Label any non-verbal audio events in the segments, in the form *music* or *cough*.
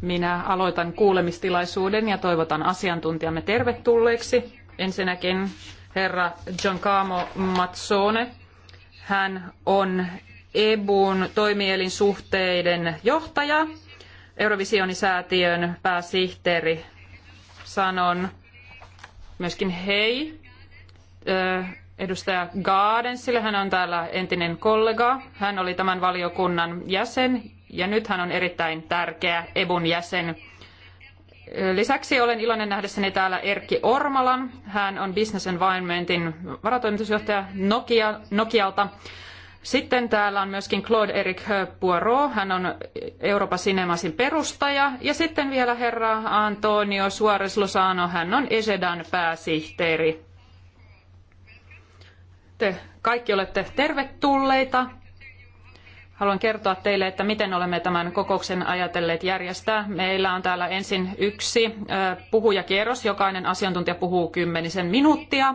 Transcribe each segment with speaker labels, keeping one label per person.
Speaker 1: Minä aloitan kuulemistilaisuuden ja toivotan asiantuntijamme tervetulleeksi. Ensinnäkin herra Giancamo Mazzone. Hän on EBUn toimielinsuhteiden johtaja, Eurovisionisäätiön pääsihteeri. Sanon myöskin hei edustaja Gaadensille. Hän on täällä entinen kollega. Hän oli tämän valiokunnan jäsen ja nyt hän on erittäin tärkeä EBUn jäsen. Lisäksi olen iloinen nähdessäni täällä Erkki Ormalan. Hän on Business Environmentin varatoimitusjohtaja Nokia, Nokialta. Sitten täällä on myöskin Claude-Eric Poirot, hän on Euroopan Cinemasin perustaja. Ja sitten vielä herra Antonio Suarez Lozano, hän on Esedan pääsihteeri te kaikki olette tervetulleita. Haluan kertoa teille, että miten olemme tämän kokouksen ajatelleet järjestää. Meillä on täällä ensin yksi puhujakierros. Jokainen asiantuntija puhuu kymmenisen minuuttia.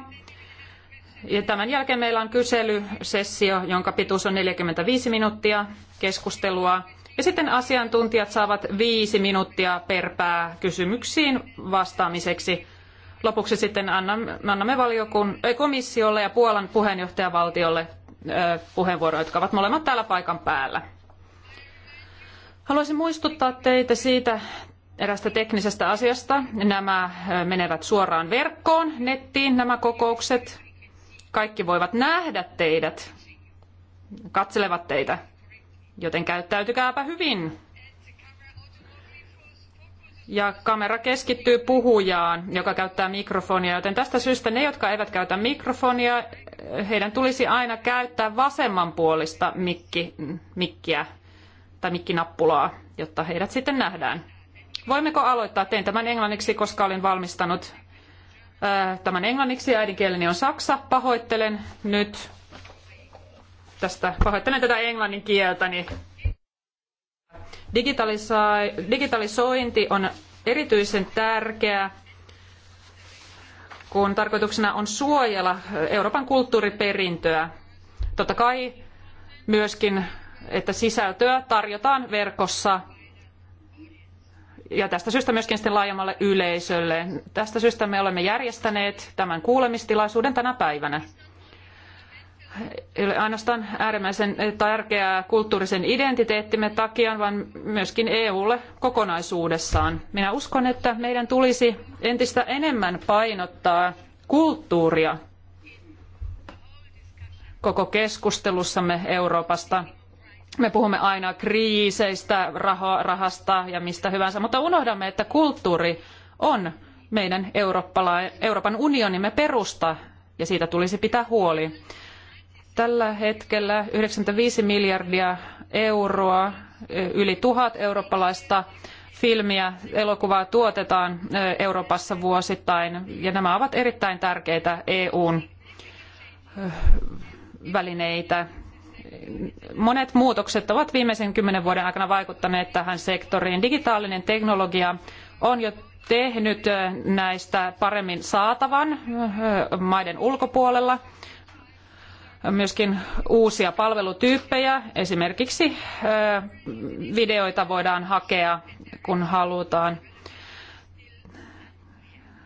Speaker 1: Ja tämän jälkeen meillä on kyselysessio, jonka pituus on 45 minuuttia keskustelua. Ja sitten asiantuntijat saavat viisi minuuttia per pää kysymyksiin vastaamiseksi lopuksi sitten annamme, annamme valiokun, ei, komissiolle ja Puolan puheenjohtajavaltiolle puheenvuoroja, jotka ovat molemmat täällä paikan päällä. Haluaisin muistuttaa teitä siitä erästä teknisestä asiasta. Nämä menevät suoraan verkkoon, nettiin nämä kokoukset. Kaikki voivat nähdä teidät, katselevat teitä, joten käyttäytykääpä hyvin ja kamera keskittyy puhujaan, joka käyttää mikrofonia, joten tästä syystä ne, jotka eivät käytä mikrofonia, heidän tulisi aina käyttää vasemmanpuolista mikki, mikkiä tai mikkinappulaa, jotta heidät sitten nähdään. Voimmeko aloittaa? Tein tämän englanniksi, koska olin valmistanut tämän englanniksi. Äidinkieleni on saksa. Pahoittelen nyt tästä, pahoittelen tätä englannin kieltäni. Niin Digitalisointi on erityisen tärkeä, kun tarkoituksena on suojella Euroopan kulttuuriperintöä. Totta kai myöskin, että sisältöä tarjotaan verkossa ja tästä syystä myöskin sitten laajemmalle yleisölle. Tästä syystä me olemme järjestäneet tämän kuulemistilaisuuden tänä päivänä ei ole ainoastaan äärimmäisen tärkeää kulttuurisen identiteettimme takia, vaan myöskin EUlle kokonaisuudessaan. Minä uskon, että meidän tulisi entistä enemmän painottaa kulttuuria koko keskustelussamme Euroopasta. Me puhumme aina kriiseistä, rahasta ja mistä hyvänsä, mutta unohdamme, että kulttuuri on meidän Euroopan unionimme perusta ja siitä tulisi pitää huoli. Tällä hetkellä 95 miljardia euroa, yli tuhat eurooppalaista filmiä, elokuvaa tuotetaan Euroopassa vuosittain, ja nämä ovat erittäin tärkeitä EUn välineitä. Monet muutokset ovat viimeisen kymmenen vuoden aikana vaikuttaneet tähän sektoriin. Digitaalinen teknologia on jo tehnyt näistä paremmin saatavan maiden ulkopuolella myöskin uusia palvelutyyppejä. Esimerkiksi videoita voidaan hakea, kun halutaan.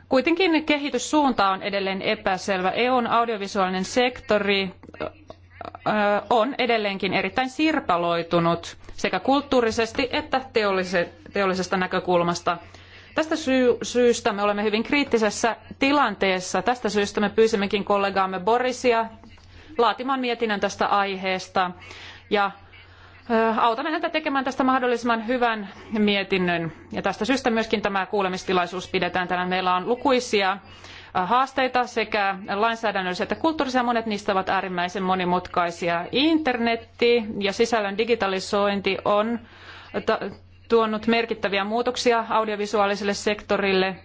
Speaker 1: Kuitenkin kehityssuunta on edelleen epäselvä. EUn audiovisuaalinen sektori on edelleenkin erittäin sirpaloitunut sekä kulttuurisesti että teollisesta näkökulmasta. Tästä syystä me olemme hyvin kriittisessä tilanteessa. Tästä syystä me pyysimmekin kollegaamme Borisia laatimaan mietinnön tästä aiheesta ja autamme häntä tekemään tästä mahdollisimman hyvän mietinnön. Ja tästä syystä myöskin tämä kuulemistilaisuus pidetään tänään. Meillä on lukuisia haasteita sekä lainsäädännöllisiä että kulttuurisia. Monet niistä ovat äärimmäisen monimutkaisia. Internetti ja sisällön digitalisointi on tuonut merkittäviä muutoksia audiovisuaaliselle sektorille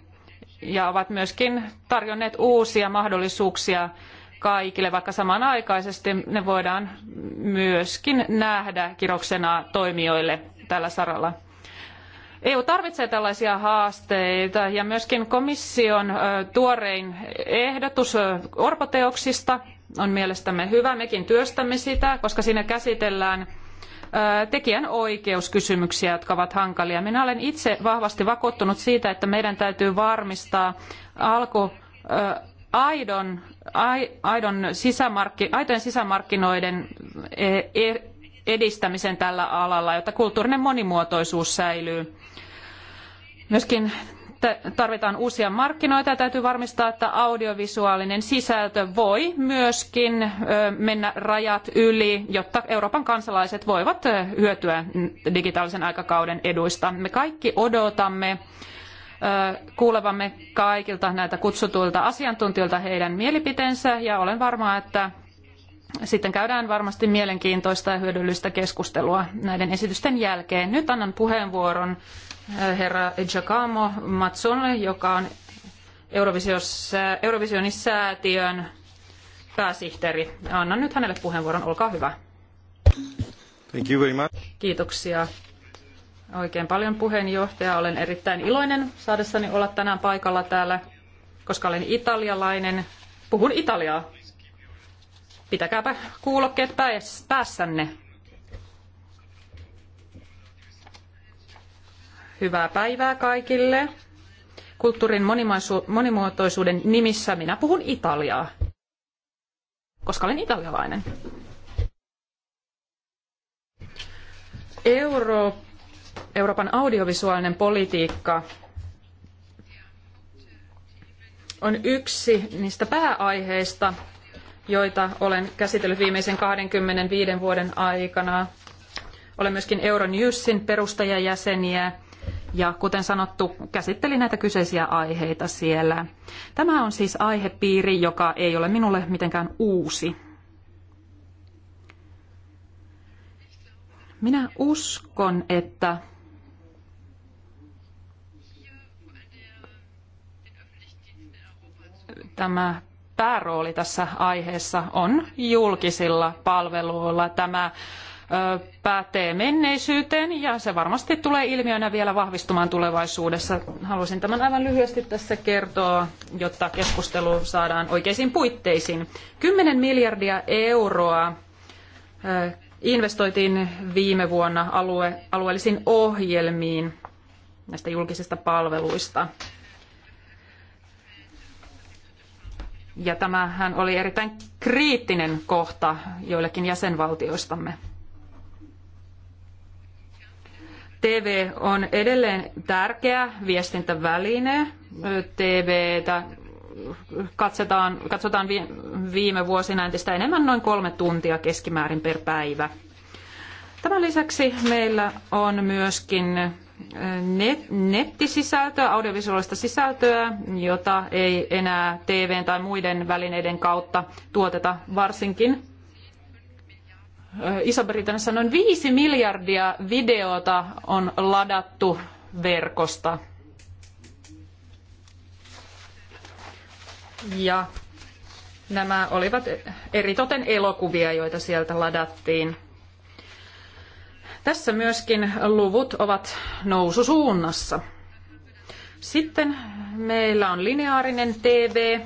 Speaker 1: ja ovat myöskin tarjonneet uusia mahdollisuuksia kaikille, vaikka samanaikaisesti ne voidaan myöskin nähdä kiroksena toimijoille tällä saralla. EU tarvitsee tällaisia haasteita ja myöskin komission tuorein ehdotus orpoteoksista on mielestämme hyvä. Mekin työstämme sitä, koska siinä käsitellään tekijän oikeuskysymyksiä, jotka ovat hankalia. Minä olen itse vahvasti vakuuttunut siitä, että meidän täytyy varmistaa alku aidon, aidon sisämarkki, aitojen sisämarkkinoiden e, e, edistämisen tällä alalla, jotta kulttuurinen monimuotoisuus säilyy. Myöskin tarvitaan uusia markkinoita ja täytyy varmistaa, että audiovisuaalinen sisältö voi myöskin mennä rajat yli, jotta Euroopan kansalaiset voivat hyötyä digitaalisen aikakauden eduista. Me kaikki odotamme kuulevamme kaikilta näitä kutsutuilta asiantuntijoilta heidän mielipiteensä ja olen varma, että sitten käydään varmasti mielenkiintoista ja hyödyllistä keskustelua näiden esitysten jälkeen. Nyt annan puheenvuoron herra Giacomo Mazzone, joka on Eurovision säätiön pääsihteeri. Annan nyt hänelle puheenvuoron, olkaa hyvä. Kiitoksia oikein paljon puheenjohtaja. Olen erittäin iloinen saadessani olla tänään paikalla täällä, koska olen italialainen. Puhun italiaa. Pitäkääpä kuulokkeet päässänne. Hyvää päivää kaikille. Kulttuurin monimuotoisuuden nimissä minä puhun italiaa, koska olen italialainen. Eurooppa Euroopan audiovisuaalinen politiikka on yksi niistä pääaiheista, joita olen käsitellyt viimeisen 25 vuoden aikana. Olen myöskin Euronewsin perustajajäseniä ja kuten sanottu, käsittelin näitä kyseisiä aiheita siellä. Tämä on siis aihepiiri, joka ei ole minulle mitenkään uusi. Minä uskon, että tämä päärooli tässä aiheessa on julkisilla palveluilla. Tämä pätee menneisyyteen ja se varmasti tulee ilmiönä vielä vahvistumaan tulevaisuudessa. Haluaisin tämän aivan lyhyesti tässä kertoa, jotta keskustelu saadaan oikeisiin puitteisiin. 10 miljardia euroa investoitiin viime vuonna alue, alueellisiin ohjelmiin näistä julkisista palveluista. Ja tämähän oli erittäin kriittinen kohta joillekin jäsenvaltioistamme. TV on edelleen tärkeä viestintäväline. TVtä katsotaan, katsotaan viime vuosina entistä enemmän noin kolme tuntia keskimäärin per päivä. Tämän lisäksi meillä on myöskin net, nettisisältöä, audiovisuaalista sisältöä, jota ei enää TVn tai muiden välineiden kautta tuoteta varsinkin. Iso-Britanniassa noin 5 miljardia videota on ladattu verkosta. Ja nämä olivat eritoten elokuvia, joita sieltä ladattiin. Tässä myöskin luvut ovat noususuunnassa. Sitten meillä on lineaarinen TV,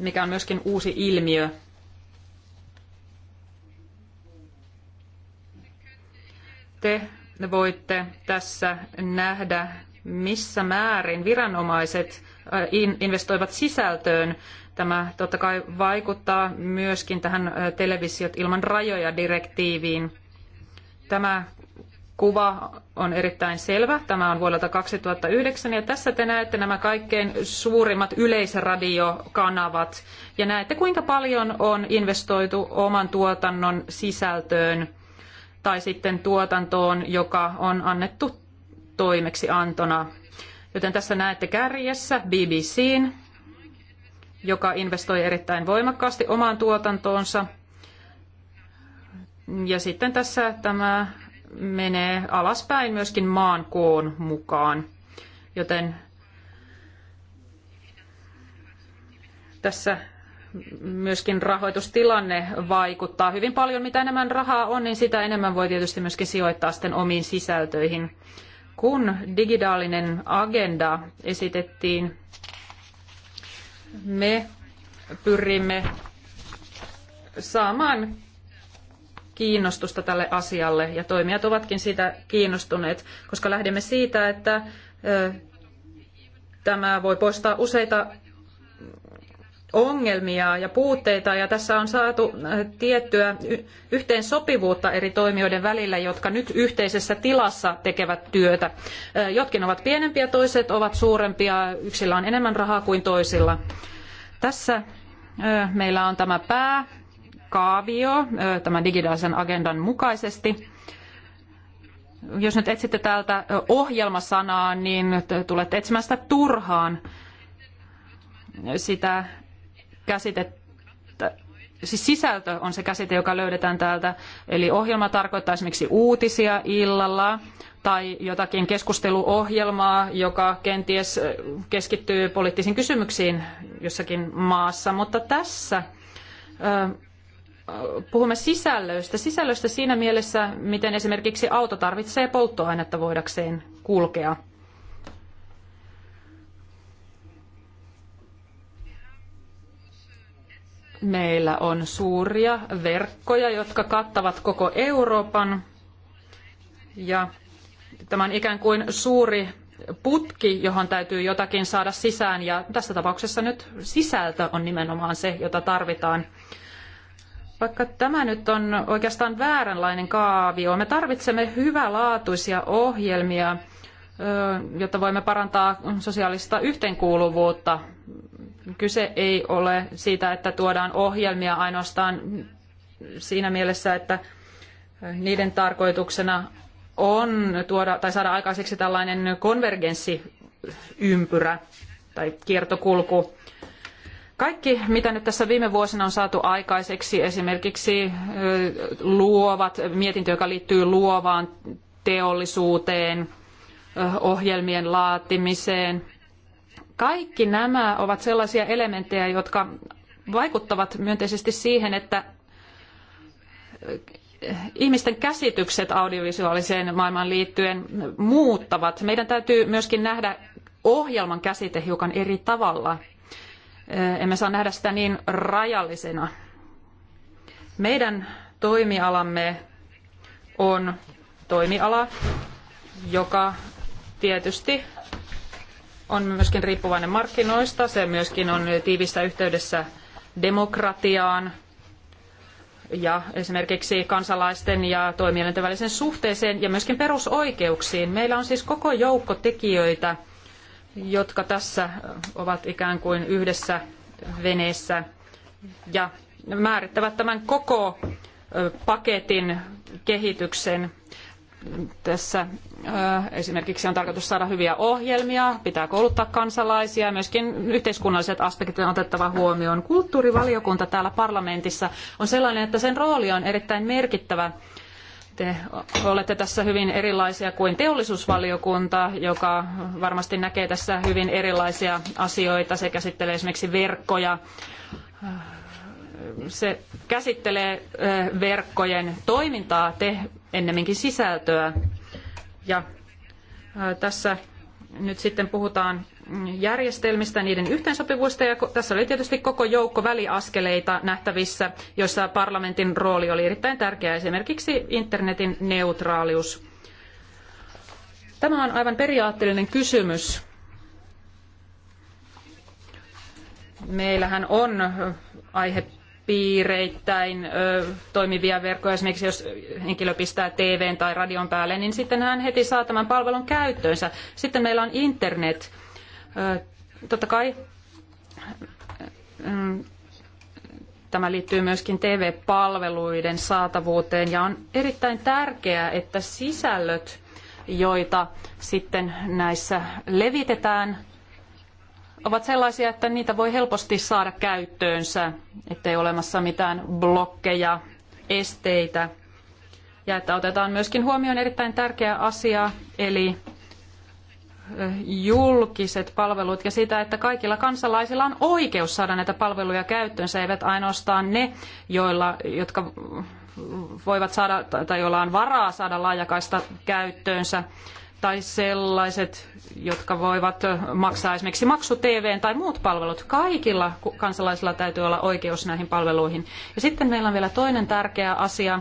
Speaker 1: mikä on myöskin uusi ilmiö. Te voitte tässä nähdä, missä määrin viranomaiset äh, investoivat sisältöön. Tämä totta kai vaikuttaa myöskin tähän äh, Televisiot ilman rajoja direktiiviin. Tämä kuva on erittäin selvä. Tämä on vuodelta 2009 ja tässä te näette nämä kaikkein suurimmat yleisradiokanavat ja näette kuinka paljon on investoitu oman tuotannon sisältöön tai sitten tuotantoon, joka on annettu toimeksiantona. Joten tässä näette kärjessä BBCn, joka investoi erittäin voimakkaasti omaan tuotantoonsa – ja sitten tässä tämä menee alaspäin myöskin maan koon mukaan. Joten tässä myöskin rahoitustilanne vaikuttaa hyvin paljon. Mitä enemmän rahaa on, niin sitä enemmän voi tietysti myöskin sijoittaa sitten omiin sisältöihin. Kun digitaalinen agenda esitettiin, me pyrimme saamaan kiinnostusta tälle asialle ja toimijat ovatkin siitä kiinnostuneet, koska lähdemme siitä, että tämä voi poistaa useita ongelmia ja puutteita ja tässä on saatu tiettyä yhteensopivuutta eri toimijoiden välillä, jotka nyt yhteisessä tilassa tekevät työtä. Jotkin ovat pienempiä, toiset ovat suurempia, yksillä on enemmän rahaa kuin toisilla. Tässä meillä on tämä pää kaavio tämän digitaalisen agendan mukaisesti. Jos nyt etsitte täältä ohjelmasanaa, niin tulette etsimään sitä turhaan. Sitä käsitettä, siis sisältö on se käsite, joka löydetään täältä. Eli ohjelma tarkoittaa esimerkiksi uutisia illalla tai jotakin keskusteluohjelmaa, joka kenties keskittyy poliittisiin kysymyksiin jossakin maassa. Mutta tässä puhumme sisällöistä. Sisällöistä siinä mielessä, miten esimerkiksi auto tarvitsee polttoainetta voidakseen kulkea. Meillä on suuria verkkoja, jotka kattavat koko Euroopan. Ja tämä on ikään kuin suuri putki, johon täytyy jotakin saada sisään. Ja tässä tapauksessa nyt sisältö on nimenomaan se, jota tarvitaan vaikka tämä nyt on oikeastaan vääränlainen kaavio, me tarvitsemme hyvälaatuisia ohjelmia, jotta voimme parantaa sosiaalista yhteenkuuluvuutta. Kyse ei ole siitä, että tuodaan ohjelmia ainoastaan siinä mielessä, että niiden tarkoituksena on tuoda tai saada aikaiseksi tällainen konvergenssiympyrä tai kiertokulku. Kaikki, mitä nyt tässä viime vuosina on saatu aikaiseksi, esimerkiksi luovat, mietintö, joka liittyy luovaan teollisuuteen, ohjelmien laatimiseen, kaikki nämä ovat sellaisia elementtejä, jotka vaikuttavat myönteisesti siihen, että ihmisten käsitykset audiovisuaaliseen maailmaan liittyen muuttavat. Meidän täytyy myöskin nähdä ohjelman käsite hiukan eri tavalla – emme saa nähdä sitä niin rajallisena. Meidän toimialamme on toimiala, joka tietysti on myöskin riippuvainen markkinoista. Se myöskin on tiivissä yhteydessä demokratiaan ja esimerkiksi kansalaisten ja toimielinten välisen suhteeseen ja myöskin perusoikeuksiin. Meillä on siis koko joukko tekijöitä, jotka tässä ovat ikään kuin yhdessä veneessä ja määrittävät tämän koko paketin kehityksen. Tässä esimerkiksi on tarkoitus saada hyviä ohjelmia, pitää kouluttaa kansalaisia ja myöskin yhteiskunnalliset aspektit on otettava huomioon. Kulttuurivaliokunta täällä parlamentissa on sellainen, että sen rooli on erittäin merkittävä te olette tässä hyvin erilaisia kuin teollisuusvaliokunta, joka varmasti näkee tässä hyvin erilaisia asioita. Se käsittelee esimerkiksi verkkoja. Se käsittelee verkkojen toimintaa, te ennemminkin sisältöä. Ja tässä nyt sitten puhutaan järjestelmistä, niiden yhteensopivuudesta ja tässä oli tietysti koko joukko väliaskeleita nähtävissä, joissa parlamentin rooli oli erittäin tärkeä, esimerkiksi internetin neutraalius. Tämä on aivan periaatteellinen kysymys. Meillähän on aihe piireittäin ö, toimivia verkkoja. Esimerkiksi jos henkilö pistää TVn tai radion päälle, niin sitten hän heti saa tämän palvelun käyttöönsä. Sitten meillä on internet, Totta kai mm, tämä liittyy myöskin TV-palveluiden saatavuuteen ja on erittäin tärkeää, että sisällöt, joita sitten näissä levitetään, ovat sellaisia, että niitä voi helposti saada käyttöönsä, ettei olemassa mitään blokkeja, esteitä. Ja että otetaan myöskin huomioon erittäin tärkeä asia, eli julkiset palvelut ja sitä, että kaikilla kansalaisilla on oikeus saada näitä palveluja käyttöönsä, eivät ainoastaan ne, joilla, jotka voivat saada tai joilla on varaa saada laajakaista käyttöönsä tai sellaiset, jotka voivat maksaa esimerkiksi maksu n tai muut palvelut. Kaikilla kansalaisilla täytyy olla oikeus näihin palveluihin. Ja sitten meillä on vielä toinen tärkeä asia.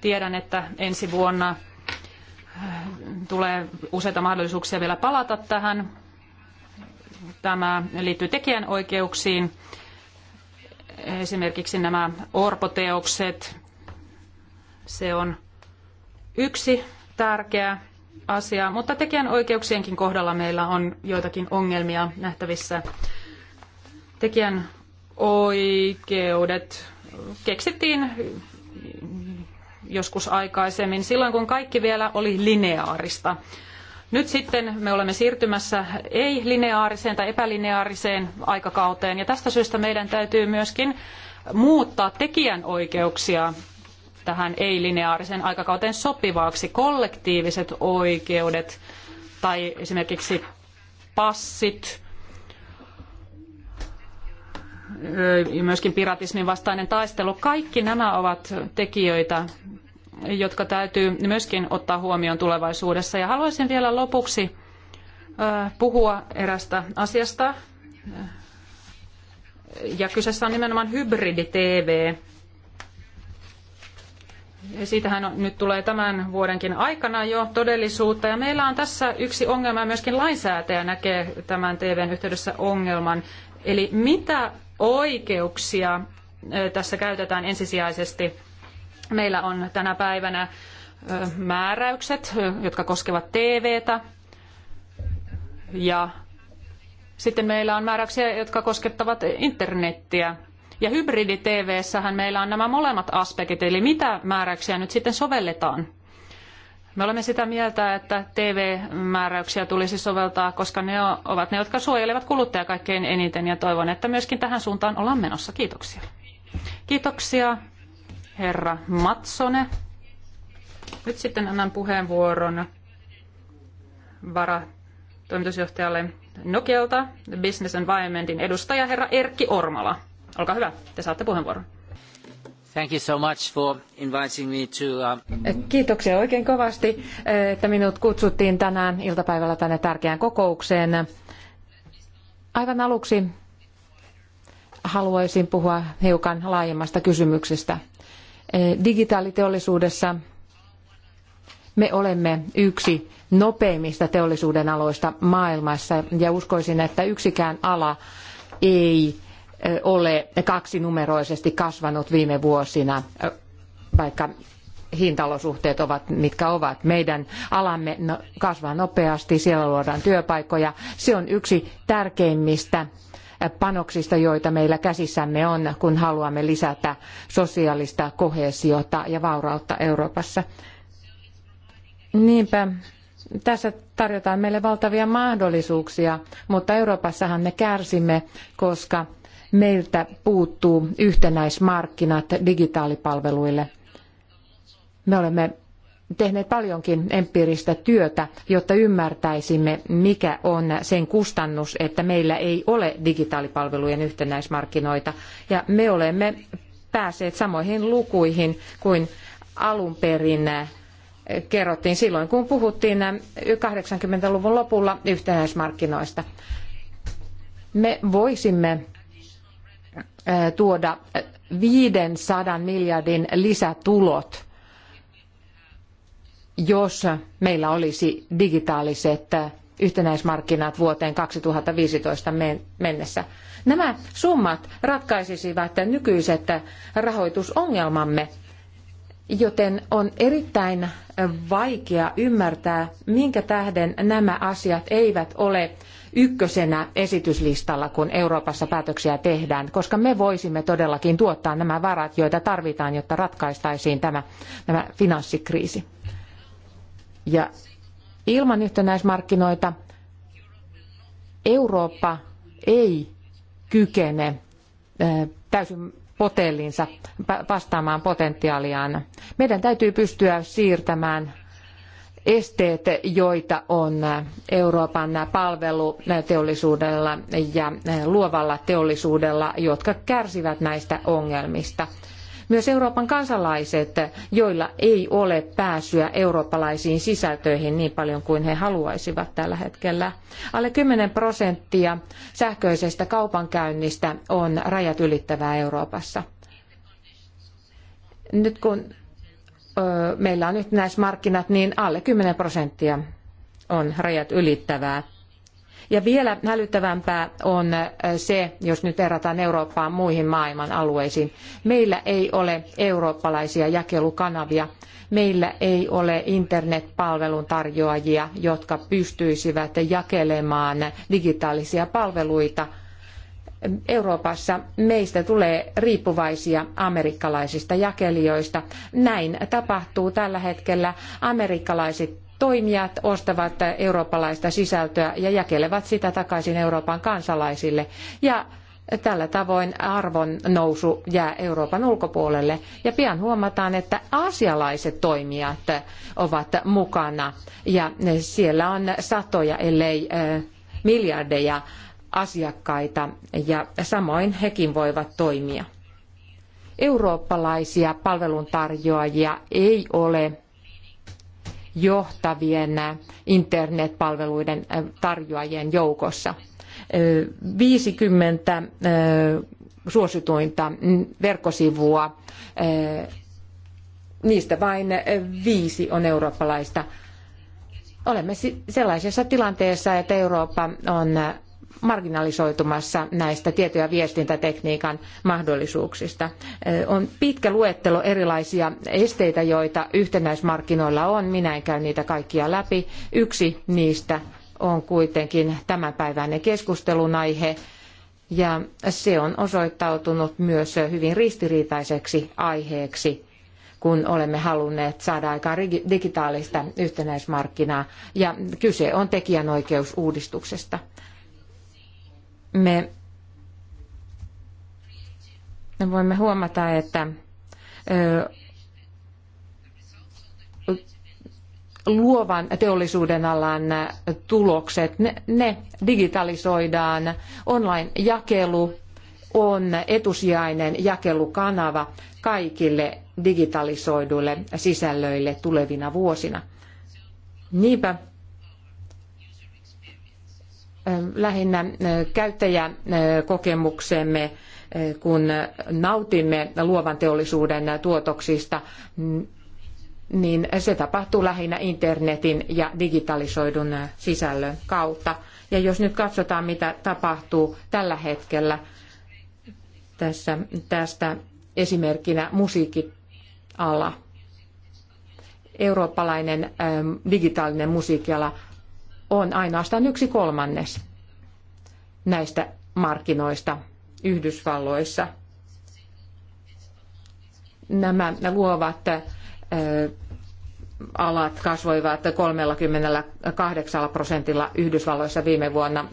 Speaker 1: Tiedän, että ensi vuonna tulee useita mahdollisuuksia vielä palata tähän. Tämä liittyy tekijänoikeuksiin, esimerkiksi nämä orpoteokset. Se on yksi tärkeä asia, mutta tekijänoikeuksienkin kohdalla meillä on joitakin ongelmia nähtävissä. Tekijänoikeudet keksittiin joskus aikaisemmin, silloin kun kaikki vielä oli lineaarista. Nyt sitten me olemme siirtymässä ei-lineaariseen tai epälineaariseen aikakauteen, ja tästä syystä meidän täytyy myöskin muuttaa tekijänoikeuksia tähän ei-lineaariseen aikakauteen sopivaksi kollektiiviset oikeudet tai esimerkiksi passit, myöskin piratismin vastainen taistelu. Kaikki nämä ovat tekijöitä, jotka täytyy myöskin ottaa huomioon tulevaisuudessa. Ja haluaisin vielä lopuksi puhua erästä asiasta. Ja kyseessä on nimenomaan hybridi-TV. Siitähän nyt tulee tämän vuodenkin aikana jo todellisuutta. Ja meillä on tässä yksi ongelma, myöskin lainsäätäjä näkee tämän TVn yhteydessä ongelman. Eli mitä oikeuksia tässä käytetään ensisijaisesti – Meillä on tänä päivänä määräykset, jotka koskevat TVtä ja sitten meillä on määräyksiä, jotka koskettavat internettiä. Ja hybridi tv meillä on nämä molemmat aspektit, eli mitä määräyksiä nyt sitten sovelletaan. Me olemme sitä mieltä, että TV-määräyksiä tulisi soveltaa, koska ne ovat ne, jotka suojelevat kuluttajaa kaikkein eniten, ja toivon, että myöskin tähän suuntaan ollaan menossa. Kiitoksia. Kiitoksia herra Matsone. Nyt sitten annan puheenvuoron varatoimitusjohtajalle Nokialta, Business Environmentin edustaja herra Erkki Ormala. Olkaa hyvä, te saatte puheenvuoron. Thank you so much for inviting me to,
Speaker 2: uh... Kiitoksia oikein kovasti, että minut kutsuttiin tänään iltapäivällä tänne tärkeään kokoukseen. Aivan aluksi haluaisin puhua hiukan laajemmasta kysymyksestä. Eh, digitaaliteollisuudessa me olemme yksi nopeimmista teollisuuden aloista maailmassa ja uskoisin, että yksikään ala ei eh, ole kaksinumeroisesti kasvanut viime vuosina, eh, vaikka hintalosuhteet ovat mitkä ovat. Meidän alamme no, kasvaa nopeasti, siellä luodaan työpaikkoja. Se on yksi tärkeimmistä panoksista, joita meillä käsissämme on, kun haluamme lisätä sosiaalista koheesiota ja vaurautta Euroopassa. Niinpä tässä tarjotaan meille valtavia mahdollisuuksia, mutta Euroopassahan me kärsimme, koska meiltä puuttuu yhtenäismarkkinat digitaalipalveluille. Me olemme tehneet paljonkin empiiristä työtä, jotta ymmärtäisimme, mikä on sen kustannus, että meillä ei ole digitaalipalvelujen yhtenäismarkkinoita. Ja me olemme päässeet samoihin lukuihin kuin alun perin eh, kerrottiin silloin, kun puhuttiin 80-luvun eh, lopulla yhtenäismarkkinoista. Me voisimme eh, tuoda 500 miljardin lisätulot jos meillä olisi digitaaliset yhtenäismarkkinat vuoteen 2015 mennessä. Nämä summat ratkaisisivat nykyiset rahoitusongelmamme, joten on erittäin vaikea ymmärtää, minkä tähden nämä asiat eivät ole ykkösenä esityslistalla, kun Euroopassa päätöksiä tehdään, koska me voisimme todellakin tuottaa nämä varat, joita tarvitaan, jotta ratkaistaisiin tämä, tämä finanssikriisi. Ja ilman yhtenäismarkkinoita Eurooppa ei kykene täysin potellinsa vastaamaan potentiaaliaan. Meidän täytyy pystyä siirtämään esteet, joita on Euroopan palveluteollisuudella ja luovalla teollisuudella, jotka kärsivät näistä ongelmista. Myös Euroopan kansalaiset, joilla ei ole pääsyä eurooppalaisiin sisältöihin niin paljon kuin he haluaisivat tällä hetkellä. Alle kymmenen prosenttia sähköisestä kaupankäynnistä on rajat ylittävää Euroopassa. Nyt kun meillä on yhtenäismarkkinat, niin alle kymmenen prosenttia on rajat ylittävää ja vielä hälyttävämpää on äh, se, jos nyt verrataan Eurooppaan muihin maailman alueisiin. Meillä ei ole eurooppalaisia jakelukanavia. Meillä ei ole internetpalvelun tarjoajia, jotka pystyisivät jakelemaan digitaalisia palveluita Euroopassa meistä tulee riippuvaisia amerikkalaisista jakelijoista. Näin tapahtuu tällä hetkellä. Amerikkalaiset toimijat ostavat eurooppalaista sisältöä ja jakelevat sitä takaisin Euroopan kansalaisille. Ja tällä tavoin arvon nousu jää Euroopan ulkopuolelle. Ja pian huomataan, että aasialaiset toimijat ovat mukana ja siellä on satoja, ellei miljardeja asiakkaita ja samoin hekin voivat toimia. Eurooppalaisia palveluntarjoajia ei ole johtavien äh, internetpalveluiden äh, tarjoajien joukossa. 50 suosituinta verkkosivua, niistä vain viisi on eurooppalaista. Olemme sellaisessa tilanteessa, että Eurooppa on marginalisoitumassa näistä tieto- ja viestintätekniikan mahdollisuuksista. On pitkä luettelo erilaisia esteitä, joita yhtenäismarkkinoilla on. Minä en käy niitä kaikkia läpi. Yksi niistä on kuitenkin tämänpäiväinen keskustelun aihe. Ja se on osoittautunut myös hyvin ristiriitaiseksi aiheeksi kun olemme halunneet saada aikaan digitaalista yhtenäismarkkinaa. Ja kyse on tekijänoikeusuudistuksesta me voimme huomata, että luovan teollisuuden alan tulokset, ne, ne digitalisoidaan, online-jakelu on etusijainen jakelukanava kaikille digitalisoiduille sisällöille tulevina vuosina. Niinpä lähinnä käyttäjäkokemuksemme, kun nautimme luovan teollisuuden tuotoksista, niin se tapahtuu lähinnä internetin ja digitalisoidun sisällön kautta. Ja jos nyt katsotaan, mitä tapahtuu tällä hetkellä, tässä, tästä esimerkkinä musiikkiala. Eurooppalainen digitaalinen musiikkiala on ainoastaan yksi kolmannes näistä markkinoista Yhdysvalloissa. Nämä luovat alat kasvoivat 38 prosentilla Yhdysvalloissa viime vuonna,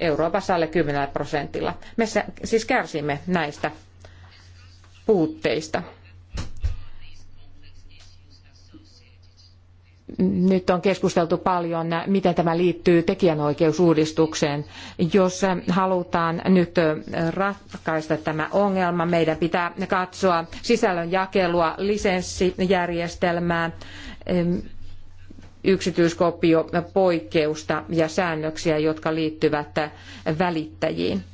Speaker 2: Euroopassa alle 10 prosentilla. Me siis kärsimme näistä puutteista. nyt on keskusteltu paljon, miten tämä liittyy tekijänoikeusuudistukseen. Jos halutaan nyt ratkaista tämä ongelma, meidän pitää katsoa sisällön jakelua, lisenssijärjestelmää, yksityiskopio poikkeusta ja säännöksiä, jotka liittyvät välittäjiin.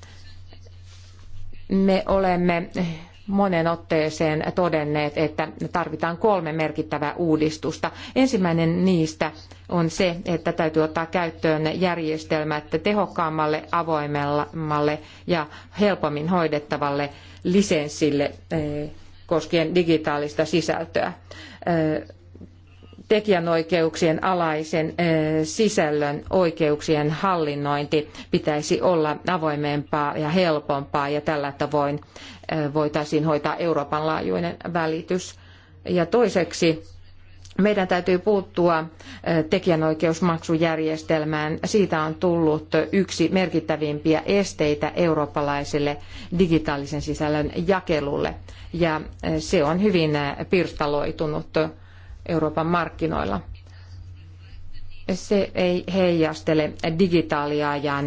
Speaker 2: Me olemme monen otteeseen todenneet, että tarvitaan kolme merkittävää uudistusta. Ensimmäinen niistä on se, että täytyy ottaa käyttöön järjestelmät tehokkaammalle, avoimemmalle ja helpommin hoidettavalle lisenssille eh, koskien digitaalista sisältöä. Eh, tekijänoikeuksien alaisen sisällön oikeuksien hallinnointi pitäisi olla avoimempaa ja helpompaa ja tällä tavoin voitaisiin hoitaa Euroopan laajuinen välitys. Ja toiseksi meidän täytyy puuttua tekijänoikeusmaksujärjestelmään. Siitä on tullut yksi merkittävimpiä esteitä eurooppalaiselle digitaalisen sisällön jakelulle ja se on hyvin pirstaloitunut Euroopan markkinoilla. Se ei heijastele digitaaliajan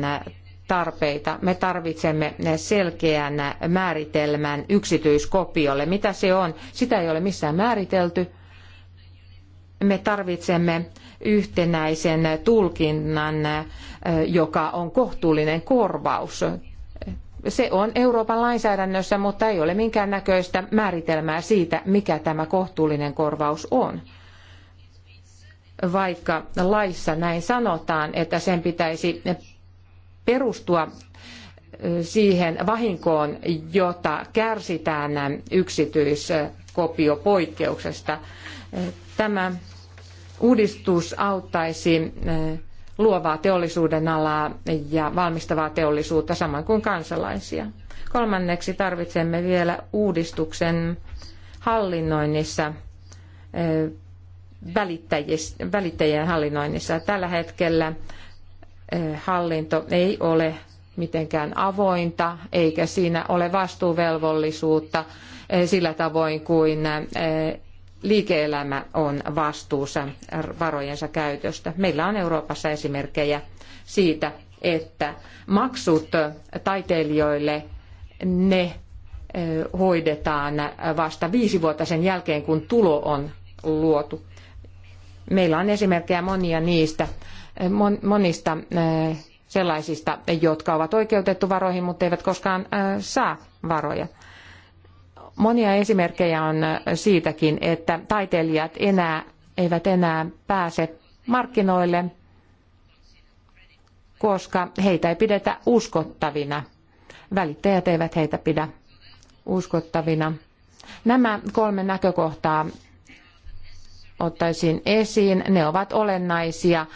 Speaker 2: tarpeita. Me tarvitsemme selkeän määritelmän yksityiskopiolle. Mitä se on? Sitä ei ole missään määritelty. Me tarvitsemme yhtenäisen tulkinnan, joka on kohtuullinen korvaus se on Euroopan lainsäädännössä, mutta ei ole minkäännäköistä määritelmää siitä, mikä tämä kohtuullinen korvaus on. Vaikka laissa näin sanotaan, että sen pitäisi perustua siihen vahinkoon, jota kärsitään yksityiskopiopoikkeuksesta. Tämä uudistus auttaisi luovaa teollisuuden alaa ja valmistavaa teollisuutta samoin kuin kansalaisia. Kolmanneksi tarvitsemme vielä uudistuksen hallinnoinnissa, välittäjien hallinnoinnissa. Tällä hetkellä hallinto ei ole mitenkään avointa, eikä siinä ole vastuuvelvollisuutta sillä tavoin kuin liike-elämä on vastuussa varojensa käytöstä. Meillä on Euroopassa esimerkkejä siitä, että maksut taiteilijoille ne hoidetaan vasta viisi vuotta sen jälkeen, kun tulo on luotu. Meillä on esimerkkejä monia niistä, monista sellaisista, jotka ovat oikeutettu varoihin, mutta eivät koskaan saa varoja. Monia esimerkkejä on äh, siitäkin, että taiteilijat enää, eivät enää pääse markkinoille, koska heitä ei pidetä uskottavina. Välittäjät eivät heitä pidä uskottavina. Nämä kolme näkökohtaa ottaisin esiin. Ne ovat olennaisia äh,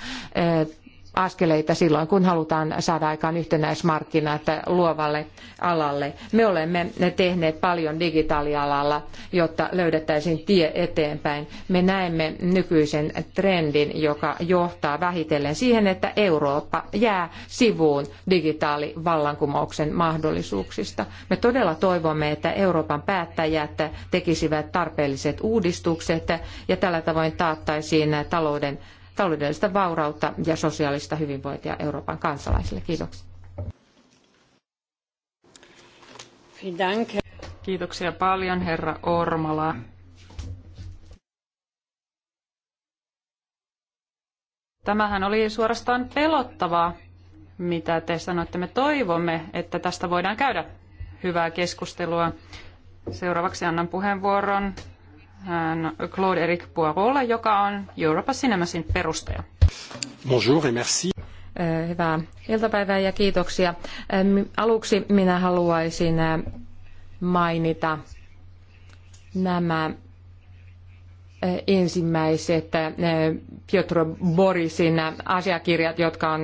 Speaker 2: askeleita silloin, kun halutaan saada aikaan yhtenäismarkkinat luovalle alalle. Me olemme tehneet paljon digitaalialalla, jotta löydettäisiin tie eteenpäin. Me näemme nykyisen trendin, joka johtaa vähitellen siihen, että Eurooppa jää sivuun digitaalivallankumouksen mahdollisuuksista. Me todella toivomme, että Euroopan päättäjät tekisivät tarpeelliset uudistukset ja tällä tavoin taattaisiin talouden taloudellista vaurautta ja sosiaalista hyvinvointia Euroopan kansalaisille. Kiitoksia.
Speaker 1: Kiitoksia paljon, herra Ormala. Tämähän oli suorastaan pelottavaa, mitä te sanoitte. Me toivomme, että tästä voidaan käydä hyvää keskustelua. Seuraavaksi annan puheenvuoron Claude-Eric Poirolle, joka on Euroopan Cinemasin perustaja.
Speaker 3: Bonjour et merci.
Speaker 2: Eh, hyvää iltapäivää ja kiitoksia. Eh, aluksi minä haluaisin eh, mainita nämä ensimmäiset Piotr Borisin asiakirjat, jotka on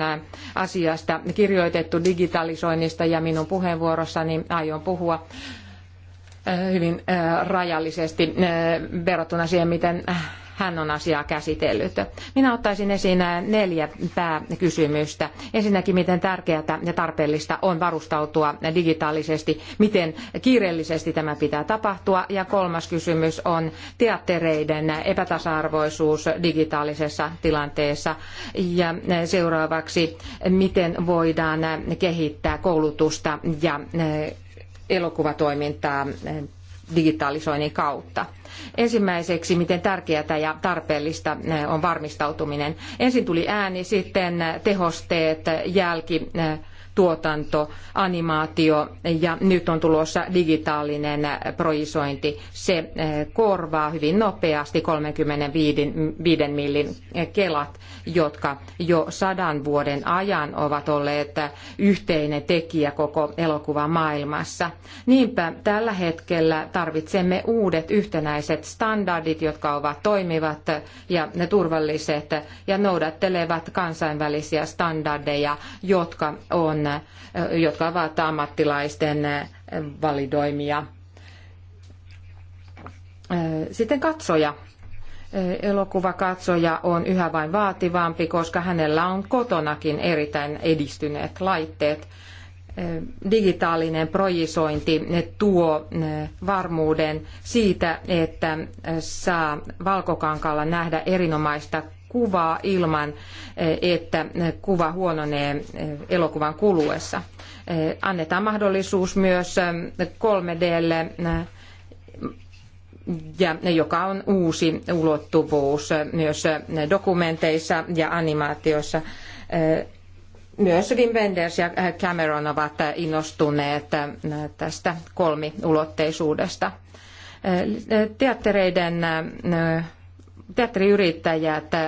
Speaker 2: asiasta kirjoitettu digitalisoinnista ja minun puheenvuorossani aion puhua hyvin rajallisesti verrattuna siihen, miten hän on asiaa käsitellyt. Minä ottaisin esiin neljä pääkysymystä. Ensinnäkin, miten tärkeää ja tarpeellista on varustautua digitaalisesti, miten kiireellisesti tämä pitää tapahtua. Ja kolmas kysymys on teattereiden epätasa-arvoisuus digitaalisessa tilanteessa. Ja seuraavaksi, miten voidaan kehittää koulutusta ja elokuvatoimintaa eh, digitalisoinnin kautta. Ensimmäiseksi, miten tärkeää ja tarpeellista eh, on varmistautuminen. Ensin tuli ääni, sitten tehosteet, jälki, eh, tuotanto, animaatio ja nyt on tulossa digitaalinen projisointi. Se eh, korvaa hyvin nopeasti 35 millin kelat, jotka jo sadan vuoden ajan ovat olleet yhteinen tekijä koko elokuvamaailmassa. Niinpä tällä hetkellä tarvitsemme uudet yhtenäiset standardit, jotka ovat toimivat ja turvalliset ja noudattelevat kansainvälisiä standardeja, jotka on Äh, jotka ovat ammattilaisten äh, validoimia. Äh, sitten katsoja. Elokuvakatsoja on yhä vain vaativampi, koska hänellä on kotonakin erittäin edistyneet laitteet. Digitaalinen projisointi tuo varmuuden siitä, että saa valkokankalla nähdä erinomaista kuvaa ilman, eh, että kuva huononee eh, elokuvan kuluessa. Eh, annetaan mahdollisuus myös 3Dlle ja joka on uusi ulottuvuus myös dokumenteissa ja animaatioissa. Myös Wim Wenders ja Cameron ovat innostuneet tästä kolmiulotteisuudesta. Teattereiden että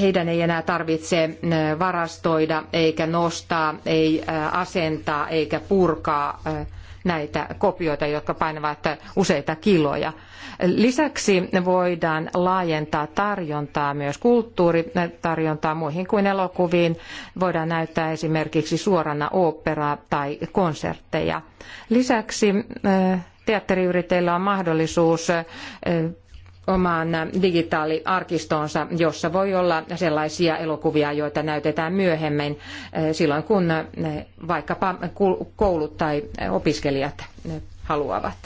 Speaker 2: heidän ei enää tarvitse varastoida eikä nostaa, ei asentaa eikä purkaa näitä kopioita, jotka painavat useita kiloja. Lisäksi voidaan laajentaa tarjontaa myös kulttuuritarjontaa muihin kuin elokuviin. Voidaan näyttää esimerkiksi suorana oopperaa tai konsertteja. Lisäksi teatteriyrittäjillä on mahdollisuus omaan digitaaliarkistoonsa, jossa voi olla sellaisia elokuvia, joita näytetään myöhemmin eh, silloin, kun eh, vaikkapa koulut tai opiskelijat eh, haluavat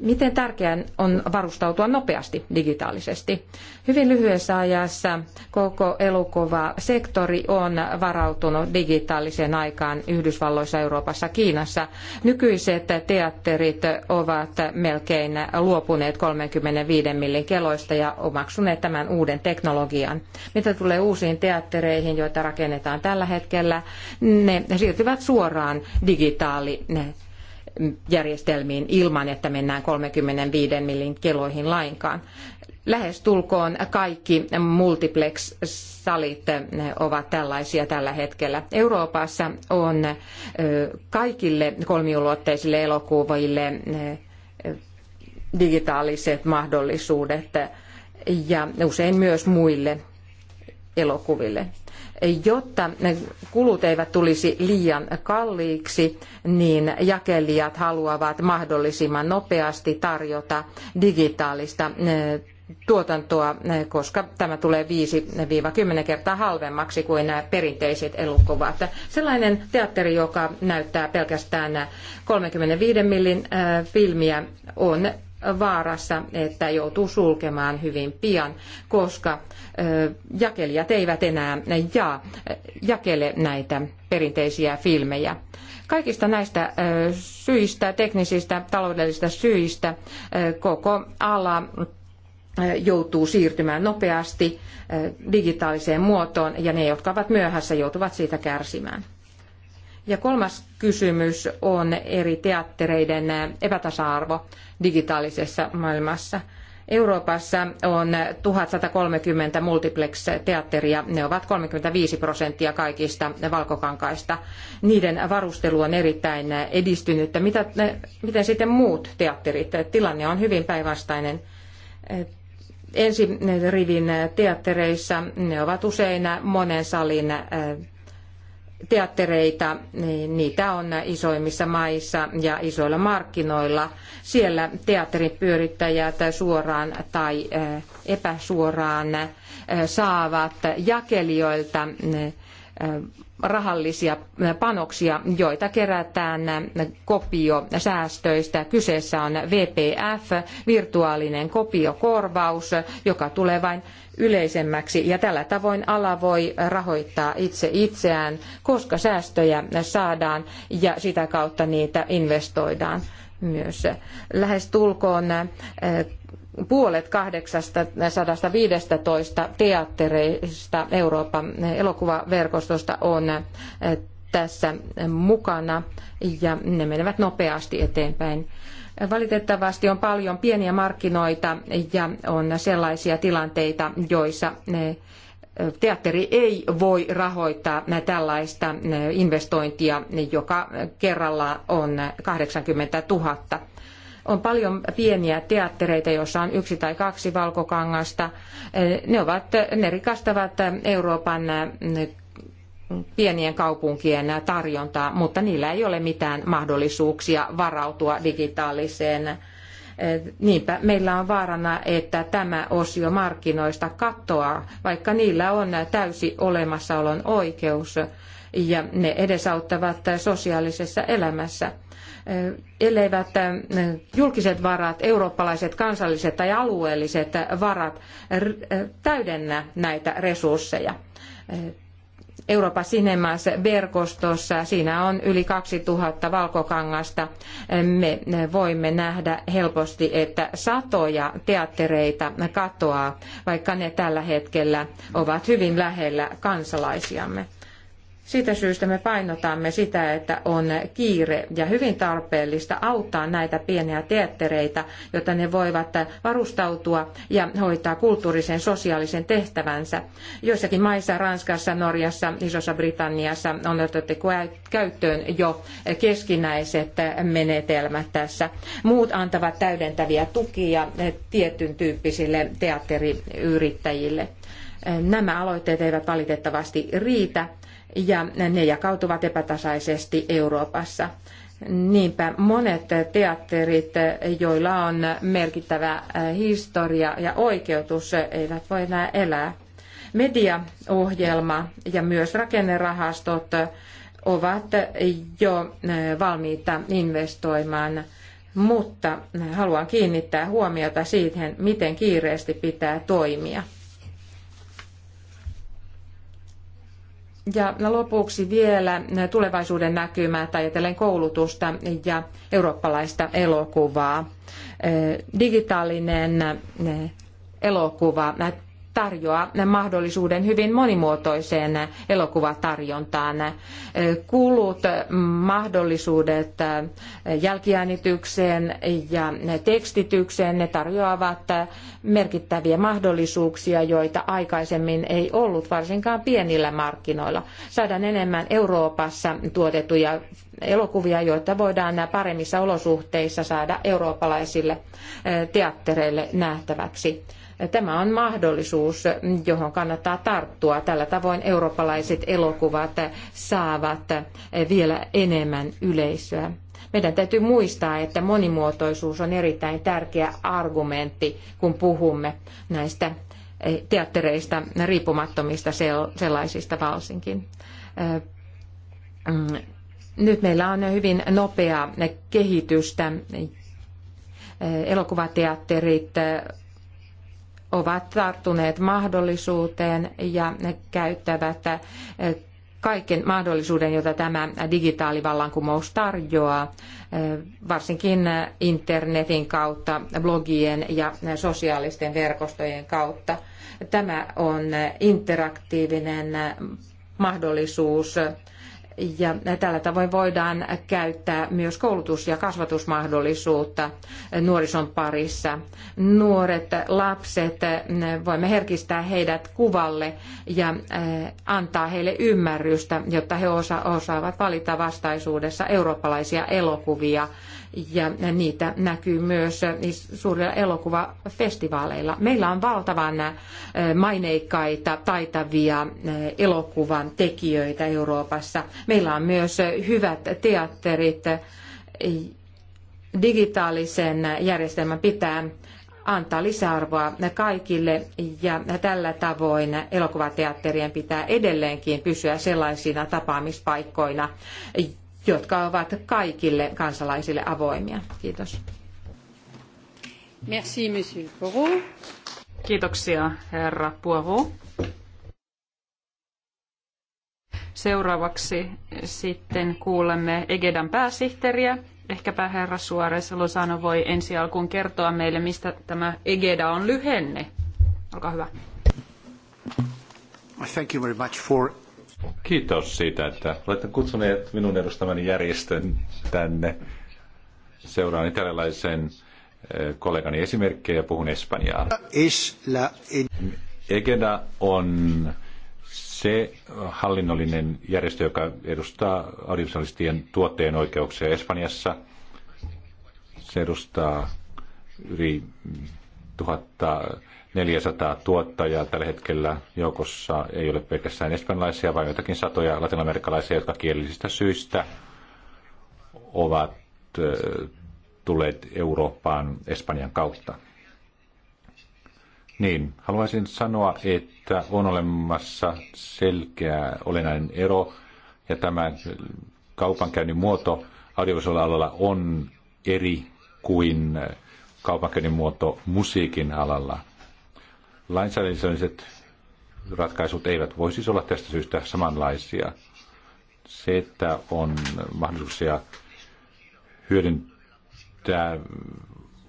Speaker 2: miten tärkeää on varustautua nopeasti digitaalisesti. Hyvin lyhyessä ajassa koko elokuvasektori on varautunut digitaaliseen aikaan Yhdysvalloissa, Euroopassa, Kiinassa. Nykyiset teatterit ovat melkein luopuneet 35 millin keloista ja omaksuneet tämän uuden teknologian. Mitä tulee uusiin teattereihin, joita rakennetaan tällä hetkellä, ne siirtyvät suoraan digitaali järjestelmiin ilman, että mennään 35 millin keloihin lainkaan. Lähestulkoon kaikki multiplex-salit ovat tällaisia tällä hetkellä. Euroopassa on kaikille kolmiulotteisille elokuville digitaaliset mahdollisuudet ja usein myös muille elokuville. Jotta kulut eivät tulisi liian kalliiksi, niin jakelijat haluavat mahdollisimman nopeasti tarjota digitaalista eh, tuotantoa, eh, koska tämä tulee 5-10 kertaa halvemmaksi kuin nämä perinteiset elokuvat. Sellainen teatteri, joka näyttää pelkästään 35 millin eh, filmiä, on vaarassa, että joutuu sulkemaan hyvin pian, koska jakelijat eivät enää jaa, jakele näitä perinteisiä filmejä. Kaikista näistä syistä, teknisistä, taloudellisista syistä, koko ala joutuu siirtymään nopeasti digitaaliseen muotoon ja ne, jotka ovat myöhässä, joutuvat siitä kärsimään. Ja kolmas kysymys on eri teattereiden epätasa-arvo digitaalisessa maailmassa. Euroopassa on 1130 multiplex-teatteria. Ne ovat 35 prosenttia kaikista valkokankaista. Niiden varustelu on erittäin edistynyttä. Mitä, miten sitten muut teatterit? Tilanne on hyvin päinvastainen. Ensi rivin teattereissa ne ovat usein monen salin teattereita, niin niitä on isoimmissa maissa ja isoilla markkinoilla. Siellä teatterin pyörittäjät suoraan tai eh, epäsuoraan eh, saavat jakelijoilta eh, rahallisia panoksia, joita kerätään kopiosäästöistä. Kyseessä on VPF, virtuaalinen kopiokorvaus, joka tulee vain yleisemmäksi ja tällä tavoin ala voi rahoittaa itse itseään, koska säästöjä saadaan ja sitä kautta niitä investoidaan myös lähes tulkoon puolet 815 teattereista Euroopan elokuvaverkostosta on äh, tässä mukana ja ne menevät nopeasti eteenpäin. Valitettavasti on paljon pieniä markkinoita ja on sellaisia tilanteita, joissa äh, teatteri ei voi rahoittaa tällaista äh, investointia, joka kerralla on 80 000 on paljon pieniä teattereita, joissa on yksi tai kaksi valkokangasta. Ne, ovat, ne rikastavat Euroopan äh, pienien kaupunkien tarjontaa, mutta niillä ei ole mitään mahdollisuuksia varautua digitaaliseen. Äh, niinpä meillä on vaarana, että tämä osio markkinoista katoaa, vaikka niillä on täysi olemassaolon oikeus ja ne edesauttavat sosiaalisessa elämässä elleivät julkiset varat, eurooppalaiset, kansalliset tai alueelliset varat täydennä näitä resursseja. Euroopan sinemas verkostossa, siinä on yli 2000 valkokangasta. Me voimme nähdä helposti, että satoja teattereita katoaa, vaikka ne tällä hetkellä ovat hyvin lähellä kansalaisiamme. Siitä syystä me painotamme sitä, että on kiire ja hyvin tarpeellista auttaa näitä pieniä teattereita, jotta ne voivat varustautua ja hoitaa kulttuurisen sosiaalisen tehtävänsä. Joissakin maissa, Ranskassa, Norjassa, Isossa Britanniassa on otettu käyttöön jo keskinäiset menetelmät tässä. Muut antavat täydentäviä tukia tietyn tyyppisille teatteriyrittäjille. Nämä aloitteet eivät valitettavasti riitä ja ne jakautuvat epätasaisesti Euroopassa. Niinpä monet teatterit, joilla on merkittävä äh, historia ja oikeutus, eivät voi enää elää. Mediaohjelma ja myös rakennerahastot ovat jo äh, valmiita investoimaan, mutta haluan kiinnittää huomiota siihen, miten kiireesti pitää toimia. Ja lopuksi vielä tulevaisuuden näkymät ajatellen koulutusta ja eurooppalaista elokuvaa. Digitaalinen elokuva tarjoaa mahdollisuuden hyvin monimuotoiseen elokuvatarjontaan. Kulut, mahdollisuudet jälkiäänitykseen ja tekstitykseen, ne tarjoavat merkittäviä mahdollisuuksia, joita aikaisemmin ei ollut, varsinkaan pienillä markkinoilla. Saadaan enemmän Euroopassa tuotettuja elokuvia, joita voidaan paremmissa olosuhteissa saada eurooppalaisille teattereille nähtäväksi. Tämä on mahdollisuus, johon kannattaa tarttua. Tällä tavoin eurooppalaiset elokuvat saavat vielä enemmän yleisöä. Meidän täytyy muistaa, että monimuotoisuus on erittäin tärkeä argumentti, kun puhumme näistä eh, teattereista, riippumattomista sellaisista varsinkin. Eh, mm, nyt meillä on hyvin nopeaa kehitystä. Eh, elokuvateatterit ovat tarttuneet mahdollisuuteen ja ne käyttävät eh, kaiken mahdollisuuden, jota tämä digitaalivallankumous tarjoaa, eh, varsinkin internetin kautta, blogien ja sosiaalisten verkostojen kautta. Tämä on interaktiivinen mahdollisuus ja tällä tavoin voidaan käyttää myös koulutus- ja kasvatusmahdollisuutta nuorison parissa. Nuoret lapset, voimme herkistää heidät kuvalle ja äh, antaa heille ymmärrystä, jotta he osa- osaavat valita vastaisuudessa eurooppalaisia elokuvia ja niitä näkyy myös suurilla elokuvafestivaaleilla. Meillä on valtavan maineikkaita, taitavia elokuvan tekijöitä Euroopassa. Meillä on myös hyvät teatterit. Digitaalisen järjestelmän pitää antaa lisäarvoa kaikille ja tällä tavoin elokuvateatterien pitää edelleenkin pysyä sellaisina tapaamispaikkoina, jotka ovat kaikille kansalaisille avoimia. Kiitos. Merci, monsieur Poirot.
Speaker 1: Kiitoksia, herra Poirot. Seuraavaksi sitten kuulemme Egedan pääsihteeriä. Ehkäpä herra Suarez Lozano voi ensi alkuun kertoa meille, mistä tämä Egeda on lyhenne. Olkaa hyvä.
Speaker 3: Thank you very much for Kiitos siitä, että olette kutsuneet minun edustamani järjestön tänne. Seuraan italialaisen eh, kollegani esimerkkejä ja puhun espanjaa. Egeda on se hallinnollinen järjestö, joka edustaa audiovisuaalistien tuotteen oikeuksia Espanjassa. Se edustaa yli tuhatta 400 tuottajaa tällä hetkellä. Joukossa ei ole pelkästään espanjalaisia, vaan jotakin satoja latinalamerikalaisia, jotka kielellisistä syistä ovat tulleet Eurooppaan Espanjan kautta. Niin, haluaisin sanoa, että on olemassa selkeä olennainen ero, ja tämä kaupankäynnin muoto alalla on eri kuin kaupankäynnin muoto musiikin alalla. Lainsäädännölliset ratkaisut eivät voi siis olla tästä syystä samanlaisia. Se, että on mahdollisuuksia hyödyntää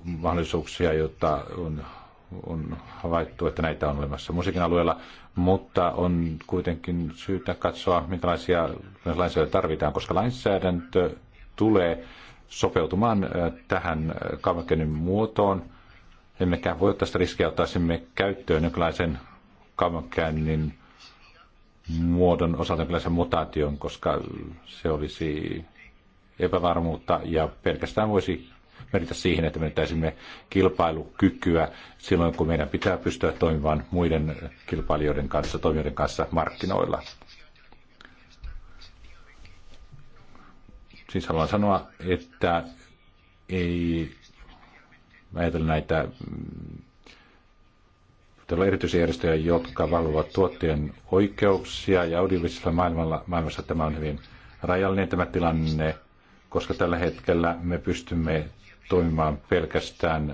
Speaker 3: mahdollisuuksia, jotta on, on havaittu, että näitä on olemassa musiikin alueella, mutta on kuitenkin syytä katsoa, minkälaisia lainsäädäntöjä tarvitaan, koska lainsäädäntö tulee sopeutumaan äh, tähän kaupankäynnin muotoon – emmekä voi ottaa sitä riskiä, ottaisimme käyttöön jonkinlaisen kaupankäynnin muodon osalta jonkinlaisen mutaation, koska se olisi epävarmuutta ja pelkästään voisi merkitä siihen, että menettäisimme kilpailukykyä silloin, kun meidän pitää pystyä toimimaan muiden kilpailijoiden kanssa, toimijoiden kanssa markkinoilla. Siis haluan sanoa, että ei ajatellen näitä olla mm, erityisjärjestöjä, jotka valvovat tuottajien oikeuksia ja audiovisuaalisella maailmalla, maailmassa tämä on hyvin rajallinen tämä tilanne, koska tällä hetkellä me pystymme toimimaan pelkästään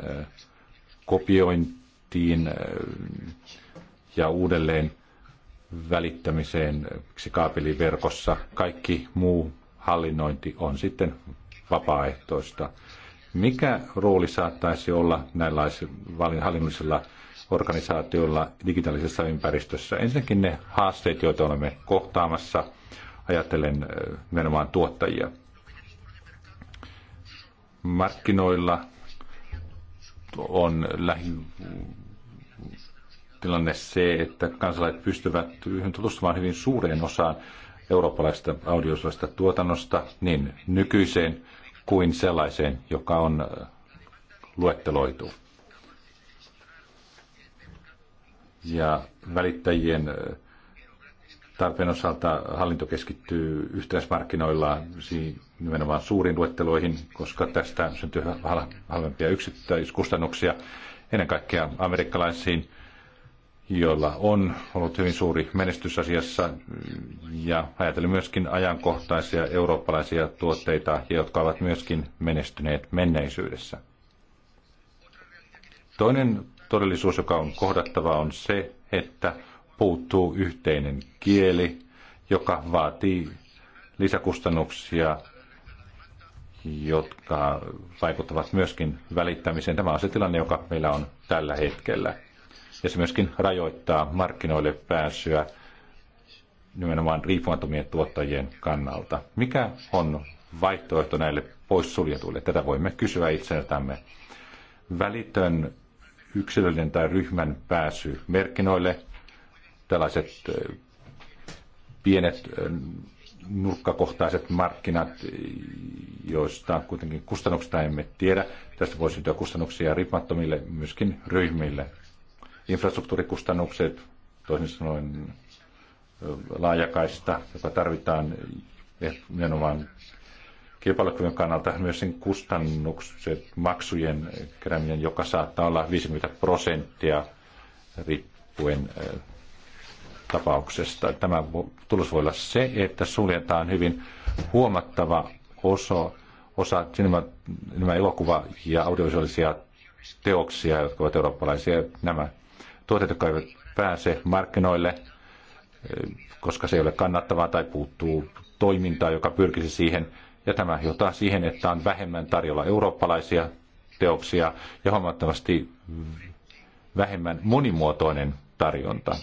Speaker 3: kopiointiin ja uudelleen välittämiseen kaapeliverkossa. Kaikki muu hallinnointi on sitten vapaaehtoista. Mikä rooli saattaisi olla näillä hallinnollisilla organisaatioilla digitaalisessa ympäristössä? Ensinnäkin ne haasteet, joita olemme kohtaamassa, ajatellen nimenomaan tuottajia. Markkinoilla on lähi tilanne se, että kansalaiset pystyvät yhden tutustumaan hyvin suureen osaan eurooppalaista audiovisuaalista tuotannosta, niin nykyiseen kuin sellaiseen, joka on äh, luetteloitu. Ja välittäjien äh, tarpeen osalta hallinto keskittyy yhteismarkkinoilla nimenomaan suuriin luetteloihin, koska tästä syntyy halvempia yksittäiskustannuksia ennen kaikkea amerikkalaisiin joilla on ollut hyvin suuri menestys asiassa ja ajatellen myöskin ajankohtaisia eurooppalaisia tuotteita, jotka ovat myöskin menestyneet menneisyydessä. Toinen todellisuus, joka on kohdattava, on se, että puuttuu yhteinen kieli, joka vaatii lisäkustannuksia, jotka vaikuttavat myöskin välittämiseen. Tämä on se tilanne, joka meillä on tällä hetkellä ja se myöskin rajoittaa markkinoille pääsyä nimenomaan riippumattomien tuottajien kannalta. Mikä on vaihtoehto näille poissuljetuille? Tätä voimme kysyä itseltämme. Välitön yksilöllinen tai ryhmän pääsy merkinoille, tällaiset pienet nurkkakohtaiset markkinat, joista kuitenkin kustannuksista emme tiedä. Tästä voi syntyä kustannuksia riippumattomille myöskin ryhmille infrastruktuurikustannukset, toisin sanoen laajakaista, joka tarvitaan eh, nimenomaan kilpailukyvyn kannalta myös sen kustannukset, maksujen kerääminen, joka saattaa olla 50 prosenttia riippuen tapauksesta. Tämä tulos voi olla se, että suljetaan hyvin huomattava osa, osa sinema, nämä elokuva- ja audiovisuaalisia teoksia, jotka ovat eurooppalaisia. Nämä tuotteet, jotka eivät pääse markkinoille, koska se ei ole kannattavaa tai puuttuu toimintaa, joka pyrkisi siihen. Ja tämä johtaa siihen, että on vähemmän tarjolla eurooppalaisia teoksia ja huomattavasti vähemmän monimuotoinen tarjonta.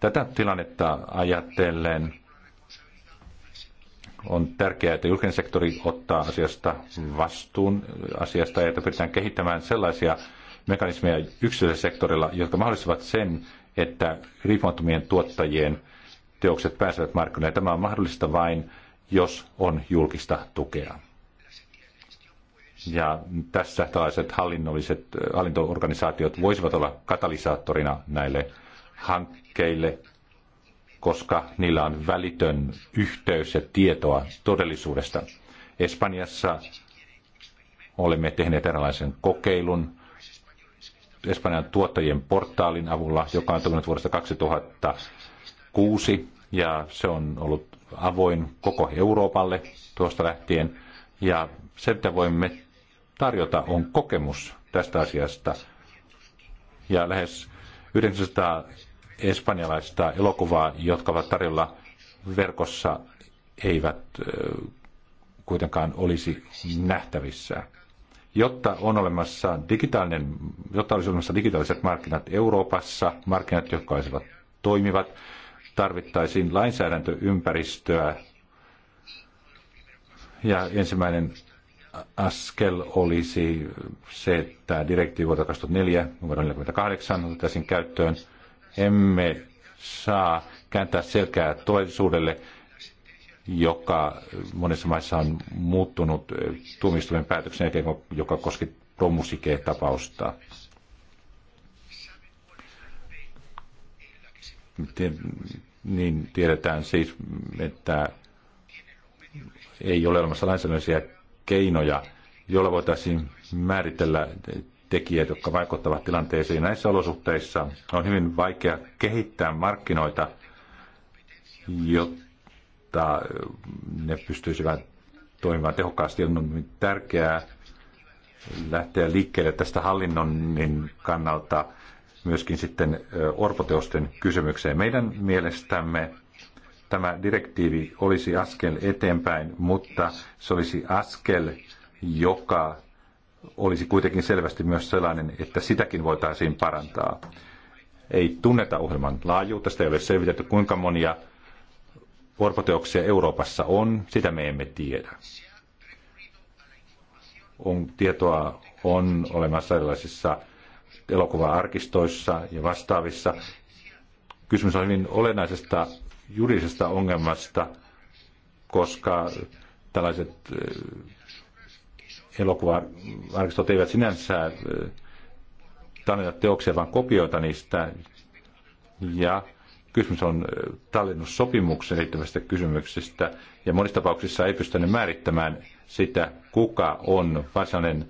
Speaker 3: Tätä tilannetta ajatellen on tärkeää, että julkinen sektori ottaa asiasta vastuun asiasta ja että pyritään kehittämään sellaisia mekanismeja yksityisellä sektorilla, jotka mahdollistavat sen, että riippumattomien tuottajien teokset pääsevät markkinoille. Tämä on mahdollista vain, jos on julkista tukea. Ja tässä tällaiset hallinnolliset hallintoorganisaatiot voisivat olla katalysaattorina näille hankkeille, koska niillä on välitön yhteys ja tietoa todellisuudesta. Espanjassa olemme tehneet eräänlaisen kokeilun, Espanjan tuottajien portaalin avulla, joka on toiminut vuodesta 2006 ja se on ollut avoin koko Euroopalle tuosta lähtien. Ja se, mitä voimme tarjota, on kokemus tästä asiasta. Ja lähes 900 espanjalaista elokuvaa, jotka ovat tarjolla verkossa, eivät kuitenkaan olisi nähtävissä. Jotta, on olemassa digitaalinen, jotta olisi olemassa digitaaliset markkinat Euroopassa, markkinat, jotka olisivat toimivat, tarvittaisiin lainsäädäntöympäristöä. Ja ensimmäinen askel olisi se, että direktiivi vuodelta 2004 numero 48 otettaisiin käyttöön. Emme saa kääntää selkää todellisuudelle joka monissa maissa on muuttunut tuomioistuimen päätöksen jälkeen, joka koski tapausta. Niin tiedetään siis, että ei ole olemassa lainsäädännöllisiä keinoja, joilla voitaisiin määritellä tekijät, jotka vaikuttavat tilanteeseen. Näissä olosuhteissa on hyvin vaikea kehittää markkinoita, jotta jotta ne pystyisivät toimimaan tehokkaasti. On tärkeää lähteä liikkeelle tästä hallinnon kannalta myöskin sitten orpoteosten kysymykseen. Meidän mielestämme tämä direktiivi olisi askel eteenpäin, mutta se olisi askel, joka olisi kuitenkin selvästi myös sellainen, että sitäkin voitaisiin parantaa. Ei tunneta ohjelman laajuutta, sitä ei ole selvitetty kuinka monia Orpoteoksia Euroopassa on, sitä me emme tiedä. On, tietoa on olemassa erilaisissa elokuva-arkistoissa ja vastaavissa. Kysymys on hyvin olennaisesta juridisesta ongelmasta, koska tällaiset eh, elokuva-arkistot eivät sinänsä eh, tallennat teoksia, vaan kopioita niistä. Ja kysymys on tallennussopimukseen liittyvästä kysymyksistä, ja monissa tapauksissa ei pystytä määrittämään sitä, kuka on varsinainen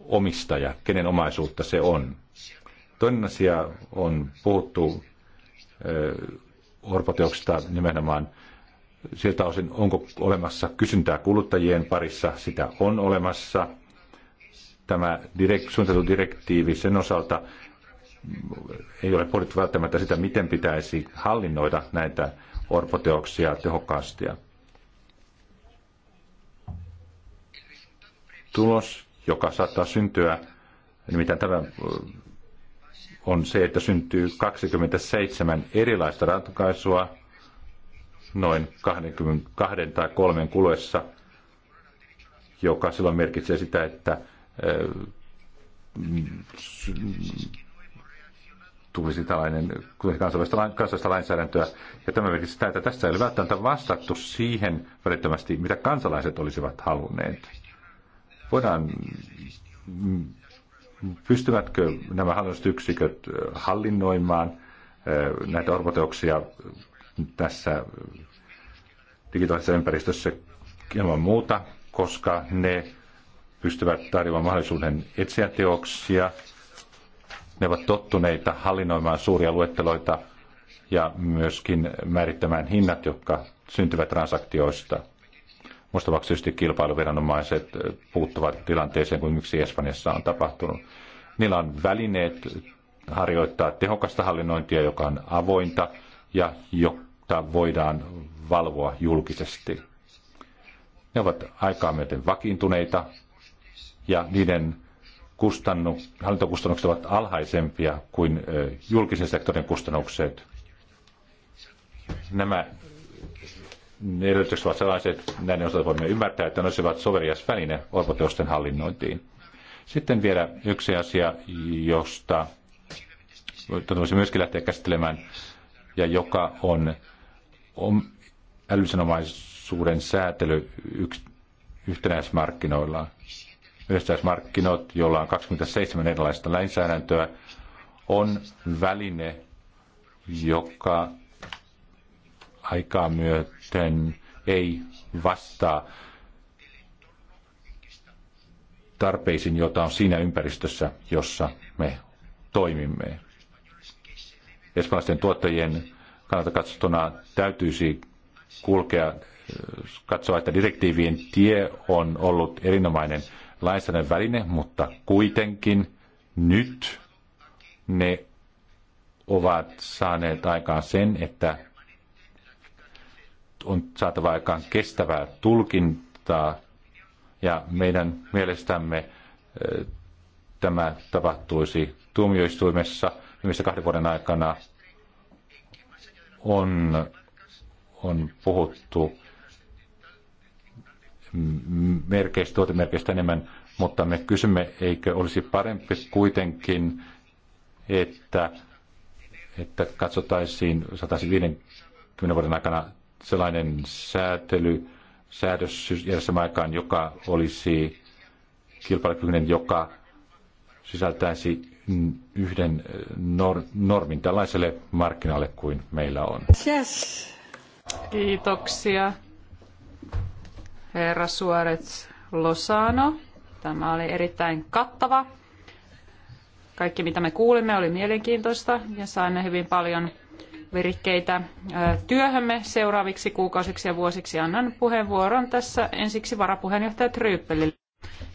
Speaker 3: omistaja, kenen omaisuutta se on. Toinen asia on puhuttu orpoteoksista nimenomaan siltä osin, onko olemassa kysyntää kuluttajien parissa, sitä on olemassa. Tämä direkt, suunniteltu direktiivi sen osalta, ei ole pohdittu välttämättä sitä, miten pitäisi hallinnoida näitä orpoteoksia tehokkaasti. Tulos, joka saattaa syntyä, nimittäin tämä äh, on se, että syntyy 27 erilaista ratkaisua noin 20, kahden tai kolmen kuluessa, joka silloin merkitsee sitä, että äh, tulisi tällainen kansallista, kansallista lainsäädäntöä. Ja tämä merkitsi sitä, että tässä ei ole välttämättä vastattu siihen välittömästi, mitä kansalaiset olisivat halunneet. Voidaan, mm, pystyvätkö nämä hallinnolliset yksiköt hallinnoimaan näitä orvoteoksia tässä digitaalisessa ympäristössä ilman muuta, koska ne pystyvät tarjoamaan mahdollisuuden etsiä teoksia – ne ovat tottuneita hallinnoimaan suuria luetteloita ja myöskin määrittämään hinnat, jotka syntyvät transaktioista. Mustavaksi tietysti kilpailuviranomaiset puuttuvat tilanteeseen, kuin miksi Espanjassa on tapahtunut. Niillä on välineet harjoittaa tehokasta hallinnointia, joka on avointa ja jota voidaan valvoa julkisesti. Ne ovat aikaa myöten vakiintuneita ja niiden kustannu, hallintokustannukset ovat alhaisempia kuin julkisen sektorin kustannukset. Nämä edellytykset ovat sellaiset, näiden osalta voimme ymmärtää, että ne olisivat soverias väline orpoteosten hallinnointiin. Sitten vielä yksi asia, josta voisi myöskin lähteä käsittelemään, ja joka on, on älyllisen omaisuuden säätely yhtenäismarkkinoilla yhteismarkkinat, jolla on 27 erilaista lainsäädäntöä, on väline, joka aikaa myöten ei vastaa tarpeisiin, joita on siinä ympäristössä, jossa me toimimme. Espanjalaisten tuottajien kannalta katsottuna täytyisi kulkea, katsoa, että direktiivien tie on ollut erinomainen lainsäädännön väline, mutta kuitenkin nyt ne ovat saaneet aikaan sen, että on saatava aikaan kestävää tulkintaa ja meidän mielestämme eh, tämä tapahtuisi tuomioistuimessa viimeisten kahden vuoden aikana on, on puhuttu merkeistä, tuotemerkeistä enemmän, mutta me kysymme, eikö olisi parempi kuitenkin, että, että katsotaisiin 150 vuoden aikana sellainen säätely, säädösjärjestelmä aikaan, joka olisi kilpailukykyinen, joka sisältäisi yhden normin tällaiselle markkinalle kuin meillä on.
Speaker 1: Yes. Kiitoksia herra Suarez Losano. Tämä oli erittäin kattava. Kaikki, mitä me kuulimme, oli mielenkiintoista ja saimme hyvin paljon virikkeitä työhömme seuraaviksi kuukausiksi ja vuosiksi. Annan puheenvuoron tässä ensiksi varapuheenjohtaja Tryyppelille.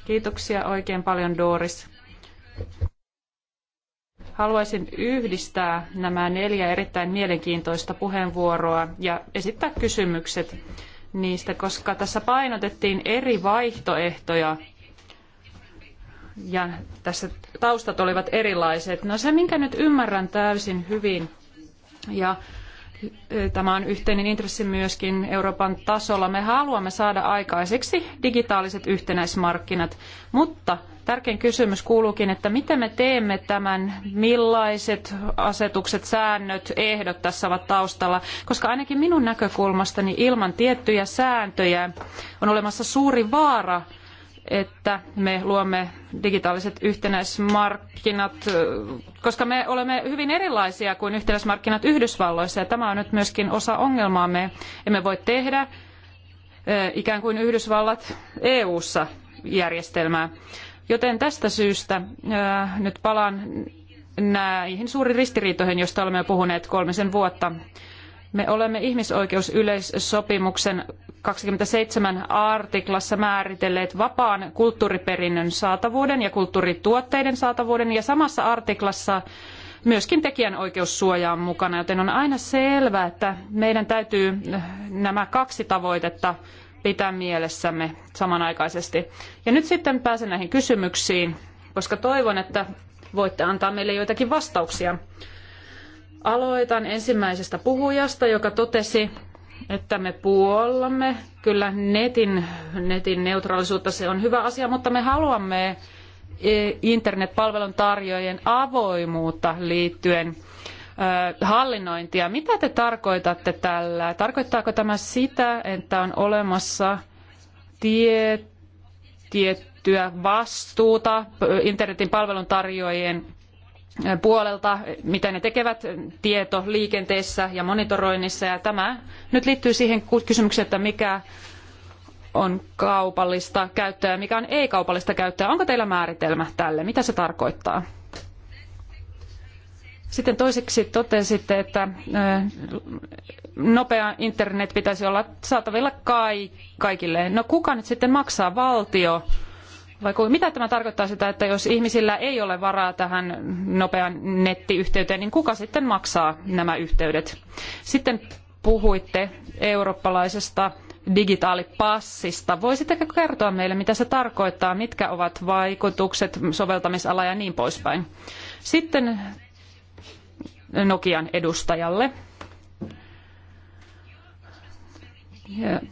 Speaker 1: Kiitoksia oikein paljon Doris. Haluaisin yhdistää nämä neljä erittäin mielenkiintoista puheenvuoroa ja esittää kysymykset niistä, koska tässä painotettiin eri vaihtoehtoja ja tässä taustat olivat erilaiset. No se, minkä nyt ymmärrän täysin hyvin, ja tämä on yhteinen intressi myöskin Euroopan tasolla, me haluamme saada aikaiseksi digitaaliset yhtenäismarkkinat, mutta – Tärkein kysymys kuuluukin, että mitä me teemme tämän, millaiset asetukset, säännöt, ehdot tässä ovat taustalla, koska ainakin minun näkökulmastani ilman tiettyjä sääntöjä on olemassa suuri vaara, että me luomme digitaaliset yhtenäismarkkinat, koska me olemme hyvin erilaisia kuin yhtenäismarkkinat Yhdysvalloissa ja tämä on nyt myöskin osa ongelmaa. Me emme voi tehdä eh, ikään kuin Yhdysvallat EU-ssa järjestelmää. Joten tästä syystä äh, nyt palaan näihin suuriin ristiriitoihin, joista olemme jo puhuneet kolmisen vuotta. Me olemme ihmisoikeusyleissopimuksen 27 artiklassa määritelleet vapaan kulttuuriperinnön saatavuuden ja kulttuurituotteiden saatavuuden ja samassa artiklassa myöskin tekijänoikeussuoja on mukana, joten on aina selvää, että meidän täytyy nämä kaksi tavoitetta pitää mielessämme samanaikaisesti. Ja nyt sitten pääsen näihin kysymyksiin, koska toivon, että voitte antaa meille joitakin vastauksia. Aloitan ensimmäisestä puhujasta, joka totesi, että me puollamme kyllä netin, netin neutraalisuutta, se on hyvä asia, mutta me haluamme eh, internetpalvelun tarjoajien avoimuutta liittyen hallinnointia. Mitä te tarkoitatte tällä? Tarkoittaako tämä sitä, että on olemassa tie, tiettyä vastuuta internetin palveluntarjoajien puolelta, mitä ne tekevät tieto liikenteessä ja monitoroinnissa. Ja tämä nyt liittyy siihen kysymykseen, että mikä on kaupallista käyttöä ja mikä on ei-kaupallista käyttöä. Onko teillä määritelmä tälle? Mitä se tarkoittaa? Sitten toiseksi totesitte, että nopea internet pitäisi olla saatavilla kaikille. No kuka nyt sitten maksaa? Valtio? Vai mitä tämä tarkoittaa sitä, että jos ihmisillä ei ole varaa tähän nopean nettiyhteyteen, niin kuka sitten maksaa nämä yhteydet? Sitten puhuitte eurooppalaisesta digitaalipassista. Voisitteko kertoa meille, mitä se tarkoittaa, mitkä ovat vaikutukset, soveltamisala ja niin poispäin? Sitten Nokian edustajalle.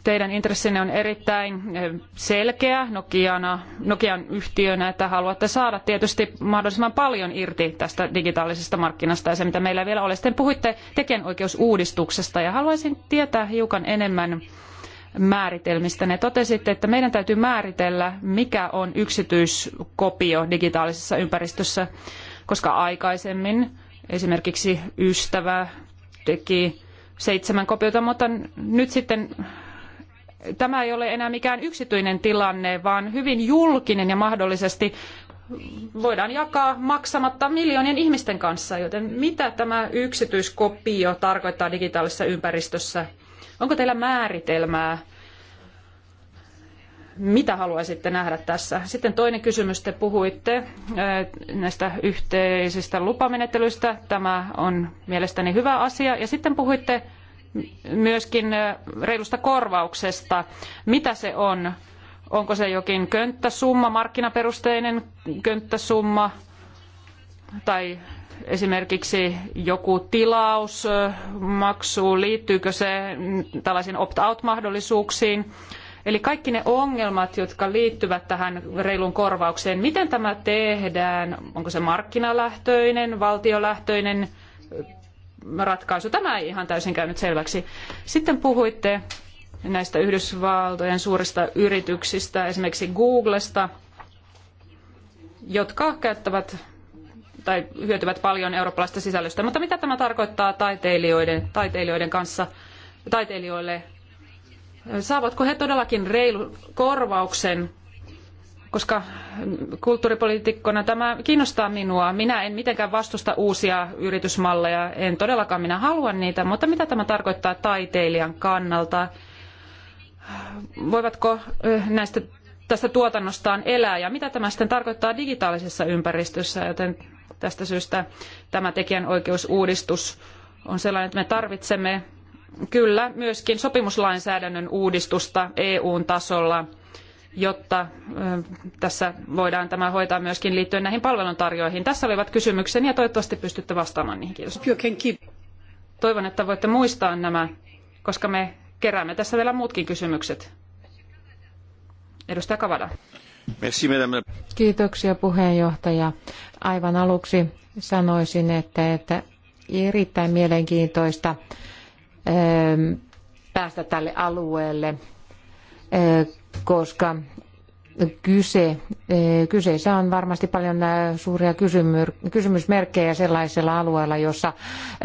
Speaker 1: Teidän intressinne on erittäin eh, selkeä Nokiana, Nokian yhtiönä, että haluatte saada tietysti mahdollisimman paljon irti tästä digitaalisesta markkinasta ja se, mitä meillä vielä ole. Sitten puhuitte tekijänoikeusuudistuksesta ja haluaisin tietää hiukan enemmän määritelmistä. Ne totesitte, että meidän täytyy määritellä, mikä on yksityiskopio digitaalisessa ympäristössä, koska aikaisemmin Esimerkiksi ystävä teki seitsemän kopiota, mutta nyt sitten tämä ei ole enää mikään yksityinen tilanne, vaan hyvin julkinen ja mahdollisesti voidaan jakaa maksamatta miljoonien ihmisten kanssa, joten mitä tämä yksityiskopio tarkoittaa digitaalisessa ympäristössä? Onko teillä määritelmää mitä haluaisitte nähdä tässä? Sitten toinen kysymys, te puhuitte äh, näistä yhteisistä lupamenettelyistä. Tämä on mielestäni hyvä asia. Ja sitten puhuitte myöskin äh, reilusta korvauksesta. Mitä se on? Onko se jokin könttäsumma, markkinaperusteinen könttäsumma tai esimerkiksi joku tilausmaksu, liittyykö se tällaisiin opt-out-mahdollisuuksiin? Eli kaikki ne ongelmat, jotka liittyvät tähän reilun korvaukseen, miten tämä tehdään? Onko se markkinalähtöinen, valtiolähtöinen ratkaisu? Tämä ei ihan täysin käynyt selväksi. Sitten puhuitte näistä Yhdysvaltojen suurista yrityksistä, esimerkiksi Googlesta, jotka käyttävät tai hyötyvät paljon eurooppalaisesta sisällöstä. Mutta mitä tämä tarkoittaa taiteilijoiden, taiteilijoiden kanssa, taiteilijoille Saavatko he todellakin reilu korvauksen koska kulttuuripoliitikkona tämä kiinnostaa minua. Minä en mitenkään vastusta uusia yritysmalleja, en todellakaan minä halua niitä, mutta mitä tämä tarkoittaa taiteilijan kannalta? Voivatko eh, näistä tästä tuotannostaan elää ja mitä tämä sitten tarkoittaa digitaalisessa ympäristössä, joten tästä syystä tämä tekijänoikeusuudistus on sellainen, että me tarvitsemme kyllä myöskin sopimuslainsäädännön uudistusta EUn tasolla, jotta tässä voidaan tämä hoitaa myöskin liittyen näihin palveluntarjoajiin. Tässä olivat kysymykseni ja toivottavasti pystytte vastaamaan niihin. Kiitos. Toivon, että voitte muistaa nämä, koska me keräämme tässä vielä muutkin
Speaker 2: kysymykset. Edustaja Kavada. Kiitoksia puheenjohtaja. Aivan aluksi sanoisin, että, että erittäin mielenkiintoista Ehm, päästä tälle alueelle, eh, koska kyse, eh, kyseessä on varmasti paljon eh, suuria kysymysmerkkejä sellaisella alueella, jossa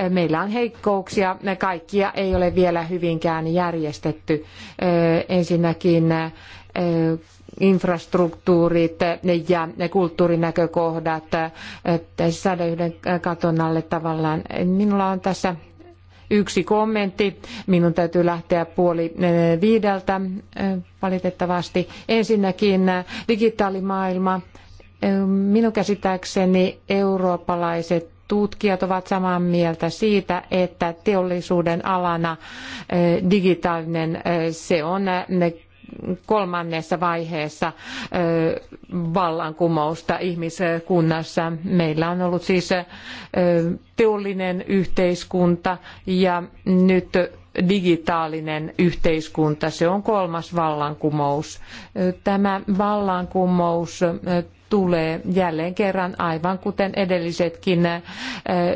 Speaker 2: meillä on heikkouksia. Kaikkia ei ole vielä hyvinkään järjestetty. Ensinnäkin infrastruktuurit ja kulttuurinäkökohdat saada katon alle tavallaan. Minulla on tässä Yksi kommentti. Minun täytyy lähteä puoli eh, viideltä eh, valitettavasti. Ensinnäkin eh, digitaalimaailma. Minun käsittääkseni eurooppalaiset tutkijat ovat samaa mieltä siitä, että teollisuuden alana digitaalinen se on kolmannessa vaiheessa vallankumousta ihmiskunnassa. Meillä on ollut siis teollinen yhteiskunta ja nyt digitaalinen yhteiskunta, se on kolmas vallankumous. Tämä vallankumous tulee jälleen kerran, aivan kuten edellisetkin,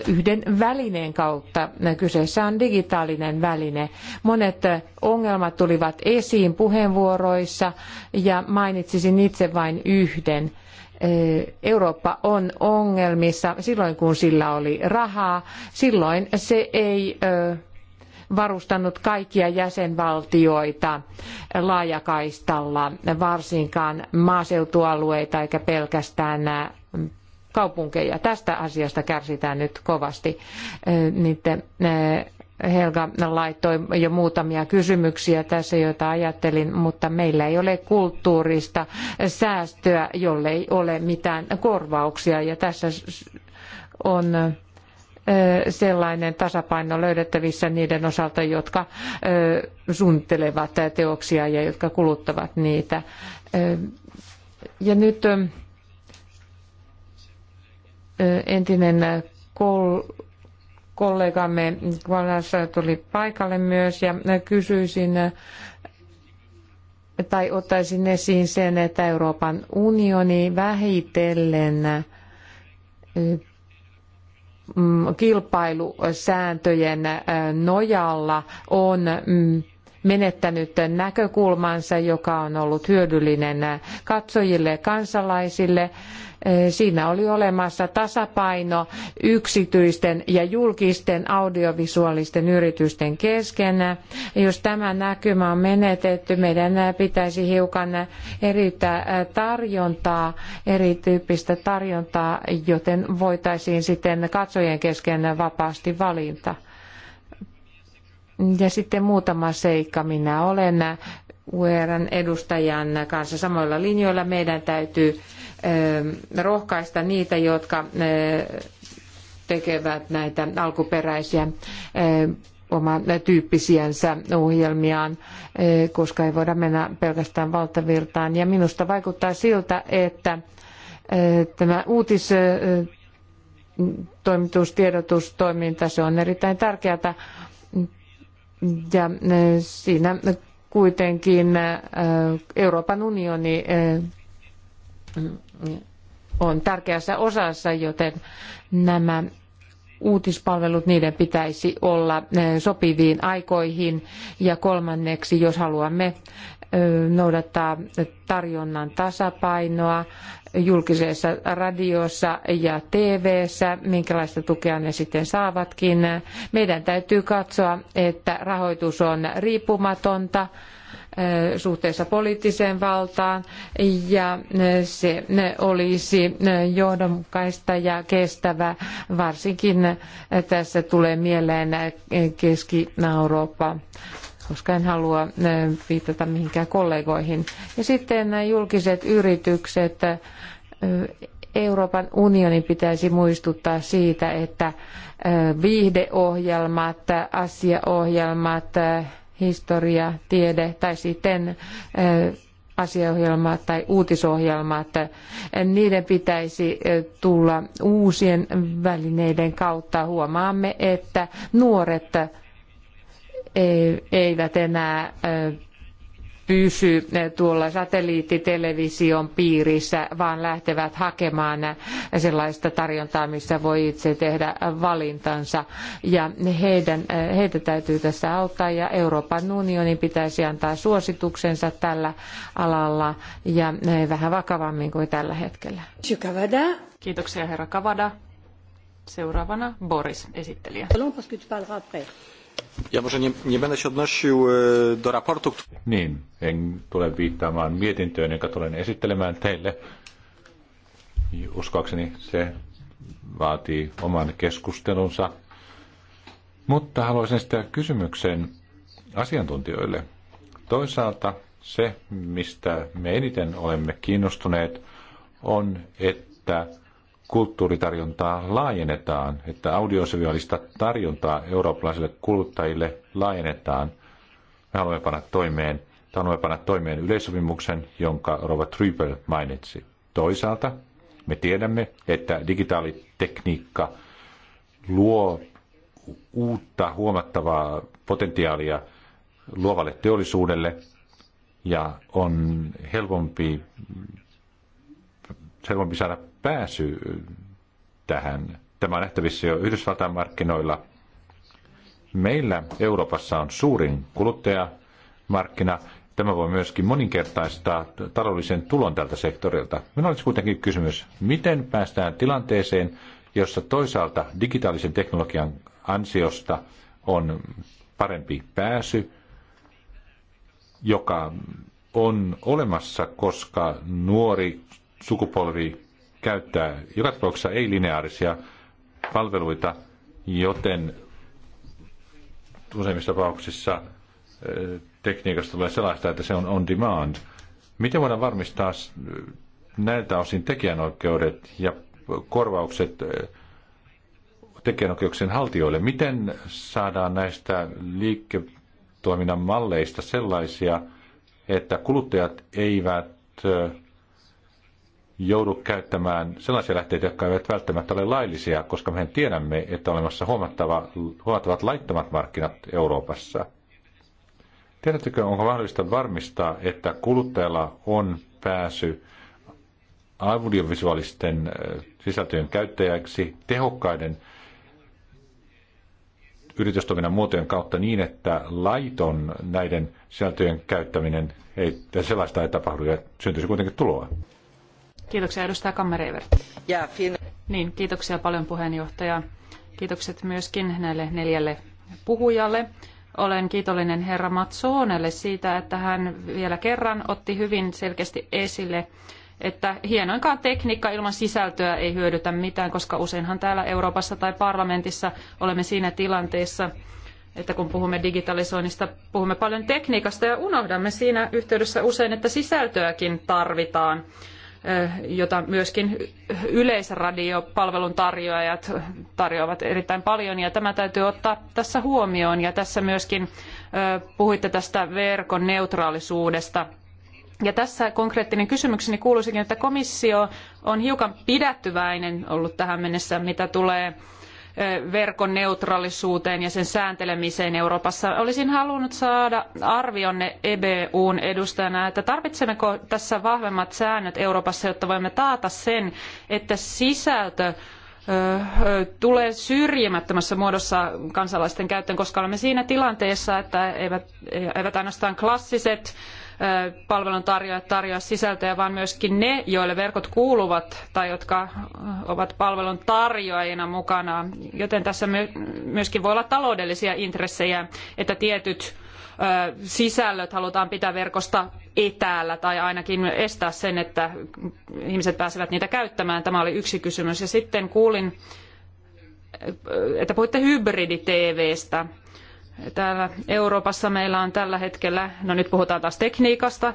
Speaker 2: yhden välineen kautta. Kyseessä on digitaalinen väline. Monet ongelmat tulivat esiin puheenvuoroissa ja mainitsisin itse vain yhden. Eurooppa on ongelmissa silloin, kun sillä oli rahaa. Silloin se ei varustanut kaikkia jäsenvaltioita laajakaistalla, varsinkaan maaseutualueita eikä pelkästään kaupunkeja. Tästä asiasta kärsitään nyt kovasti. Helga laittoi jo muutamia kysymyksiä tässä, joita ajattelin, mutta meillä ei ole kulttuurista säästöä, jollei ole mitään korvauksia. Ja tässä on sellainen tasapaino löydettävissä niiden osalta, jotka suunnittelevat teoksia ja jotka kuluttavat niitä. Ja nyt entinen kollegamme Valas tuli paikalle myös ja kysyisin tai ottaisin esiin sen, että Euroopan unioni vähitellen Mm, kilpailusääntöjen äh, nojalla on mm, menettänyt näkökulmansa, joka on ollut hyödyllinen äh, katsojille ja kansalaisille Siinä oli olemassa tasapaino yksityisten ja julkisten audiovisuaalisten yritysten kesken. Jos tämä näkymä on menetetty, meidän pitäisi hiukan eriyttää tarjontaa, erityyppistä tarjontaa, joten voitaisiin sitten katsojien kesken vapaasti valinta. Ja sitten muutama seikka. Minä olen UERn edustajan kanssa samoilla linjoilla. Meidän täytyy rohkaista niitä, jotka tekevät näitä alkuperäisiä oma tyyppisiänsä ohjelmiaan, koska ei voida mennä pelkästään valtavirtaan. Ja minusta vaikuttaa siltä, että tämä uutis toimitustiedotustoiminta, se on erittäin tärkeää. Ja siinä kuitenkin Euroopan unioni on tärkeässä osassa, joten nämä uutispalvelut, niiden pitäisi olla eh, sopiviin aikoihin. Ja kolmanneksi, jos haluamme eh, noudattaa tarjonnan tasapainoa julkisessa radiossa ja TV:ssä, minkälaista tukea ne sitten saavatkin. Meidän täytyy katsoa, että rahoitus on riippumatonta suhteessa poliittiseen valtaan ja se olisi johdonmukaista ja kestävä. Varsinkin tässä tulee mieleen Keski-Eurooppa koska en halua viitata mihinkään kollegoihin. Ja sitten nämä julkiset yritykset. Euroopan unionin pitäisi muistuttaa siitä, että viihdeohjelmat, asiaohjelmat, historia, tiede tai sitten asiaohjelmat tai uutisohjelmat, niiden pitäisi tulla uusien välineiden kautta. Huomaamme, että nuoret eivät enää pysy eh, tuolla satelliittitelevision piirissä, vaan lähtevät hakemaan sellaista tarjontaa, missä voi itse tehdä valintansa. Ja heidän, eh, heitä täytyy tässä auttaa ja Euroopan unionin pitäisi antaa suosituksensa tällä alalla ja eh, vähän vakavammin kuin tällä hetkellä.
Speaker 1: Kiitoksia herra Kavada. Seuraavana Boris esittelijä.
Speaker 3: Ja może nie, nie będę się odnosił e, do raportu. Niin, en tule viittaamaan mietintöön, jonka tulen esittelemään teille. Uskoakseni se vaatii oman keskustelunsa. Mutta haluaisin sitä kysymyksen asiantuntijoille. Toisaalta se, mistä me eniten olemme kiinnostuneet, on, että kulttuuritarjontaa laajennetaan, että audiovisuaalista tarjontaa eurooppalaisille kuluttajille laajennetaan. Me haluamme panna toimeen, haluamme panna toimeen yleissopimuksen, jonka Rova Trypel mainitsi. Toisaalta me tiedämme, että digitaalitekniikka luo uutta huomattavaa potentiaalia luovalle teollisuudelle ja on helpompi, helpompi saada pääsy äh, tähän. Tämä on nähtävissä jo Yhdysvaltain markkinoilla. Meillä Euroopassa on suurin kuluttajamarkkina. Tämä voi myöskin moninkertaistaa taloudellisen tulon tältä sektorilta. Minulla olisi kuitenkin kysymys, miten päästään tilanteeseen, jossa toisaalta digitaalisen teknologian ansiosta on parempi pääsy, joka on olemassa, koska nuori sukupolvi käyttää joka tapauksessa ei-lineaarisia palveluita, joten useimmissa tapauksissa tekniikasta tulee sellaista, että se on on demand. Miten voidaan varmistaa näiltä osin tekijänoikeudet ja korvaukset tekijänoikeuksien haltijoille? Miten saadaan näistä liiketoiminnan malleista sellaisia, että kuluttajat eivät joudu käyttämään sellaisia lähteitä, jotka eivät välttämättä ole laillisia, koska mehän tiedämme, että on olemassa huomattava, huomattavat laittomat markkinat Euroopassa. Tiedättekö, onko mahdollista varmistaa, että kuluttajalla on pääsy audiovisuaalisten äh, sisältöjen käyttäjäksi tehokkaiden yritystoiminnan muotojen kautta niin, että laiton näiden sisältöjen käyttäminen ei sellaista ei tapahdu ja syntyisi kuitenkin tuloa.
Speaker 1: Kiitoksia edustaja Kammereivert. Niin, kiitoksia paljon puheenjohtaja. Kiitokset myöskin näille neljälle puhujalle. Olen kiitollinen herra Matsonelle siitä, että hän vielä kerran otti hyvin selkeästi esille, että hienoinkaan tekniikka ilman sisältöä ei hyödytä mitään, koska useinhan täällä Euroopassa tai parlamentissa olemme siinä tilanteessa, että kun puhumme digitalisoinnista, puhumme paljon tekniikasta ja unohdamme siinä yhteydessä usein, että sisältöäkin tarvitaan jota myöskin yleisradiopalvelun tarjoajat tarjoavat erittäin paljon ja tämä täytyy ottaa tässä huomioon ja tässä myöskin puhuitte tästä verkon neutraalisuudesta. Ja tässä konkreettinen kysymykseni kuuluisikin, että komissio on hiukan pidättyväinen ollut tähän mennessä, mitä tulee verkon neutraalisuuteen ja sen sääntelemiseen Euroopassa. Olisin halunnut saada arvionne EBUn edustajana, että tarvitsemmeko tässä vahvemmat säännöt Euroopassa, jotta voimme taata sen, että sisältö tulee syrjimättömässä muodossa kansalaisten käyttöön, koska olemme siinä tilanteessa, että eivät, eivät ainoastaan klassiset palveluntarjoajat tarjoa sisältöjä, vaan myöskin ne, joille verkot kuuluvat tai jotka ovat palvelun tarjoajina mukana. Joten tässä myöskin voi olla taloudellisia intressejä, että tietyt sisällöt halutaan pitää verkosta etäällä tai ainakin estää sen, että ihmiset pääsevät niitä käyttämään. Tämä oli yksi kysymys. Ja sitten kuulin, että puhuitte hybridi-TVstä Täällä Euroopassa meillä on tällä hetkellä, no nyt puhutaan taas tekniikasta,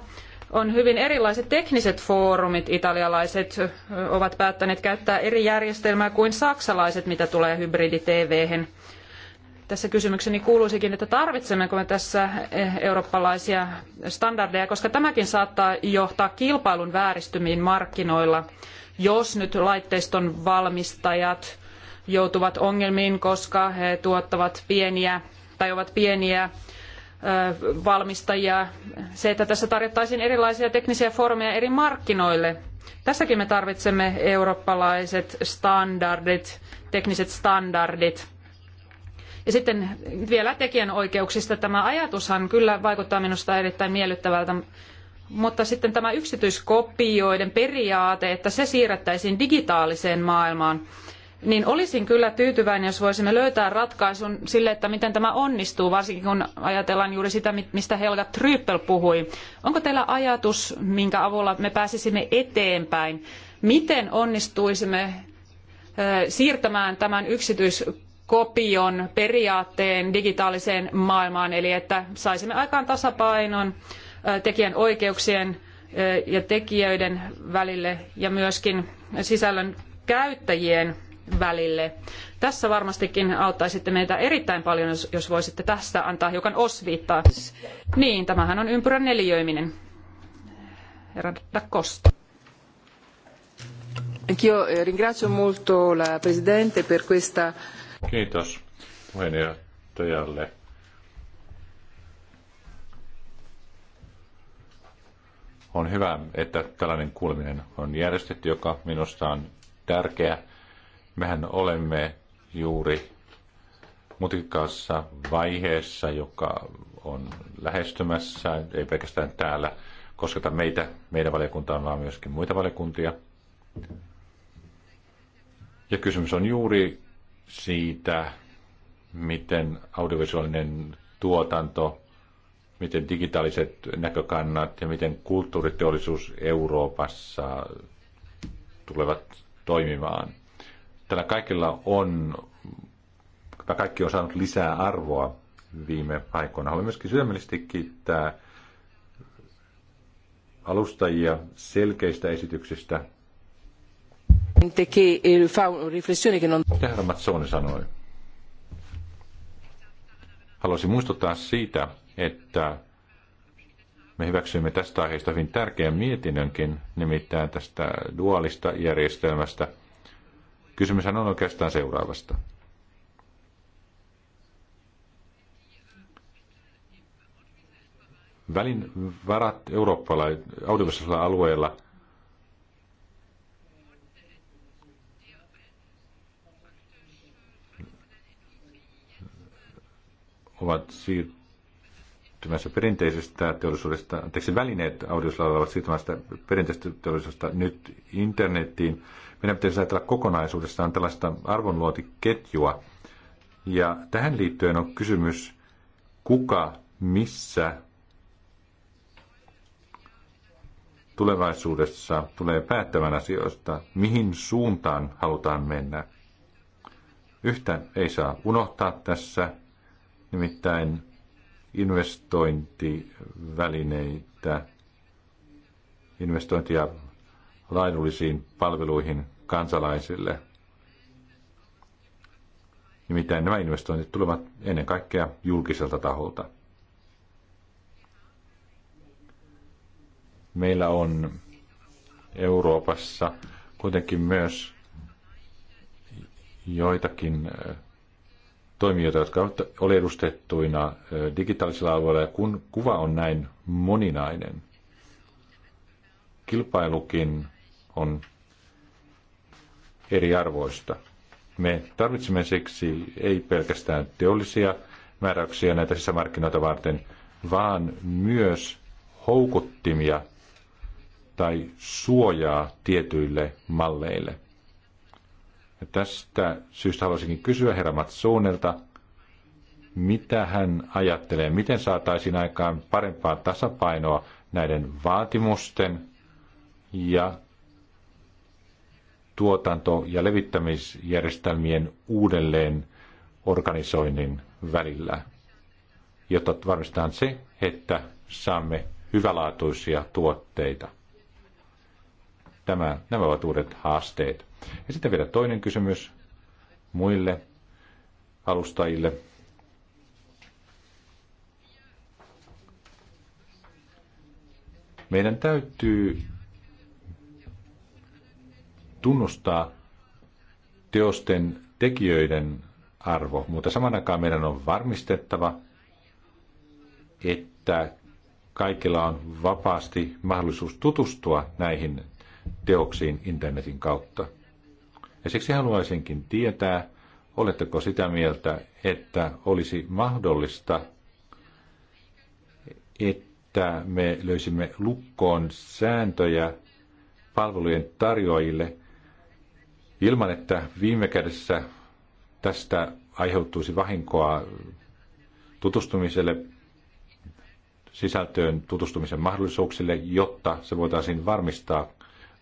Speaker 1: on hyvin erilaiset tekniset foorumit. Italialaiset ovat päättäneet käyttää eri järjestelmää kuin saksalaiset, mitä tulee hybridi-TV-hen. Tässä kysymykseni kuuluisikin, että tarvitsemmeko me tässä e, eurooppalaisia standardeja, koska tämäkin saattaa johtaa kilpailun vääristymiin markkinoilla, jos nyt laitteiston valmistajat joutuvat ongelmiin, koska he tuottavat pieniä tai ovat pieniä valmistajia. Se, että tässä tarjottaisiin erilaisia teknisiä foorumeja eri markkinoille. Tässäkin me tarvitsemme eurooppalaiset standardit, tekniset standardit. Ja sitten vielä tekijänoikeuksista. Tämä ajatushan kyllä vaikuttaa minusta erittäin miellyttävältä, mutta sitten tämä yksityiskopioiden periaate, että se siirrettäisiin digitaaliseen maailmaan – niin olisin kyllä tyytyväinen, jos voisimme löytää ratkaisun sille, että miten tämä onnistuu, varsinkin kun ajatellaan juuri sitä, mistä Helga Tryppel puhui. Onko teillä ajatus, minkä avulla me pääsisimme eteenpäin? Miten onnistuisimme siirtämään tämän yksityiskopion periaatteen digitaaliseen maailmaan, eli että saisimme aikaan tasapainon tekijän oikeuksien ja tekijöiden välille ja myöskin sisällön käyttäjien välille. Tässä varmastikin auttaisitte meitä erittäin paljon, jos, jos voisitte tästä antaa hiukan osviittaa. Niin, tämähän on ympyrän neliöiminen. Herra Dacosta.
Speaker 2: Eh, ringrazio molto la Presidente per questa...
Speaker 3: Kiitos puheenjohtajalle. On hyvä, että tällainen kuuleminen on järjestetty, joka minusta on tärkeä Mehän olemme juuri mutikkaassa vaiheessa, joka on lähestymässä, ei pelkästään täällä kosketa meitä, meidän valiokuntaan, vaan myöskin muita valiokuntia. Ja kysymys on juuri siitä, miten audiovisuaalinen tuotanto, miten digitaaliset näkökannat ja miten kulttuuriteollisuus Euroopassa tulevat toimimaan – tällä kaikilla on, tämä kaikki on saanut lisää arvoa viime aikoina. Haluan myöskin syömällisesti kiittää alustajia selkeistä esityksistä. Eh, herra Mazzoni sanoi. Haluaisin muistuttaa siitä, että me hyväksyimme tästä aiheesta hyvin tärkeän mietinnönkin, nimittäin tästä duaalista järjestelmästä – Kysymyshän on oikeastaan seuraavasta. Välin varat eurooppalaisella audiovisuaalisella alueella ovat siirtymässä perinteisestä teollisuudesta, anteeksi, välineet audiovisuaalilla ovat siirtymässä perinteisestä teollisuudesta nyt internettiin. Meidän pitäisi ajatella kokonaisuudessaan tällaista arvonluotiketjua. Ja tähän liittyen on kysymys, kuka, missä tulevaisuudessa tulee päättämään asioista, mihin suuntaan halutaan mennä. Yhtä ei saa unohtaa tässä, nimittäin investointivälineitä, investointia laadullisiin palveluihin kansalaisille. Nimittäin nämä investoinnit tulevat ennen kaikkea julkiselta taholta. Meillä on Euroopassa kuitenkin myös joitakin toimijoita, jotka oli edustettuina digitaalisilla alueilla, ja kun kuva on näin moninainen, kilpailukin on eriarvoista. Me tarvitsemme siksi ei pelkästään teollisia määräyksiä näitä sisämarkkinoita varten, vaan myös houkuttimia tai suojaa tietyille malleille. Ja tästä syystä haluaisinkin kysyä herra Matsuunelta, mitä hän ajattelee, miten saataisiin aikaan parempaa tasapainoa näiden vaatimusten ja tuotanto- ja levittämisjärjestelmien uudelleen organisoinnin välillä, jotta varmistetaan se, että saamme hyvälaatuisia tuotteita. Tämä, nämä ovat uudet haasteet. Ja sitten vielä toinen kysymys muille alustajille. Meidän täytyy tunnustaa teosten tekijöiden arvo, mutta saman aikaan meidän on varmistettava, että kaikilla on vapaasti mahdollisuus tutustua näihin teoksiin internetin kautta. Ja siksi haluaisinkin tietää, oletteko sitä mieltä, että olisi mahdollista, että me löysimme lukkoon sääntöjä palvelujen tarjoajille – ilman, että viime kädessä tästä aiheutuisi vahinkoa tutustumiselle, sisältöön tutustumisen mahdollisuuksille, jotta se voitaisiin varmistaa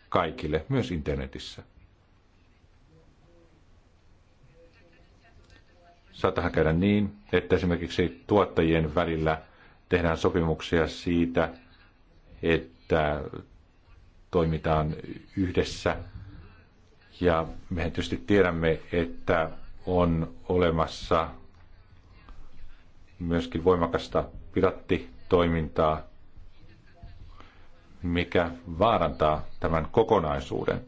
Speaker 3: kaikille, myös internetissä. Saatahan käydä niin, että esimerkiksi tuottajien välillä tehdään sopimuksia siitä, että toimitaan yhdessä – ja mehän tietysti tiedämme, että on olemassa myöskin voimakasta pirattitoimintaa, mikä vaarantaa tämän kokonaisuuden.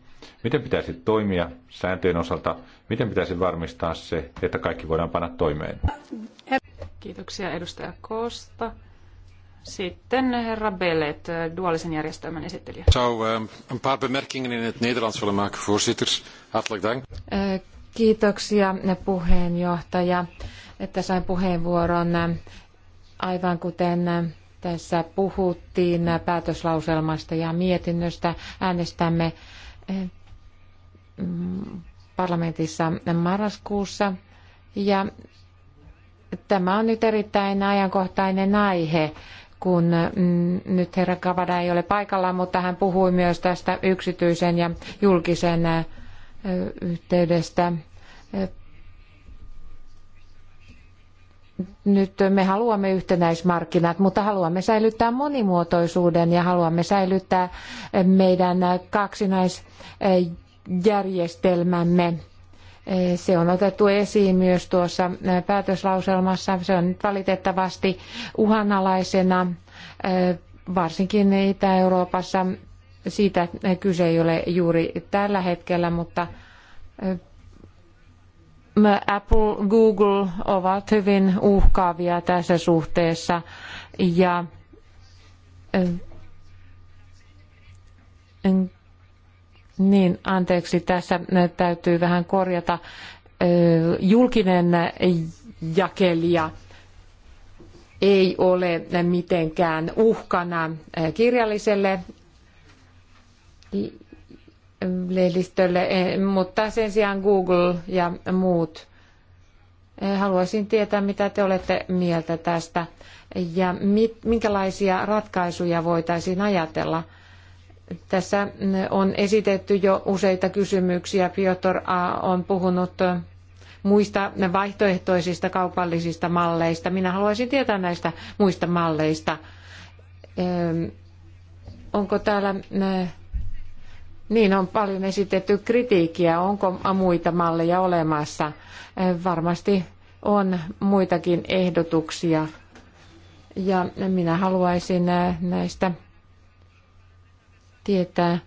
Speaker 3: Miten pitäisi toimia sääntöjen osalta? Miten pitäisi varmistaa se, että kaikki voidaan panna toimeen?
Speaker 1: Kiitoksia edustaja Koosta. Sitten herra Bellet, duaalisen järjestelmän esittelijä.
Speaker 3: Zou eh, een paar bemerkingen in het Nederlands willen maken, voorzitter. Hartelijk dank.
Speaker 2: Eh, kiitoksia puheenjohtaja, että sain puheenvuoron. Aivan kuten tässä puhuttiin päätöslauselmasta ja mietinnöstä, äänestämme eh, parlamentissa marraskuussa. Ja tämä on nyt erittäin ajankohtainen aihe kun mm, nyt herra Kavada ei ole paikalla, mutta hän puhui myös tästä yksityisen ja julkisen äh, yhteydestä. Nyt me haluamme yhtenäismarkkinat, mutta haluamme säilyttää monimuotoisuuden ja haluamme säilyttää meidän kaksinaisjärjestelmämme se on otettu esiin myös tuossa päätöslauselmassa. Se on nyt valitettavasti uhanalaisena, varsinkin Itä-Euroopassa. Siitä kyse ei ole juuri tällä hetkellä, mutta Apple, Google ovat hyvin uhkaavia tässä suhteessa. Ja niin, anteeksi, tässä täytyy vähän korjata. Julkinen jakelija ei ole mitenkään uhkana kirjalliselle lehdistölle, mutta sen sijaan Google ja muut. Haluaisin tietää, mitä te olette mieltä tästä ja minkälaisia ratkaisuja voitaisiin ajatella – tässä on esitetty jo useita kysymyksiä. Piotr on puhunut muista vaihtoehtoisista kaupallisista malleista. Minä haluaisin tietää näistä muista malleista. Onko täällä, niin on paljon esitetty kritiikkiä, onko muita malleja olemassa. Varmasti on muitakin ehdotuksia. Ja minä haluaisin näistä tietää.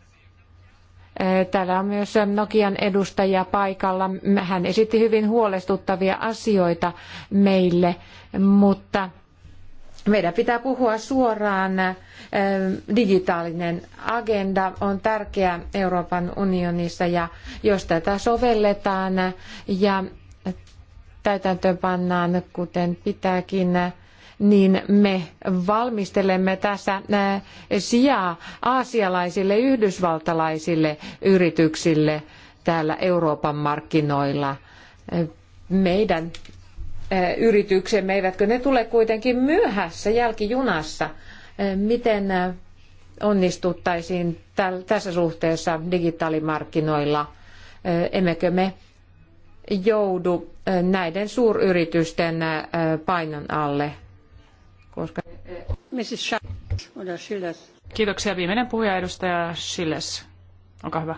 Speaker 2: Täällä on myös Nokian edustaja paikalla. Hän esitti hyvin huolestuttavia asioita meille, mutta meidän pitää puhua suoraan. Digitaalinen agenda on tärkeä Euroopan unionissa ja jos tätä sovelletaan ja täytäntöön pannaan kuten pitääkin, niin me valmistelemme tässä äh, sijaa aasialaisille yhdysvaltalaisille yrityksille täällä Euroopan markkinoilla. Äh, meidän äh, yrityksemme, eivätkö ne tule kuitenkin myöhässä jälkijunassa? Miten onnistuttaisiin tässä suhteessa digitaalimarkkinoilla? Emmekö me joudu näiden suuryritysten painon alle koska... Kiitoksia. Viimeinen puhuja edustaja Schilles. Olkaa hyvä.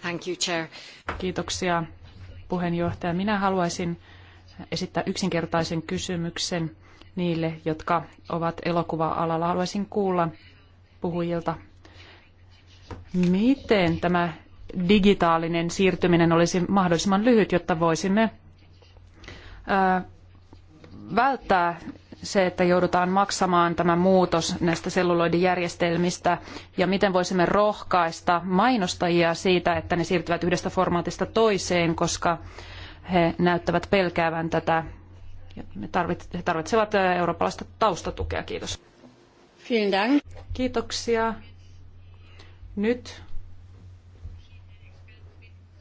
Speaker 2: Thank
Speaker 1: you, Chair. Kiitoksia puheenjohtaja. Minä haluaisin esittää yksinkertaisen kysymyksen niille, jotka ovat elokuva-alalla. Haluaisin kuulla puhujilta, miten tämä digitaalinen siirtyminen olisi mahdollisimman lyhyt, jotta voisimme välttää se, että joudutaan maksamaan tämä muutos näistä selluloidijärjestelmistä ja miten voisimme rohkaista mainostajia siitä, että ne siirtyvät yhdestä formaatista toiseen, koska he näyttävät pelkäävän tätä. He tarvitsevat eurooppalaista taustatukea. Kiitos. Kiitoksia. Nyt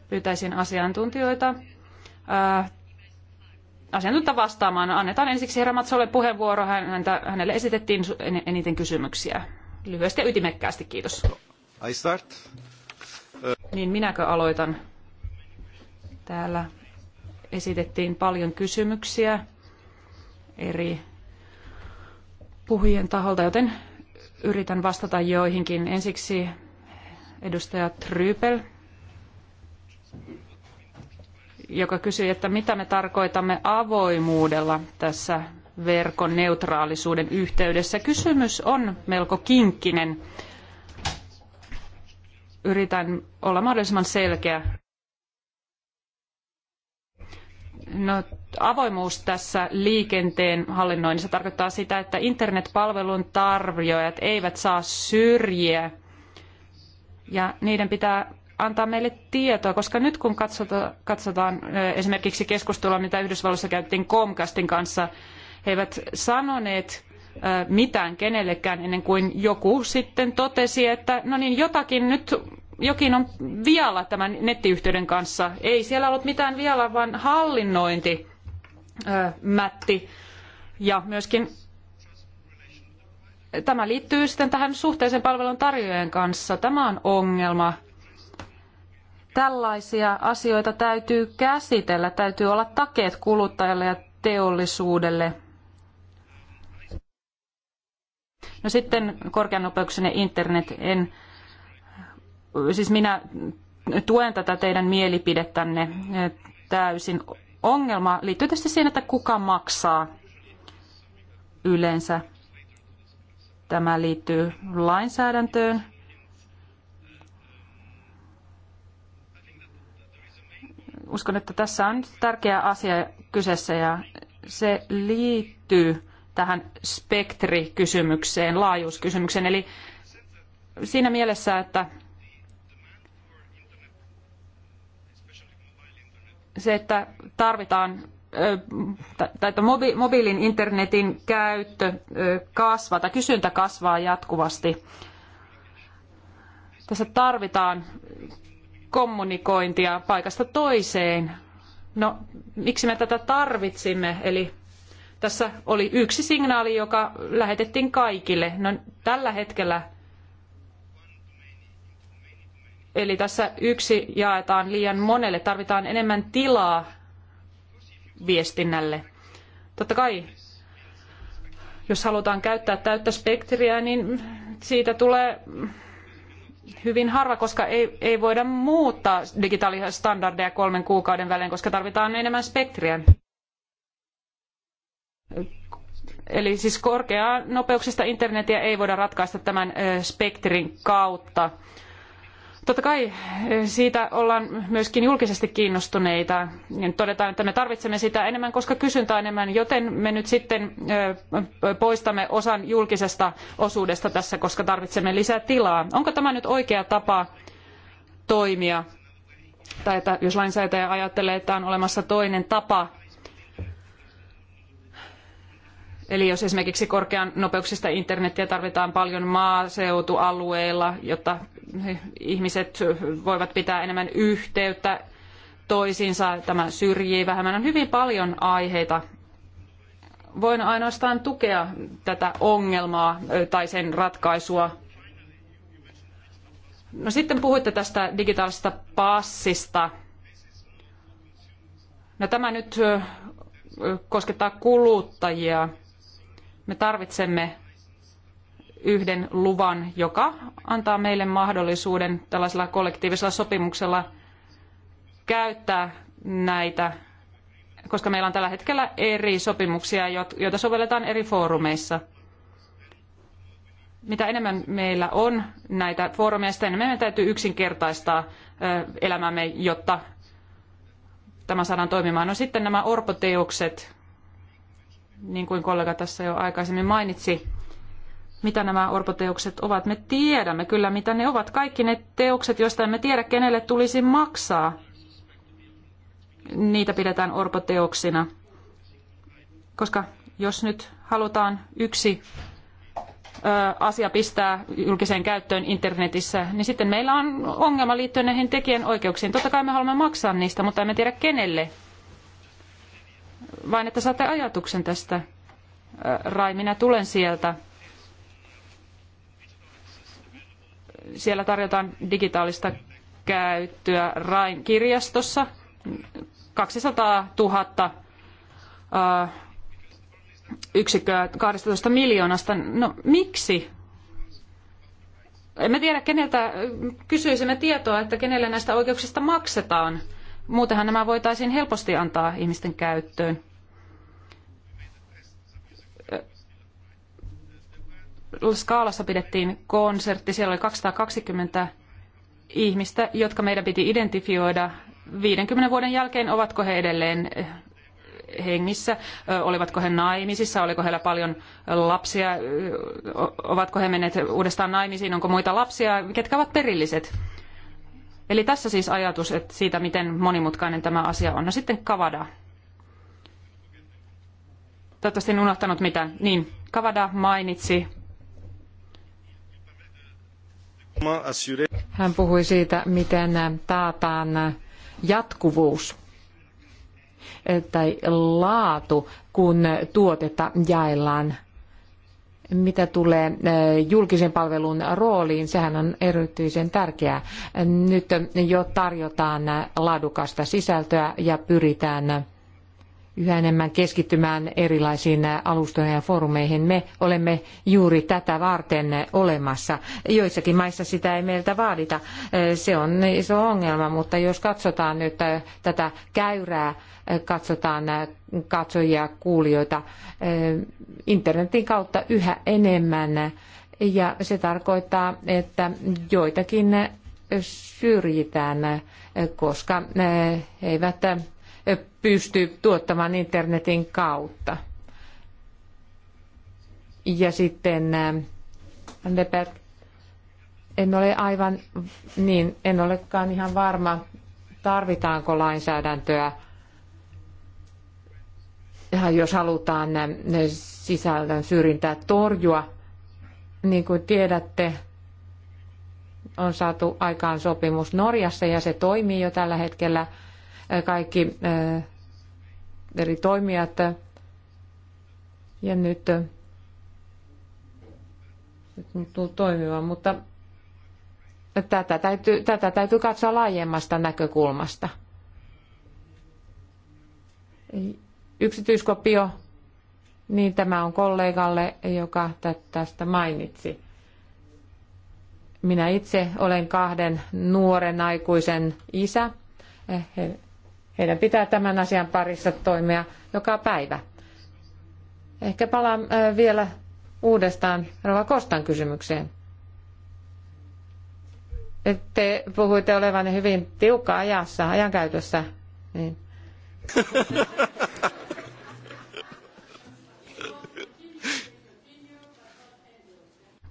Speaker 1: pyytäisin asiantuntijoita asiantuntija vastaamaan. Annetaan ensiksi herra Matsolle puheenvuoro. Häntä, hänelle esitettiin eniten kysymyksiä. Lyhyesti ja ytimekkäästi, kiitos. I start. Uh, niin minäkö aloitan? Täällä esitettiin paljon kysymyksiä eri puhujien taholta, joten yritän vastata joihinkin. Ensiksi edustaja Trypel joka kysyi, että mitä me tarkoitamme avoimuudella tässä verkon neutraalisuuden yhteydessä. Kysymys on melko kinkkinen. Yritän olla mahdollisimman selkeä. No, avoimuus tässä liikenteen hallinnoinnissa tarkoittaa sitä, että internetpalvelun tarjoajat eivät saa syrjiä ja niiden pitää antaa meille tietoa, koska nyt kun katsotaan, katsotaan esimerkiksi keskustelua, mitä Yhdysvalloissa käytiin Comcastin kanssa, he eivät sanoneet mitään kenellekään ennen kuin joku sitten totesi, että no niin jotakin nyt jokin on vialla tämän nettiyhteyden kanssa. Ei siellä ollut mitään vialla, vaan hallinnointi mätti. Ja myöskin tämä liittyy sitten tähän suhteeseen palvelun tarjoajan kanssa. Tämä on ongelma. Tällaisia asioita täytyy käsitellä, täytyy olla takeet kuluttajalle ja teollisuudelle. No sitten korkeanopeuksinen internet, en, siis minä tuen tätä teidän mielipidettänne täysin. Ongelma liittyy tietysti siihen, että kuka maksaa yleensä. Tämä liittyy lainsäädäntöön, uskon, että tässä on tärkeä asia kyseessä ja se liittyy tähän spektrikysymykseen, laajuuskysymykseen. Eli siinä mielessä, että se, että tarvitaan tai että mobiilin internetin käyttö kasvaa tai kysyntä kasvaa jatkuvasti. Tässä tarvitaan kommunikointia paikasta toiseen. No, miksi me tätä tarvitsimme? Eli tässä oli yksi signaali, joka lähetettiin kaikille. No, tällä hetkellä, eli tässä yksi jaetaan liian monelle, tarvitaan enemmän tilaa viestinnälle. Totta kai, jos halutaan käyttää täyttä spektriä, niin siitä tulee hyvin harva, koska ei, ei voida muuttaa digitaalisia standardeja kolmen kuukauden välein, koska tarvitaan enemmän spektriä. Eli siis korkeaa nopeuksista internetiä ei voida ratkaista tämän spektrin kautta. Totta kai eh, siitä ollaan myöskin julkisesti kiinnostuneita. Todetaan, että me tarvitsemme sitä enemmän, koska kysyntää enemmän, joten me nyt sitten eh, poistamme osan julkisesta osuudesta tässä, koska tarvitsemme lisää tilaa. Onko tämä nyt oikea tapa toimia? Tai että jos lainsäätäjä ajattelee, että on olemassa toinen tapa Eli jos esimerkiksi korkean nopeuksista internetiä tarvitaan paljon maaseutualueilla, jotta ihmiset voivat pitää enemmän yhteyttä toisiinsa, tämä syrjii vähemmän, on hyvin paljon aiheita. Voin ainoastaan tukea tätä ongelmaa tai sen ratkaisua. No sitten puhuitte tästä digitaalisesta passista. No tämä nyt koskettaa kuluttajia. Me tarvitsemme yhden luvan, joka antaa meille mahdollisuuden tällaisella kollektiivisella sopimuksella käyttää näitä, koska meillä on tällä hetkellä eri sopimuksia, joita sovelletaan eri foorumeissa. Mitä enemmän meillä on näitä foorumeja, sitä enemmän meidän täytyy yksinkertaistaa elämämme, jotta tämä saadaan toimimaan. No sitten nämä orpoteokset, niin kuin kollega tässä jo aikaisemmin mainitsi, mitä nämä orpoteokset ovat. Me tiedämme kyllä, mitä ne ovat. Kaikki ne teokset, joista emme tiedä, kenelle tulisi maksaa, niitä pidetään orpoteoksina. Koska jos nyt halutaan yksi asia pistää julkiseen käyttöön internetissä, niin sitten meillä on ongelma liittyen näihin tekijänoikeuksiin. Totta kai me haluamme maksaa niistä, mutta emme tiedä kenelle vain että saatte ajatuksen tästä. Rai, minä tulen sieltä. Siellä tarjotaan digitaalista käyttöä Rain kirjastossa. 200 000 yksikköä 12 miljoonasta. No miksi? Emme tiedä keneltä, kysyisimme tietoa, että kenelle näistä oikeuksista maksetaan. Muutenhan nämä voitaisiin helposti antaa ihmisten käyttöön. skaalassa pidettiin konsertti. Siellä oli 220 ihmistä, jotka meidän piti identifioida 50 vuoden jälkeen, ovatko he edelleen eh, hengissä, eh, olivatko he naimisissa, oliko heillä paljon lapsia, eh, ovatko he menneet uudestaan naimisiin, onko muita lapsia, ketkä ovat perilliset. Eli tässä siis ajatus että siitä, miten monimutkainen tämä asia on. No sitten Kavada. Toivottavasti en unohtanut mitä. Niin, Kavada mainitsi
Speaker 2: hän puhui siitä, miten taataan jatkuvuus tai laatu, kun tuotetta jaellaan. Mitä tulee eh, julkisen palvelun rooliin, sehän on erityisen tärkeää. Nyt jo tarjotaan laadukasta sisältöä ja pyritään yhä enemmän keskittymään erilaisiin alustoihin ja foorumeihin. Me olemme juuri tätä varten olemassa. Joissakin maissa sitä ei meiltä vaadita. Se on iso ongelma, mutta jos katsotaan nyt tätä käyrää, katsotaan katsojia, kuulijoita internetin kautta yhä enemmän. Ja se tarkoittaa, että joitakin syrjitään, koska he eivät pysty tuottamaan internetin kautta. Ja sitten äh, en ole aivan, niin en olekaan ihan varma, tarvitaanko lainsäädäntöä, jos halutaan äh, sisällön syrjintää torjua. Niin kuin tiedätte, on saatu aikaan sopimus Norjassa ja se toimii jo tällä hetkellä – kaikki eh, eri toimijat. Ja nyt tuntuu toimivan, mutta tätä täytyy, tätä täytyy katsoa laajemmasta näkökulmasta. Yksityiskopio, niin tämä on kollegalle, joka tästä mainitsi. Minä itse olen kahden nuoren aikuisen isä. Eh, he heidän pitää tämän asian parissa toimia joka päivä. Ehkä palaan vielä uudestaan Rova Kostan kysymykseen. Te puhuitte olevanne hyvin tiukka ajassa, ajankäytössä. Niin. *laughs*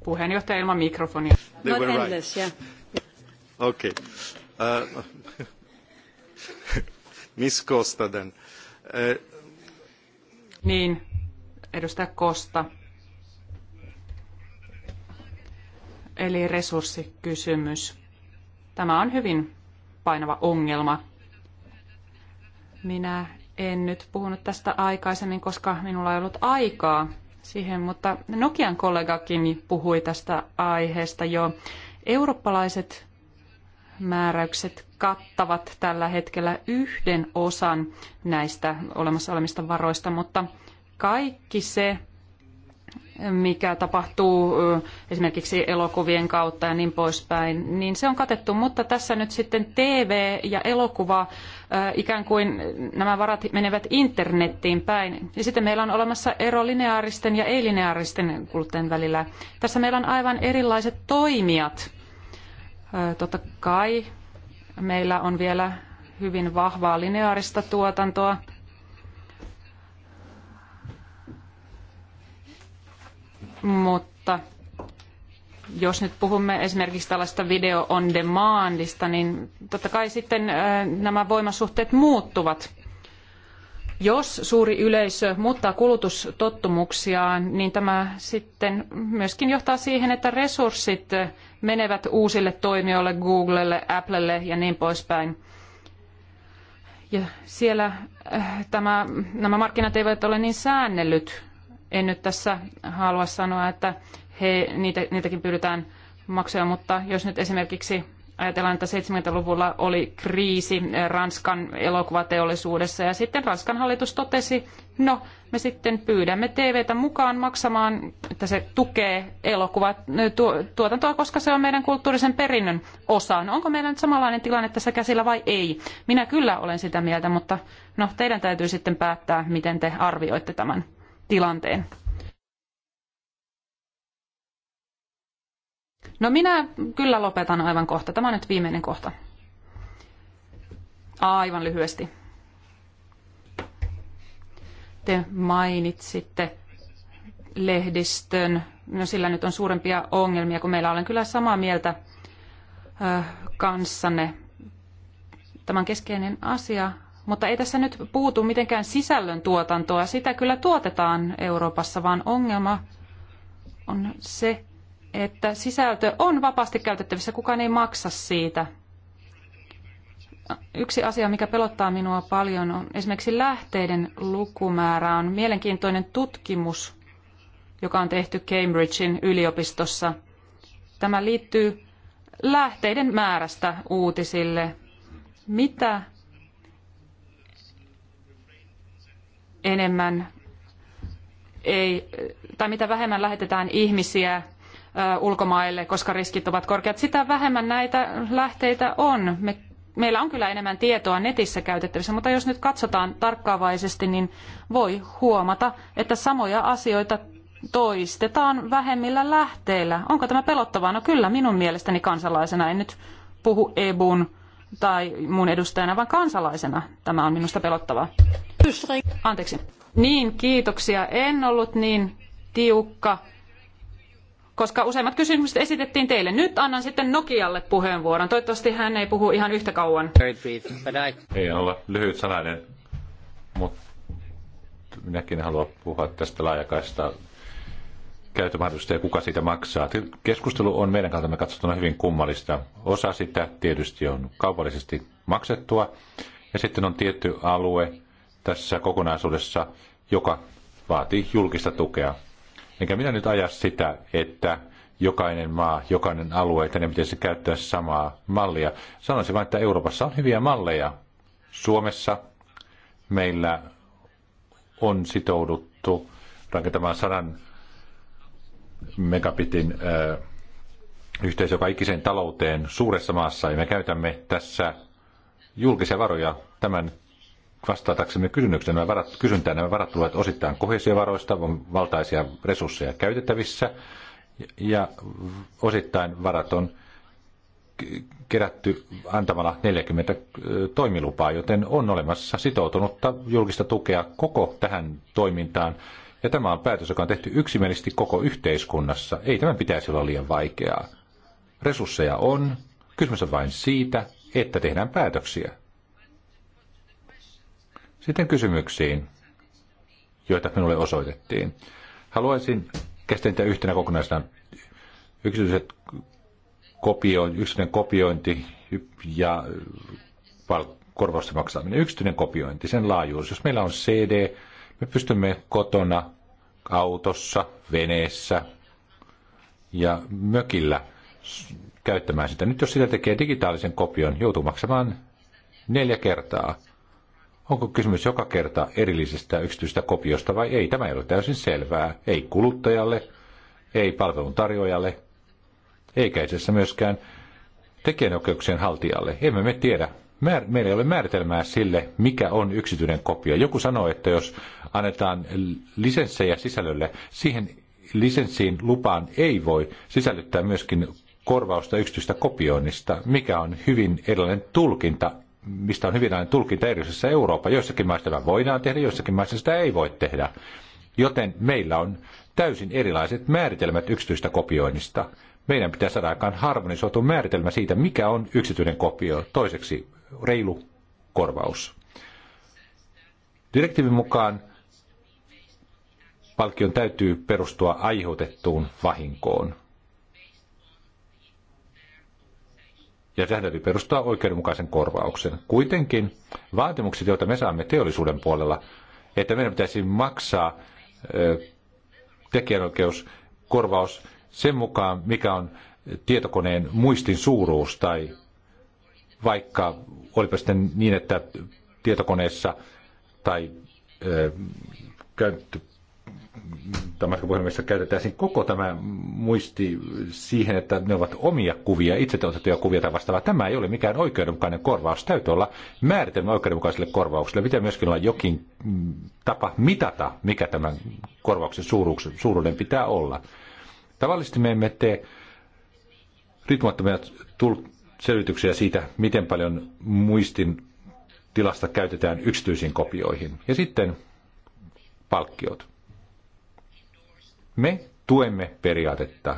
Speaker 2: Puheenjohtaja ilman
Speaker 1: mikrofonia. They were
Speaker 3: right. Endless, Okay. Uh, *laughs* Miss Costa eh,
Speaker 1: Niin, Eli resurssikysymys. Tämä on hyvin painava ongelma. Minä en nyt puhunut tästä aikaisemmin, koska minulla ei ollut aikaa siihen, mutta Nokian kollegakin puhui tästä aiheesta jo. Eurooppalaiset määräykset kattavat tällä hetkellä yhden osan näistä olemassa olemista varoista, mutta kaikki se, mikä tapahtuu esimerkiksi elokuvien kautta ja niin poispäin, niin se on katettu. Mutta tässä nyt sitten TV ja elokuva, ikään kuin nämä varat menevät internettiin päin. Ja sitten meillä on olemassa ero lineaaristen ja ei-lineaaristen kuluttajien välillä. Tässä meillä on aivan erilaiset toimijat Totta kai meillä on vielä hyvin vahvaa lineaarista tuotantoa. Mutta jos nyt puhumme esimerkiksi tällaista video on demandista, niin totta kai sitten nämä voimasuhteet muuttuvat. Jos suuri yleisö muuttaa kulutustottumuksiaan, niin tämä sitten myöskin johtaa siihen, että resurssit menevät uusille toimijoille, Googlelle, Applelle ja niin poispäin. Ja siellä äh, tämä, nämä markkinat eivät ole niin säännellyt. En nyt tässä halua sanoa, että he, niitä, niitäkin pyydetään maksuja, mutta jos nyt esimerkiksi ajatellaan, että 70-luvulla oli kriisi eh, Ranskan elokuvateollisuudessa ja sitten Ranskan hallitus totesi, no me sitten pyydämme TVtä mukaan maksamaan, että se tukee elokuvatuotantoa, eh, koska se on meidän kulttuurisen perinnön osa. No onko meillä nyt samanlainen tilanne tässä käsillä vai ei? Minä kyllä olen sitä mieltä, mutta no teidän täytyy sitten päättää, miten te arvioitte tämän tilanteen. No minä kyllä lopetan aivan kohta. Tämä on nyt viimeinen kohta. Aivan lyhyesti. Te mainitsitte lehdistön. No sillä nyt on suurempia ongelmia, kun meillä olen kyllä samaa mieltä ö, kanssanne. Tämä on keskeinen asia, mutta ei tässä nyt puutu mitenkään sisällön tuotantoa. Sitä kyllä tuotetaan Euroopassa, vaan ongelma on se, että sisältö on vapaasti käytettävissä, kukaan ei maksa siitä. Yksi asia, mikä pelottaa minua paljon, on esimerkiksi lähteiden lukumäärä. On mielenkiintoinen tutkimus, joka on tehty Cambridgein yliopistossa. Tämä liittyy lähteiden määrästä uutisille. Mitä enemmän ei, tai mitä vähemmän lähetetään ihmisiä ulkomaille, koska riskit ovat korkeat. Sitä vähemmän näitä lähteitä on. Me, meillä on kyllä enemmän tietoa netissä käytettävissä, mutta jos nyt katsotaan tarkkaavaisesti, niin voi huomata, että samoja asioita toistetaan vähemmillä lähteillä. Onko tämä pelottavaa? No kyllä, minun mielestäni kansalaisena. En nyt puhu EBUn tai mun edustajana, vaan kansalaisena. Tämä on minusta pelottavaa. Anteeksi. Niin, kiitoksia. En ollut niin tiukka koska useimmat kysymykset esitettiin teille. Nyt annan sitten Nokialle puheenvuoron. Toivottavasti hän ei puhu ihan yhtä kauan.
Speaker 3: Ei olla lyhyt sanainen, mutta minäkin haluan puhua tästä laajakaista käytömahdollisuudesta ja kuka siitä maksaa. Keskustelu on meidän kantamme katsottuna hyvin kummallista. Osa sitä tietysti on kaupallisesti maksettua ja sitten on tietty alue tässä kokonaisuudessa, joka vaatii julkista tukea. Enkä minä nyt aja sitä, että jokainen maa, jokainen alue, että ne pitäisi käyttää samaa mallia. Sanoisin vain, että Euroopassa on hyviä malleja. Suomessa meillä on sitouduttu rakentamaan sadan megabitin ö, joka ikiseen talouteen suuressa maassa, ja me käytämme tässä julkisia varoja tämän vastataksemme kysymykseen. Nämä varat, kysyntään nämä varat tulevat osittain kohesiovaroista, on valtaisia resursseja käytettävissä ja osittain varat on kerätty antamalla 40 toimilupaa, joten on olemassa sitoutunutta julkista tukea koko tähän toimintaan. Ja tämä on päätös, joka on tehty yksimielisesti koko yhteiskunnassa. Ei tämän pitäisi olla liian vaikeaa. Resursseja on. Kysymys on vain siitä, että tehdään päätöksiä. Sitten kysymyksiin, joita minulle osoitettiin. Haluaisin käsitellä yhtenä kokonaisena yksityiset kopioin, yksityinen kopiointi ja korvausten maksaminen. Yksityinen kopiointi, sen laajuus. Jos meillä on CD, me pystymme kotona, autossa, veneessä ja mökillä käyttämään sitä. Nyt jos sitä tekee digitaalisen kopion, joutuu maksamaan neljä kertaa. Onko kysymys joka kerta erillisestä yksityistä kopiosta vai ei? Tämä ei ole täysin selvää. Ei kuluttajalle, ei palveluntarjoajalle, eikä itse asiassa myöskään tekijänoikeuksien haltijalle. Emme me tiedä. Meillä ei ole määritelmää sille, mikä on yksityinen kopio. Joku sanoo, että jos annetaan lisenssejä sisällölle, siihen lisenssiin lupaan ei voi sisällyttää myöskin korvausta yksityistä kopioinnista, mikä on hyvin erilainen tulkinta mistä on hyvin aina tulkinta erityisessä Eurooppa. Joissakin maissa tämä voidaan tehdä, joissakin maissa sitä ei voi tehdä. Joten meillä on täysin erilaiset määritelmät yksityistä kopioinnista. Meidän pitää saada aikaan harmonisoitu määritelmä siitä, mikä on yksityinen kopio. Toiseksi reilu korvaus. Direktiivin mukaan palkion täytyy perustua aiheutettuun vahinkoon. ja sehän täytyy perustaa oikeudenmukaisen korvauksen. Kuitenkin vaatimukset, joita me saamme teollisuuden puolella, että meidän pitäisi maksaa tekijänoikeuskorvaus sen mukaan, mikä on tietokoneen muistin suuruus tai vaikka olipa sitten niin, että tietokoneessa tai ö, Damaskin käytetään siinä koko tämä muisti siihen, että ne ovat omia kuvia, itse otettuja kuvia tai vastaavaa. Tämä ei ole mikään oikeudenmukainen korvaus. Täytyy olla määritelmä oikeudenmukaiselle korvaukselle. Pitää myöskin olla jokin tapa mitata, mikä tämän korvauksen suuruuden pitää olla. Tavallisesti me emme tee riippumattomia selvityksiä siitä, miten paljon muistin tilasta käytetään yksityisiin kopioihin. Ja sitten palkkiot. Me tuemme periaatetta,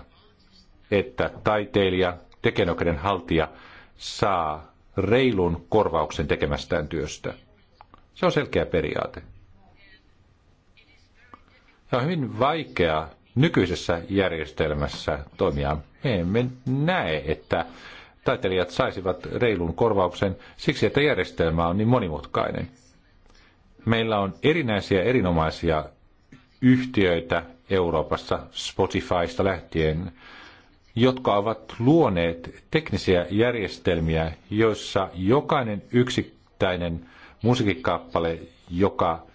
Speaker 3: että taiteilija, tekijänoikeuden haltija saa reilun korvauksen tekemästään työstä. Se on selkeä periaate. Ja on hyvin vaikea nykyisessä järjestelmässä toimia. Me emme näe, että taiteilijat saisivat reilun korvauksen siksi, että järjestelmä on niin monimutkainen. Meillä on erinäisiä erinomaisia yhtiöitä, Euroopassa Spotifysta lähtien, jotka ovat luoneet teknisiä järjestelmiä, joissa jokainen yksittäinen musiikkikappale, joka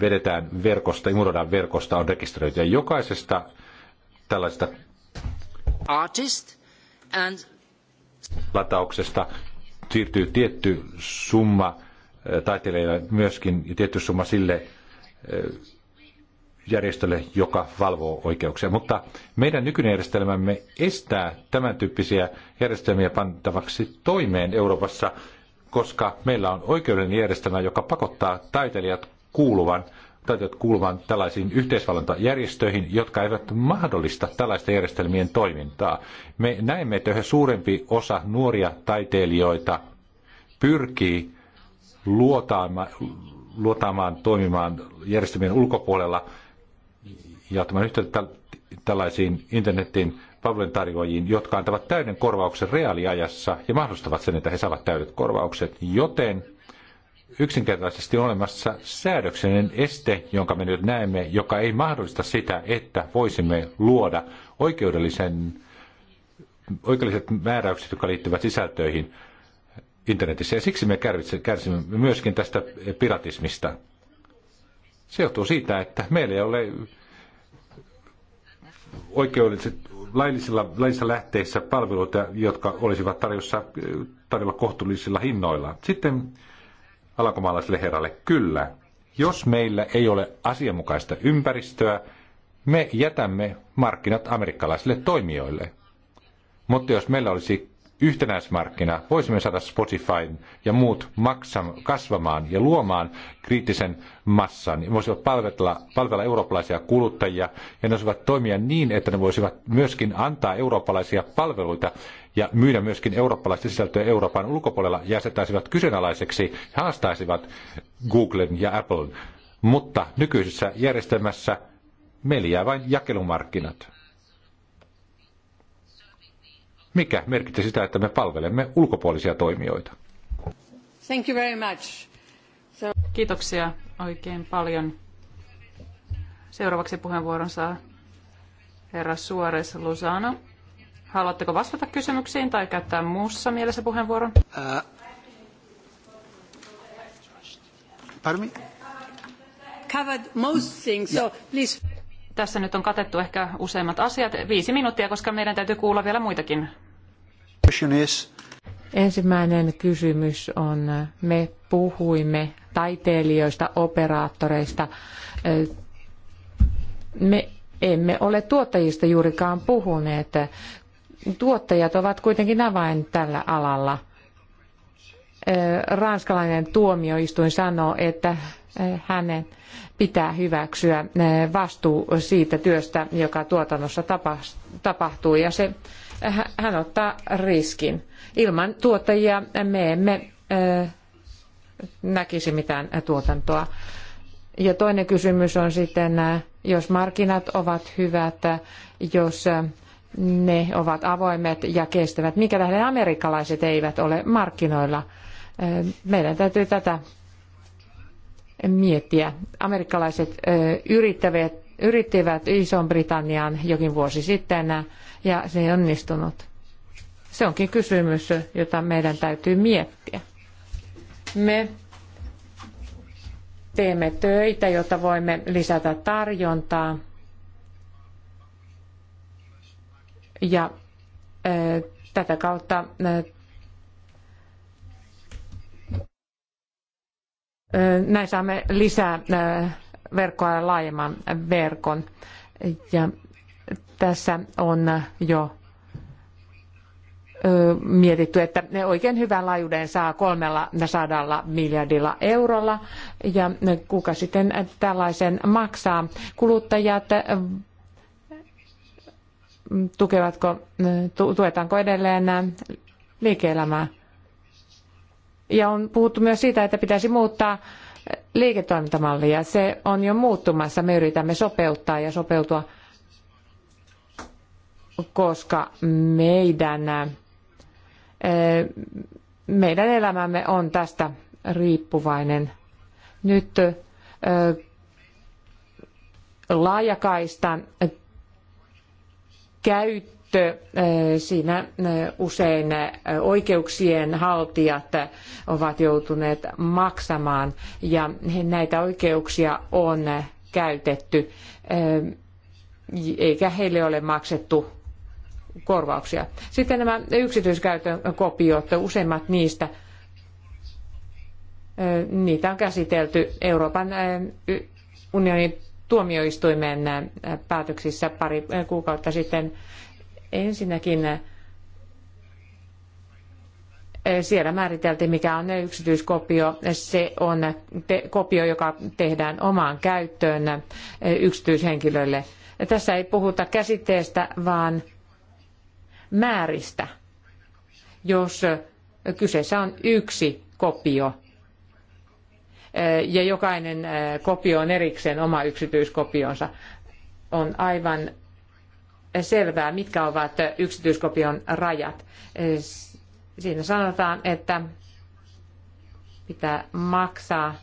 Speaker 3: vedetään verkosta, imuroidaan verkosta, on rekisteröity. Ja jokaisesta tällaista
Speaker 1: Artist and...
Speaker 3: latauksesta siirtyy tietty summa taiteilijalle myöskin ja tietty summa sille järjestölle, joka valvoo oikeuksia. Mutta meidän nykyinen järjestelmämme estää tämän tyyppisiä järjestelmiä pantavaksi toimeen Euroopassa, koska meillä on oikeudellinen järjestelmä, joka pakottaa taiteilijat kuuluvan, taiteilijat kuuluvan tällaisiin yhteisvalvontajärjestöihin, jotka eivät mahdollista tällaisten järjestelmien toimintaa. Me näemme, että yhä suurempi osa nuoria taiteilijoita pyrkii luotaamaan luotaamaan toimimaan järjestelmien ulkopuolella ja tämän yhteyttä tällaisiin internetin palveluntarjoajiin, jotka antavat täyden korvauksen reaaliajassa ja mahdollistavat sen, että he saavat täydet korvaukset, joten yksinkertaisesti on olemassa säädöksellinen este, jonka me nyt näemme, joka ei mahdollista sitä, että voisimme luoda oikeudellisen, oikeudelliset määräykset, jotka liittyvät sisältöihin internetissä. Ja siksi me kärsimme myöskin tästä piratismista. Se johtuu siitä, että meillä ei ole oikeudelliset laillisilla, laillisilla lähteissä palveluita, jotka olisivat tarjossa, tarjolla kohtuullisilla hinnoilla. Sitten alakomaalaiselle herralle, kyllä, jos meillä ei ole asianmukaista ympäristöä, me jätämme markkinat amerikkalaisille toimijoille. Mutta jos meillä olisi yhtenäismarkkina, voisimme saada Spotifyn ja muut maksam, kasvamaan ja luomaan kriittisen massan. Ne voisivat palvella, palvella eurooppalaisia kuluttajia ja ne voisivat toimia niin, että ne voisivat myöskin antaa eurooppalaisia palveluita ja myydä myöskin eurooppalaista sisältöä Euroopan ulkopuolella ja asettaisivat kyseenalaiseksi, haastaisivat Googlen ja Applen. Mutta nykyisessä järjestelmässä meillä jää vain jakelumarkkinat mikä merkitsee sitä, että me palvelemme ulkopuolisia toimijoita.
Speaker 2: Thank you
Speaker 1: very much. So... Kiitoksia oikein paljon. Seuraavaksi puheenvuoron saa herra Suores Luzano. Haluatteko vastata kysymyksiin tai käyttää muussa mielessä puheenvuoron?
Speaker 3: Uh, pardon me?
Speaker 1: Covered most things, so please. Tässä nyt on katettu ehkä useimmat asiat. Viisi minuuttia, koska meidän täytyy kuulla vielä muitakin
Speaker 2: Ensimmäinen kysymys on, me puhuimme taiteilijoista, operaattoreista. Me emme ole tuottajista juurikaan puhuneet. Tuottajat ovat kuitenkin avain tällä alalla. Ranskalainen tuomioistuin sanoo, että hänen pitää hyväksyä vastuu siitä työstä, joka tuotannossa tapahtuu, ja se hän ottaa riskin. Ilman tuottajia me emme näkisi mitään tuotantoa. Ja toinen kysymys on sitten, jos markkinat ovat hyvät, jos ne ovat avoimet ja kestävät. Mikä tähden amerikkalaiset eivät ole markkinoilla? Meidän täytyy tätä miettiä. Amerikkalaiset yrittävät, yrittivät ison britannian jokin vuosi sitten ja se ei onnistunut. Se onkin kysymys, jota meidän täytyy miettiä. Me teemme töitä, jotta voimme lisätä tarjontaa ja tätä kautta näin saamme lisää verkkoa ja laajemman verkon. Ja tässä on jo mietitty, että oikein hyvän laajuuden saa 300 miljardilla eurolla ja kuka sitten tällaisen maksaa. Kuluttajat tukevatko, tuetaanko edelleen liike-elämää? Ja on puhuttu myös siitä, että pitäisi muuttaa liiketoimintamallia. Se on jo muuttumassa. Me yritämme sopeuttaa ja sopeutua koska meidän, eh, meidän elämämme on tästä riippuvainen. Nyt eh, laajakaistan käyttö, eh, siinä usein oikeuksien haltijat ovat joutuneet maksamaan ja näitä oikeuksia on käytetty eikä heille ole maksettu korvauksia. Sitten nämä yksityiskäytön kopiot, useimmat niistä, niitä on käsitelty Euroopan unionin tuomioistuimen päätöksissä pari kuukautta sitten. Ensinnäkin siellä määriteltiin, mikä on yksityiskopio. Se on kopio, joka tehdään omaan käyttöön yksityishenkilölle. Tässä ei puhuta käsitteestä, vaan määristä, jos kyseessä on yksi kopio ja jokainen kopio on erikseen oma yksityiskopionsa. On aivan selvää, mitkä ovat yksityiskopion rajat. Siinä sanotaan, että pitää maksaa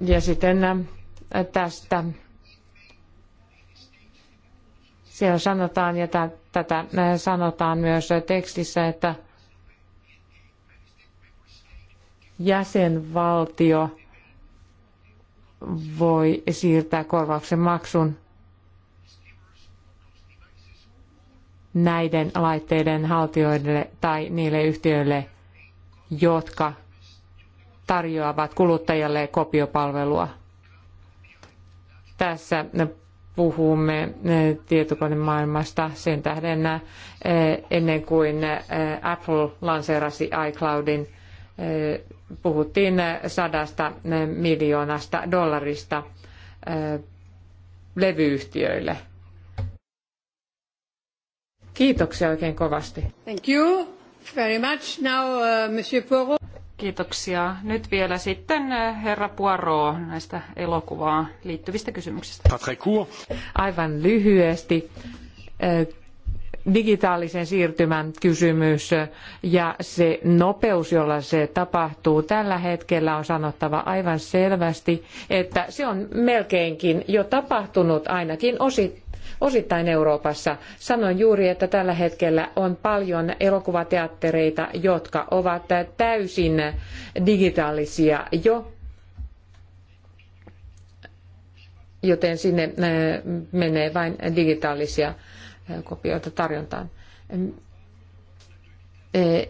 Speaker 2: ja sitten tästä siellä sanotaan, ja tätä sanotaan myös tekstissä, että jäsenvaltio voi siirtää korvauksen maksun näiden laitteiden haltijoille tai niille yhtiöille, jotka tarjoavat kuluttajalle kopiopalvelua. Tässä puhumme eh, tietokonemaailmasta sen tähden eh, ennen kuin eh, Apple lanseerasi iCloudin puhuttiin sadasta miljoonasta dollarista levyyhtiöille. Kiitoksia oikein kovasti. Thank
Speaker 1: you very much. Now, uh, Monsieur Kiitoksia. Nyt vielä sitten eh, herra Poirot näistä elokuvaan liittyvistä kysymyksistä.
Speaker 2: Aivan lyhyesti eh, digitaalisen siirtymän kysymys ja se nopeus, jolla se tapahtuu tällä hetkellä on sanottava aivan selvästi, että se on melkeinkin jo tapahtunut ainakin osittain osittain Euroopassa. Sanoin juuri, että tällä hetkellä on paljon elokuvateattereita, jotka ovat täysin digitaalisia jo joten sinne äh, menee vain digitaalisia äh, kopioita tarjontaan. Äh,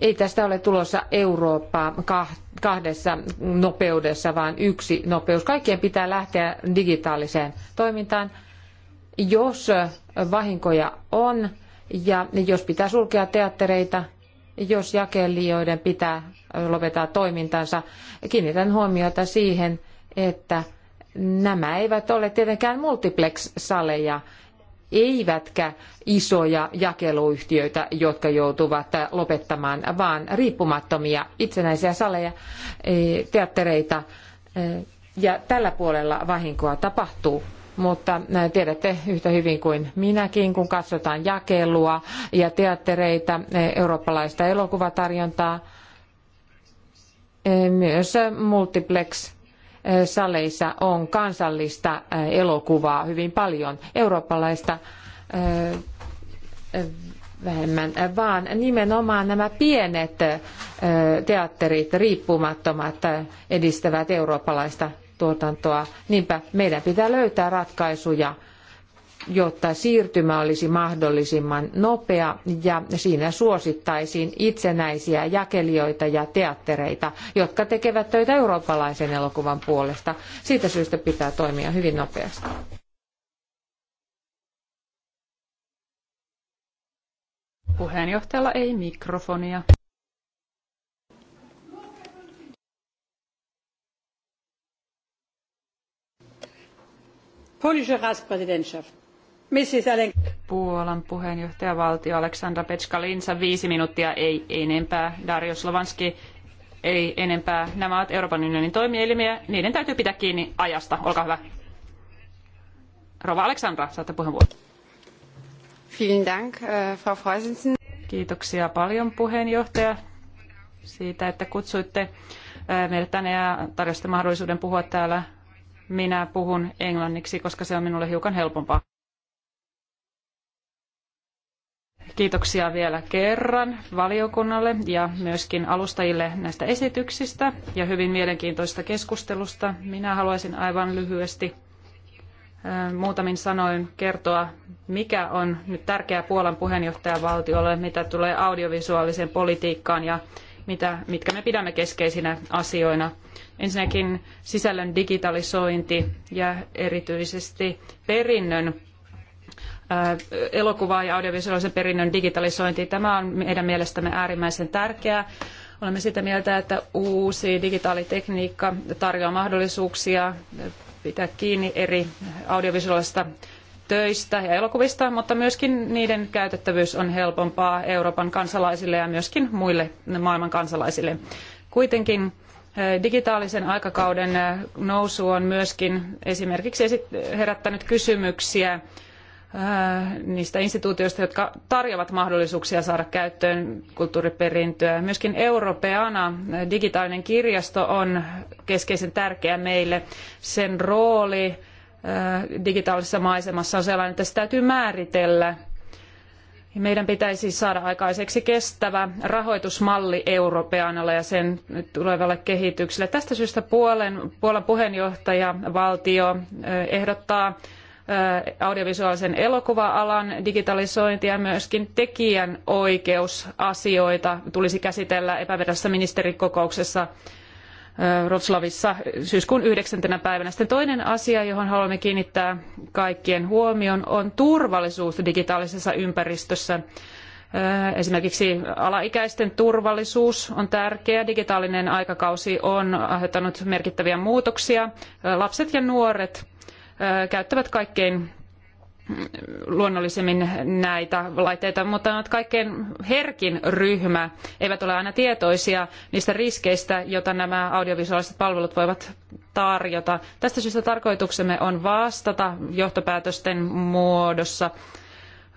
Speaker 2: ei tästä ole tulossa Eurooppaa kahdessa nopeudessa, vaan yksi nopeus. Kaikkien pitää lähteä digitaaliseen toimintaan jos vahinkoja on ja jos pitää sulkea teattereita, jos jakelijoiden pitää lopettaa toimintansa, kiinnitän huomiota siihen, että nämä eivät ole tietenkään multiplex-saleja, eivätkä isoja jakeluyhtiöitä, jotka joutuvat lopettamaan, vaan riippumattomia itsenäisiä saleja, e, teattereita. E, ja tällä puolella vahinkoa tapahtuu mutta tiedätte yhtä hyvin kuin minäkin, kun katsotaan jakelua ja teattereita, eurooppalaista elokuvatarjontaa, myös multiplex saleissa on kansallista elokuvaa hyvin paljon, eurooppalaista vähemmän, vaan nimenomaan nämä pienet teatterit, riippumattomat, edistävät eurooppalaista tuotantoa. Niinpä meidän pitää löytää ratkaisuja, jotta siirtymä olisi mahdollisimman nopea ja siinä suosittaisiin itsenäisiä jakelijoita ja teattereita, jotka tekevät töitä eurooppalaisen elokuvan puolesta. Siitä syystä pitää toimia hyvin nopeasti. Puheenjohtajalla ei
Speaker 1: mikrofonia. Puolan puheenjohtajavaltio Aleksandra Petskalinsa viisi minuuttia ei enempää. Dario Slovanski ei enempää. Nämä ovat Euroopan unionin toimielimiä. Niiden täytyy pitää kiinni ajasta. Olkaa hyvä. Rova Aleksandra, saatte puheenvuoron. Vielen Dank, äh, Frau Kiitoksia paljon puheenjohtaja siitä, että kutsuitte äh, meidät tänne ja tarjositte mahdollisuuden puhua täällä minä puhun englanniksi, koska se on minulle hiukan helpompaa. Kiitoksia vielä kerran valiokunnalle ja myöskin alustajille näistä esityksistä ja hyvin mielenkiintoista keskustelusta. Minä haluaisin aivan lyhyesti muutamin sanoin kertoa, mikä on nyt tärkeää Puolan puheenjohtajavaltiolle, mitä tulee audiovisuaaliseen politiikkaan ja mitä, mitkä me pidämme keskeisinä asioina. Ensinnäkin sisällön digitalisointi ja erityisesti perinnön elokuva- ja audiovisuaalisen perinnön digitalisointi. Tämä on meidän mielestämme äärimmäisen tärkeää. Olemme sitä mieltä, että uusi digitaalitekniikka tarjoaa mahdollisuuksia pitää kiinni eri audiovisuaalisista töistä ja elokuvista, mutta myöskin niiden käytettävyys on helpompaa Euroopan kansalaisille ja myöskin muille maailman kansalaisille. Kuitenkin eh, digitaalisen aikakauden eh, nousu on myöskin esimerkiksi herättänyt kysymyksiä eh, niistä instituutioista, jotka tarjoavat mahdollisuuksia saada käyttöön kulttuuriperintöä. Myöskin Europeana digitaalinen kirjasto on keskeisen tärkeä meille. Sen rooli digitaalisessa maisemassa on sellainen, että se täytyy määritellä. Meidän pitäisi saada aikaiseksi kestävä rahoitusmalli europeanalle ja sen tulevalle kehitykselle. Tästä syystä Puolen, Puolan puheenjohtaja valtio ehdottaa audiovisuaalisen elokuva-alan digitalisointia ja myöskin tekijän oikeusasioita tulisi käsitellä epävirallisessa ministerikokouksessa Rotslavissa syyskuun 9. päivänä. Sitten toinen asia, johon haluamme kiinnittää kaikkien huomion, on turvallisuus digitaalisessa ympäristössä. Esimerkiksi alaikäisten turvallisuus on tärkeä. Digitaalinen aikakausi on aiheuttanut merkittäviä muutoksia. Lapset ja nuoret käyttävät kaikkein luonnollisemmin näitä laitteita, mutta ne ovat kaikkein herkin ryhmä, eivät ole aina tietoisia niistä riskeistä, joita nämä audiovisuaaliset palvelut voivat tarjota. Tästä syystä tarkoituksemme on vastata johtopäätösten muodossa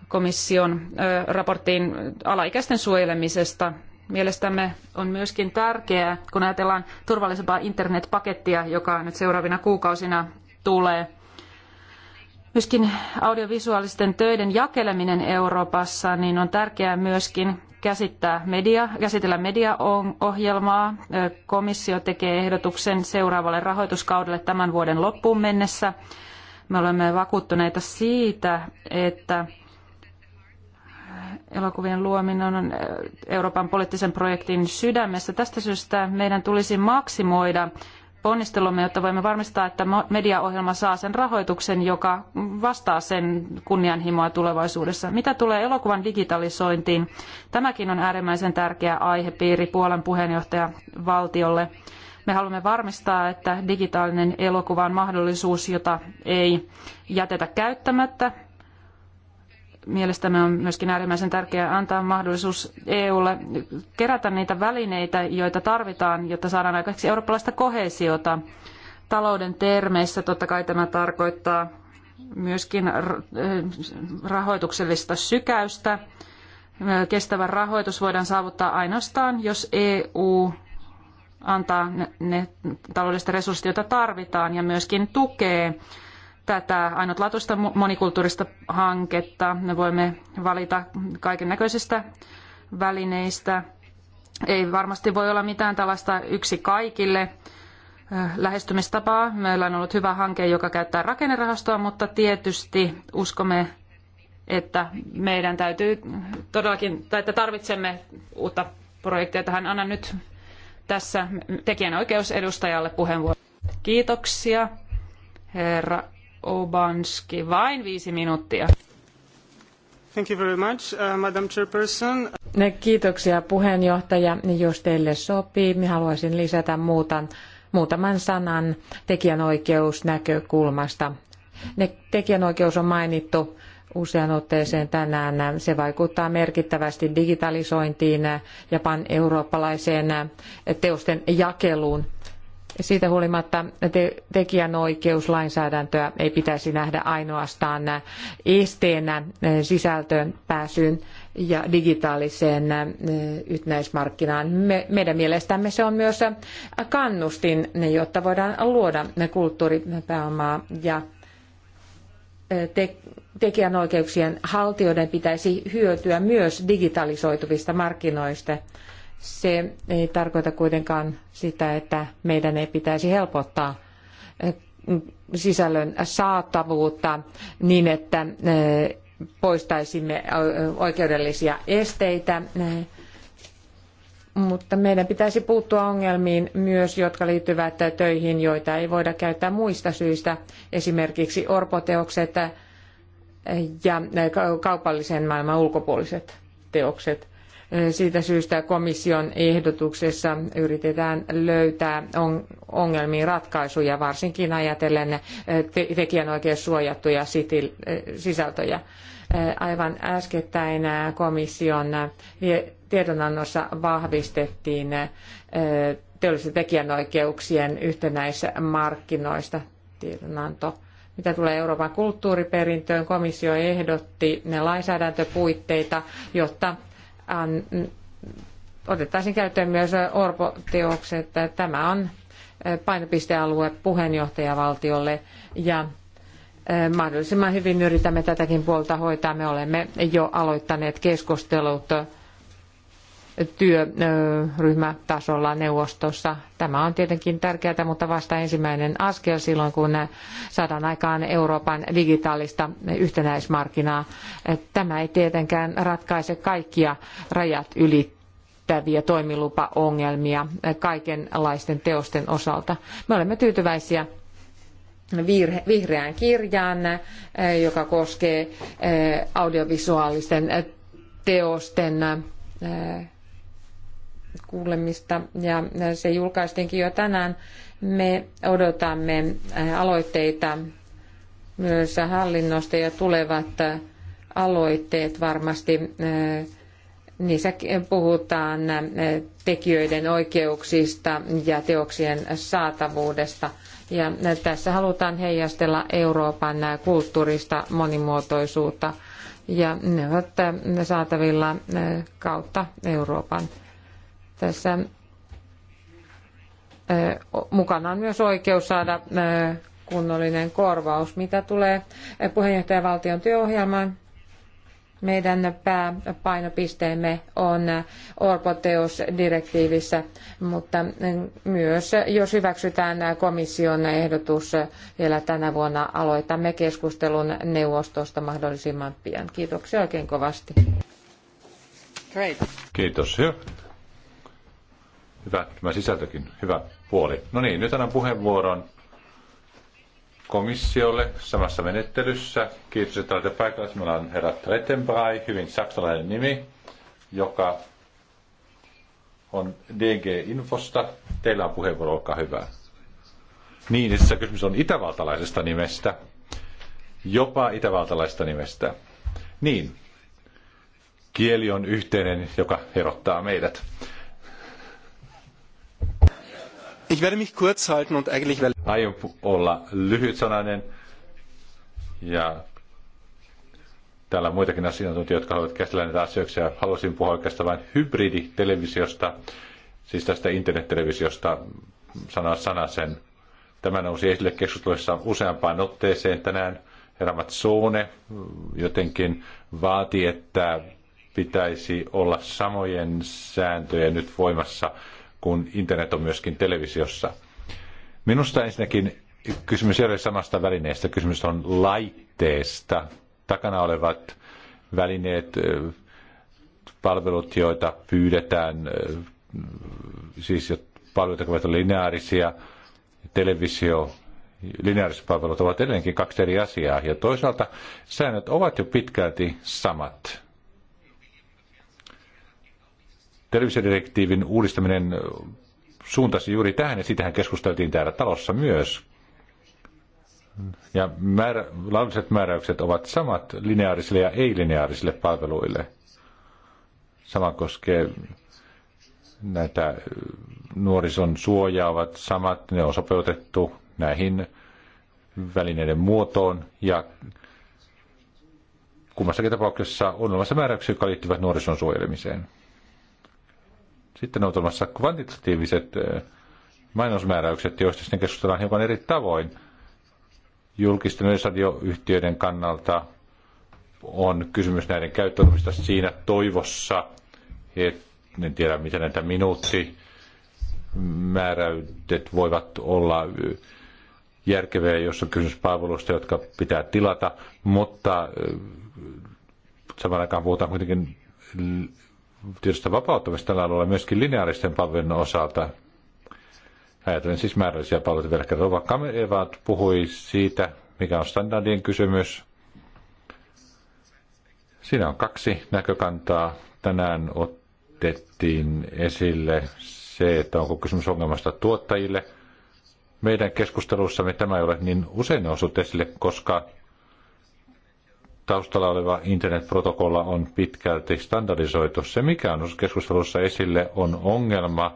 Speaker 1: komission raporttiin alaikäisten suojelemisesta. Mielestämme on myöskin tärkeää, kun ajatellaan turvallisempaa internetpakettia, joka nyt seuraavina kuukausina tulee – Myöskin audiovisuaalisten töiden jakeleminen Euroopassa niin on tärkeää myöskin käsittää media, käsitellä mediaohjelmaa. Komissio tekee ehdotuksen seuraavalle rahoituskaudelle tämän vuoden loppuun mennessä. Me olemme vakuuttuneita siitä, että elokuvien luominen on Euroopan poliittisen projektin sydämessä. Tästä syystä meidän tulisi maksimoida ponnistelumme, jotta voimme varmistaa, että mediaohjelma saa sen rahoituksen, joka vastaa sen kunnianhimoa tulevaisuudessa. Mitä tulee elokuvan digitalisointiin, tämäkin on äärimmäisen tärkeä aihepiiri Puolan puheenjohtajavaltiolle. Me haluamme varmistaa, että digitaalinen elokuva on mahdollisuus, jota ei jätetä käyttämättä, mielestämme on myöskin äärimmäisen tärkeää antaa mahdollisuus EUlle kerätä niitä välineitä, joita tarvitaan, jotta saadaan aikaiseksi eurooppalaista kohesiota. Talouden termeissä totta kai tämä tarkoittaa myöskin eh, rahoituksellista sykäystä. Kestävä rahoitus voidaan saavuttaa ainoastaan, jos EU antaa ne, ne taloudelliset resurssit, joita tarvitaan ja myöskin tukee tätä ainutlaatuista monikulttuurista hanketta. Me voimme valita kaiken näköisistä välineistä. Ei varmasti voi olla mitään tällaista yksi kaikille eh, lähestymistapaa. Meillä on ollut hyvä hanke, joka käyttää rakennerahastoa, mutta tietysti uskomme, että meidän täytyy todellakin, tai että tarvitsemme uutta projektia tähän. Annan nyt tässä tekijänoikeusedustajalle puheenvuoron. Kiitoksia, herra Obanski. Vain viisi minuuttia. Thank you very much, uh, Madam Chairperson.
Speaker 2: Kiitoksia puheenjohtaja. Jos teille sopii, minä haluaisin lisätä muutan, muutaman sanan tekijänoikeusnäkökulmasta. Ne, tekijänoikeus on mainittu usean otteeseen tänään. Se vaikuttaa merkittävästi digitalisointiin ja pan-eurooppalaiseen teosten jakeluun siitä huolimatta te, tekijänoikeuslainsäädäntöä ei pitäisi nähdä ainoastaan esteenä sisältöön pääsyyn ja digitaaliseen yhtenäismarkkinaan. Me, meidän mielestämme se on myös kannustin, jotta voidaan luoda kulttuuripääomaa ja te, tekijänoikeuksien haltijoiden pitäisi hyötyä myös digitalisoituvista markkinoista se ei tarkoita kuitenkaan sitä, että meidän ei pitäisi helpottaa eh, sisällön saatavuutta niin, että eh, poistaisimme eh, oikeudellisia esteitä, mutta meidän pitäisi puuttua ongelmiin myös, jotka liittyvät töihin, joita ei voida käyttää muista syistä, esimerkiksi orpoteokset ja kaupallisen maailman ulkopuoliset teokset siitä syystä komission ehdotuksessa yritetään löytää ongelmiin ratkaisuja, varsinkin ajatellen tekijänoikeussuojattuja sisältöjä. Aivan äskettäin komission tiedonannossa vahvistettiin teollisten tekijänoikeuksien yhtenäismarkkinoista tiedonanto. Mitä tulee Euroopan kulttuuriperintöön, komissio ehdotti lainsäädäntöpuitteita, jotta an, otettaisiin käyttöön myös orpoteokset. Tämä on painopistealue puheenjohtajavaltiolle ja mahdollisimman hyvin yritämme tätäkin puolta hoitaa. Me olemme jo aloittaneet keskustelut työryhmätasolla neuvostossa. Tämä on tietenkin tärkeää, mutta vasta ensimmäinen askel silloin, kun saadaan aikaan Euroopan digitaalista yhtenäismarkkinaa. Tämä ei tietenkään ratkaise kaikkia rajat ylittäviä toimilupaongelmia kaikenlaisten teosten osalta. Me olemme tyytyväisiä vihreään kirjaan, joka koskee eh, audiovisuaalisten eh, teosten eh, kuulemista ja se julkaistiinkin jo tänään. Me odotamme äh, aloitteita myös hallinnosta ja tulevat äh, aloitteet varmasti äh, niissä puhutaan tekijöiden oikeuksista ja teoksien saatavuudesta. Ja tässä halutaan heijastella Euroopan kulttuurista monimuotoisuutta ja ne ovat saatavilla kautta Euroopan. Tässä mukana on myös oikeus saada kunnollinen korvaus. Mitä tulee puheenjohtajavaltion työohjelmaan, meidän pääpainopisteemme on orpoteosdirektiivissä, mutta myös jos hyväksytään komission ehdotus vielä tänä vuonna, aloitamme keskustelun neuvostosta mahdollisimman pian. Kiitoksia oikein kovasti.
Speaker 3: Great. Kiitos. Hyvä, tämä sisältökin, hyvä puoli. No niin, nyt annan puheenvuoron komissiolle samassa menettelyssä. Kiitos, että olette paikalla. Meillä on herra Trettenbrai, hyvin saksalainen nimi, joka on DG Infosta. Teillä on puheenvuoro, olkaa hyvä. Niin, tässä kysymys on itävaltalaisesta nimestä. Jopa itävaltalaisesta nimestä. Niin, kieli on yhteinen, joka erottaa meidät. Ich werde mich kurz halten und eigentlich... Aion olla lyhytsanainen ja täällä on muitakin asiantuntijoita, jotka haluavat käsitellä näitä asioita ja haluaisin puhua oikeastaan vain hybriditelevisiosta, siis tästä internettelevisiosta sanoa sana sen. Tämä nousi esille keskustelussa useampaan otteeseen tänään. Herra Matsone mm, jotenkin vaati, että pitäisi olla samojen sääntöjä nyt voimassa kun internet on myöskin televisiossa. Minusta ensinnäkin kysymys ei ole samasta välineestä, kysymys on laitteesta. Takana olevat välineet, palvelut, joita pyydetään, siis palvelut, jotka ovat lineaarisia, televisio, lineaariset palvelut ovat edelleenkin kaksi eri asiaa. Ja toisaalta säännöt ovat jo pitkälti samat. Televisiodirektiivin uudistaminen suuntasi juuri tähän, ja sitähän keskusteltiin täällä talossa myös. Ja määrä, laadulliset määräykset ovat samat lineaarisille ja ei-lineaarisille palveluille. Sama koskee näitä äh, nuorison suojaa ovat samat, ne on sopeutettu näihin välineiden muotoon ja kummassakin tapauksessa on olemassa määräyksiä, jotka liittyvät nuorison suojelemiseen. Sitten on olemassa kvantitatiiviset mainosmääräykset, joista sitten keskustellaan hiukan eri tavoin. Julkisten yhtiöiden kannalta on kysymys näiden käyttöönomista siinä toivossa, että en tiedä miten näitä minuuttimääräytet voivat olla järkeviä, jos on kysymys palveluista, jotka pitää tilata, mutta samaan aikaan puhutaan kuitenkin tietystä vapauttamista tällä alueella myöskin lineaaristen palvelujen osalta. Ajatellen siis määrällisiä palveluita vielä kerran. Rova Kamevat puhui siitä, mikä on standardien kysymys. Siinä on kaksi näkökantaa. Tänään otettiin esille se, että onko kysymys ongelmasta tuottajille. Meidän keskustelussamme tämä ei ole niin usein noussut esille, koska taustalla oleva internetprotokolla on pitkälti standardisoitu. Se, mikä on keskustelussa esille, on ongelma,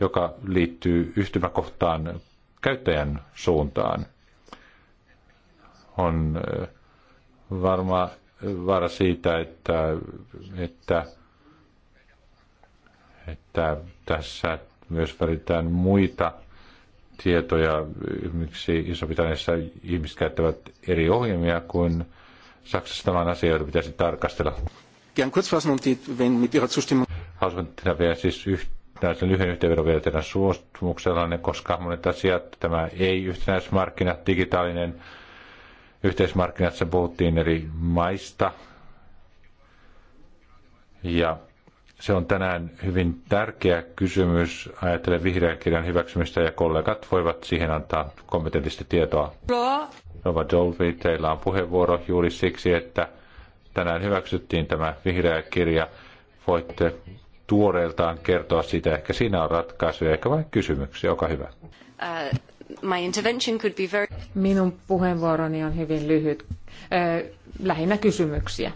Speaker 3: joka liittyy yhtymäkohtaan käyttäjän suuntaan. On eh, varma eh, vaara siitä, että, että, että tässä myös välitään muita tietoja. Miksi Iso-Britanniassa ihmiset käyttävät eri ohjelmia kuin Saksassa tämä on asia, jota pitäisi tarkastella. Gern und die, wenn mit Ihrer Zustimmung... Haluaisin tehdä vielä siis yhtenäisen lyhyen yhteenvedon vielä teidän suostumuksellanne, koska monet asiat, tämä ei yhtenäismarkkina, digitaalinen yhteismarkkinat, se puhuttiin eri maista. Ja se on tänään hyvin tärkeä kysymys. Ajattelen vihreän kirjan hyväksymistä ja kollegat voivat siihen antaa kompetentista tietoa. Nova Dolby, teillä on puheenvuoro juuri siksi, että tänään hyväksyttiin tämä vihreä kirja. Voitte tuoreeltaan kertoa siitä, Ehkä siinä on ratkaisuja, ehkä vain kysymyksiä. Olkaa hyvä.
Speaker 2: Uh, my intervention could be very... Minun puheenvuoroni on hyvin lyhyt. Uh, lähinnä kysymyksiä.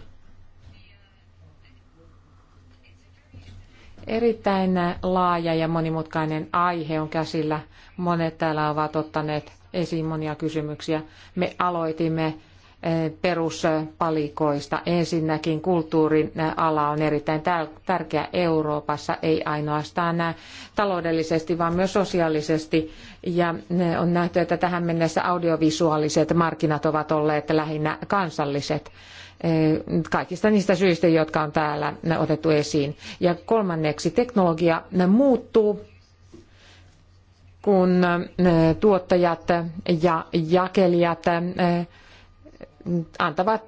Speaker 2: Erittäin laaja ja monimutkainen aihe on käsillä. Monet täällä ovat ottaneet esiin monia kysymyksiä. Me aloitimme eh, peruspalikoista. Ensinnäkin kulttuurin eh, ala on erittäin tärkeä Euroopassa, ei ainoastaan eh, taloudellisesti, vaan myös sosiaalisesti. Ja on nähty, että tähän mennessä audiovisuaaliset markkinat ovat olleet lähinnä kansalliset. Eh, kaikista niistä syistä, jotka on täällä otettu esiin. Ja kolmanneksi, teknologia muuttuu, kun eh, tuottajat ja jakelijat eh, antavat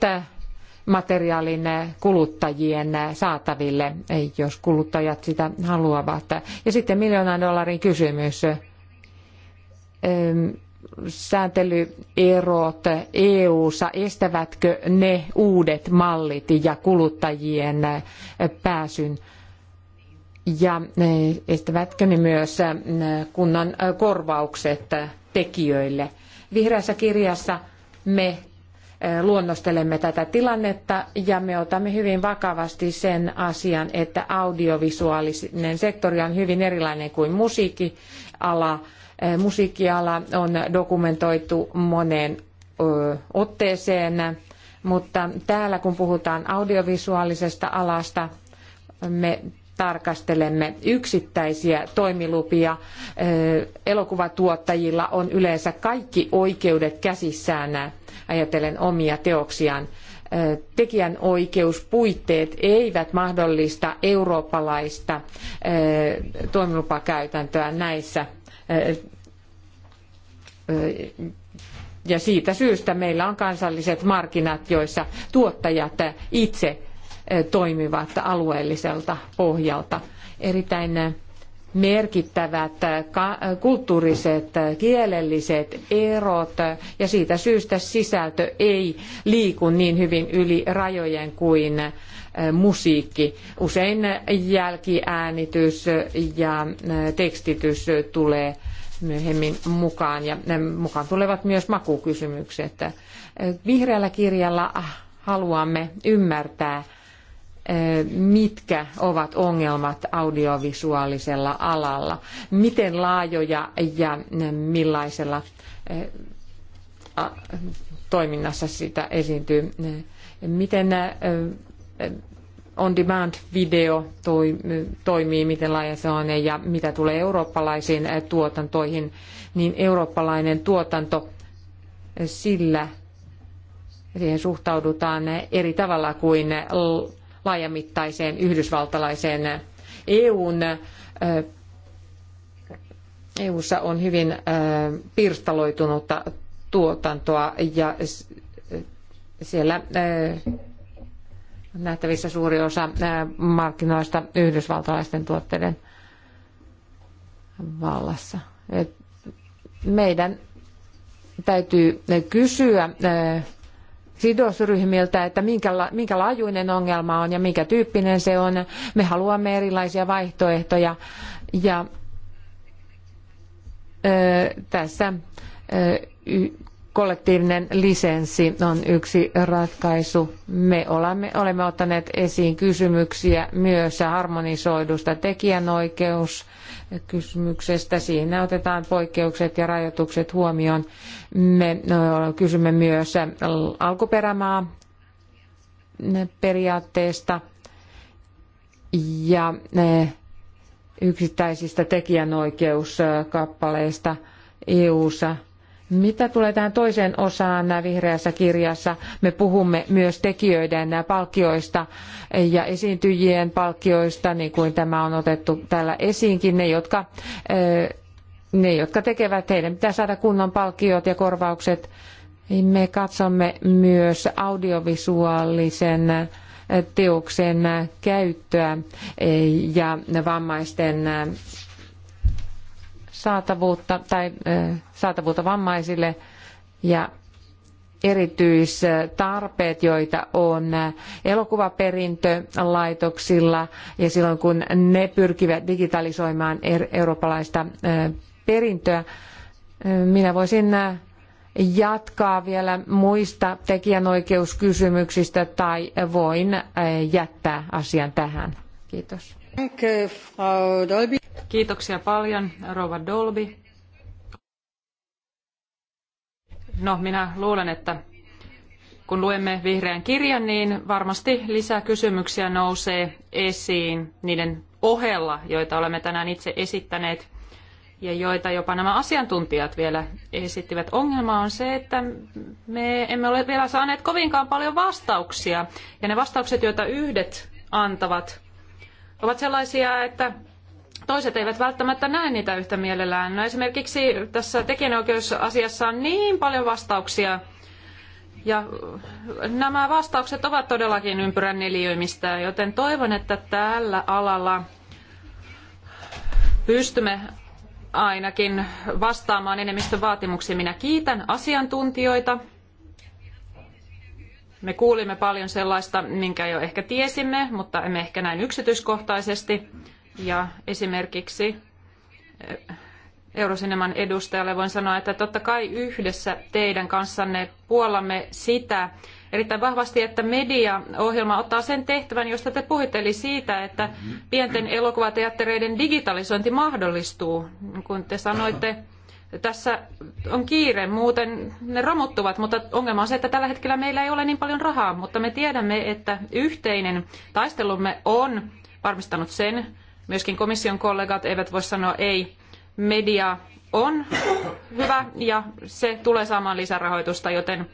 Speaker 2: materiaalin kuluttajien saataville, jos kuluttajat sitä haluavat. Ja sitten miljoonan dollarin kysymys ehm, sääntelyerot EU-ssa, estävätkö ne uudet mallit ja kuluttajien pääsyn ja e, estävätkö ne myös e, kunnan korvaukset tekijöille. Vihreässä kirjassa me e, luonnostelemme tätä tilannetta ja me otamme hyvin vakavasti sen asian, että audiovisuaalinen sektori on hyvin erilainen kuin musiikkiala Musiikkiala on dokumentoitu moneen otteeseen, mutta täällä kun puhutaan audiovisuaalisesta alasta, me tarkastelemme yksittäisiä toimilupia. Elokuvatuottajilla on yleensä kaikki oikeudet käsissään ajatellen omia teoksiaan. Tekijänoikeuspuitteet eivät mahdollista eurooppalaista toimilupakäytäntöä näissä ja siitä syystä meillä on kansalliset markkinat, joissa tuottajat itse toimivat alueelliselta pohjalta. Erittäin merkittävät kulttuuriset, kielelliset erot ja siitä syystä sisältö ei liiku niin hyvin yli rajojen kuin musiikki. Usein jälkiäänitys ja tekstitys tulee myöhemmin mukaan ja mukaan tulevat myös makukysymykset. Vihreällä kirjalla haluamme ymmärtää, mitkä ovat ongelmat audiovisuaalisella alalla, miten laajoja ja millaisella toiminnassa sitä esiintyy, miten on-demand-video toimii, miten laaja se on, ja mitä tulee eurooppalaisiin eh, tuotantoihin, niin eurooppalainen tuotanto eh, sillä siihen suhtaudutaan eh, eri tavalla kuin laajamittaiseen yhdysvaltalaiseen EUn EUssa on hyvin pirstaloitunutta tuotantoa ja siellä on nähtävissä suuri osa markkinoista yhdysvaltalaisten tuotteiden vallassa. Et meidän täytyy kysyä sidosryhmiltä, että minkä, minkä laajuinen ongelma on ja minkä tyyppinen se on. Me haluamme erilaisia vaihtoehtoja ja tässä kollektiivinen lisenssi on yksi ratkaisu. Me olemme, olemme ottaneet esiin kysymyksiä myös harmonisoidusta tekijänoikeuskysymyksestä. Siinä otetaan poikkeukset ja rajoitukset huomioon. Me kysymme myös alkuperämaa periaatteesta ja yksittäisistä tekijänoikeuskappaleista EU-ssa – mitä tulee tähän toiseen osaan vihreässä kirjassa, me puhumme myös tekijöiden palkkioista ja esiintyjien palkkioista, niin kuin tämä on otettu täällä esiinkin. Ne, jotka, eh, ne, jotka tekevät, heidän pitää saada kunnon palkkiot ja korvaukset. Niin me katsomme myös audiovisuaalisen eh, teoksen käyttöä eh, ja vammaisten saatavuutta tai saatavuutta vammaisille ja erityistarpeet, joita on elokuvaperintölaitoksilla ja silloin kun ne pyrkivät digitalisoimaan er-, eurooppalaista perintöä. Minä voisin jatkaa vielä muista tekijänoikeuskysymyksistä tai voin jättää asian tähän. Kiitos.
Speaker 1: Kiitoksia paljon, Rova Dolby. No, minä luulen, että kun luemme vihreän kirjan, niin varmasti lisää kysymyksiä nousee esiin niiden ohella, joita olemme tänään itse esittäneet ja joita jopa nämä asiantuntijat vielä esittivät. Ongelma on se, että me emme ole vielä saaneet kovinkaan paljon vastauksia. Ja ne vastaukset, joita yhdet antavat, ovat sellaisia, että toiset eivät välttämättä näe niitä yhtä mielellään. No esimerkiksi tässä tekijänoikeusasiassa on niin paljon vastauksia, ja nämä vastaukset ovat todellakin ympyrän neliöimistä, joten toivon, että tällä alalla pystymme ainakin vastaamaan enemmistön vaatimuksiin. Minä kiitän asiantuntijoita. Me kuulimme paljon sellaista, minkä jo ehkä tiesimme, mutta emme ehkä näin yksityiskohtaisesti. Ja esimerkiksi eh, Eurosineman edustajalle voin sanoa, että totta kai yhdessä teidän kanssanne puolamme sitä erittäin vahvasti, että mediaohjelma ottaa sen tehtävän, josta te puhuitte, eli siitä, että pienten elokuvateattereiden digitalisointi mahdollistuu. Kun te sanoitte, tässä on kiire, muuten ne romuttuvat, mutta ongelma on se, että tällä hetkellä meillä ei ole niin paljon rahaa, mutta me tiedämme, että yhteinen taistelumme on varmistanut sen, myöskin komission kollegat eivät voi sanoa ei. Media on hyvä ja se tulee saamaan lisärahoitusta, joten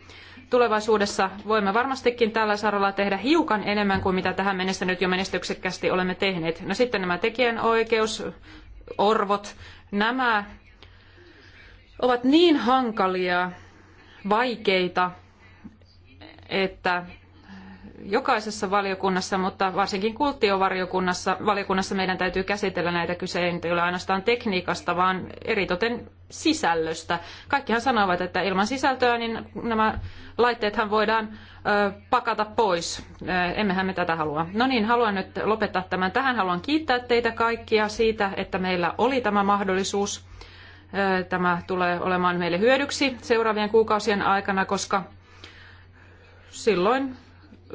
Speaker 1: tulevaisuudessa voimme varmastikin tällä saralla tehdä hiukan enemmän kuin mitä tähän mennessä nyt jo menestyksekkäästi olemme tehneet. No sitten nämä tekijänoikeus, orvot, nämä ovat niin hankalia, vaikeita, että jokaisessa valiokunnassa, mutta varsinkin kulttiovaliokunnassa valiokunnassa meidän täytyy käsitellä näitä kyse ei ole ainoastaan tekniikasta, vaan eritoten sisällöstä. Kaikkihan sanovat, että ilman sisältöä niin nämä laitteethan voidaan ö, pakata pois. Ö, emmehän me tätä halua. No niin, haluan nyt lopettaa tämän tähän. Haluan kiittää teitä kaikkia siitä, että meillä oli tämä mahdollisuus. Ö, tämä tulee olemaan meille hyödyksi seuraavien kuukausien aikana, koska silloin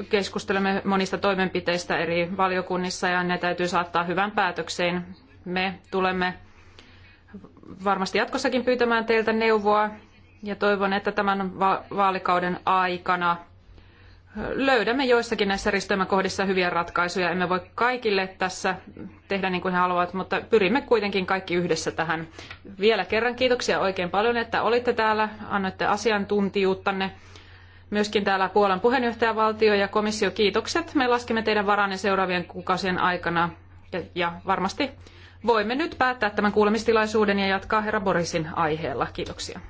Speaker 1: keskustelemme monista toimenpiteistä eri valiokunnissa ja ne täytyy saattaa hyvän päätökseen. Me tulemme varmasti jatkossakin pyytämään teiltä neuvoa ja toivon, että tämän va- vaalikauden aikana löydämme joissakin näissä risteymäkohdissa hyviä ratkaisuja. Emme voi kaikille tässä tehdä niin kuin he haluavat, mutta pyrimme kuitenkin kaikki yhdessä tähän. Vielä kerran kiitoksia oikein paljon, että olitte täällä, annoitte asiantuntijuuttanne myöskin täällä Puolan puheenjohtajavaltio ja komissio, kiitokset. Me laskemme teidän varanne seuraavien kuukausien aikana ja, ja varmasti voimme nyt päättää tämän kuulemistilaisuuden ja jatkaa herra Borisin aiheella. Kiitoksia.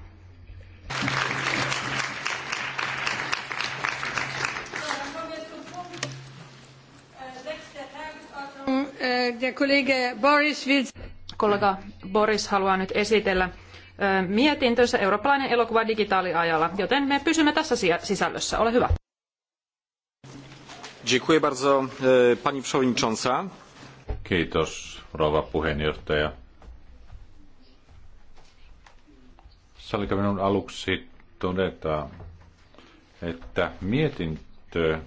Speaker 1: Kollega Boris haluaa nyt esitellä mietintönsä Eurooppalainen elokuva digitaaliajalla, joten me pysymme tässä sisällössä. Ole hyvä.
Speaker 3: Dziękuję bardzo, e, pani przewodnicząca. Kiitos, rouva puheenjohtaja. Sallikaa minun aluksi todeta, että mietintö,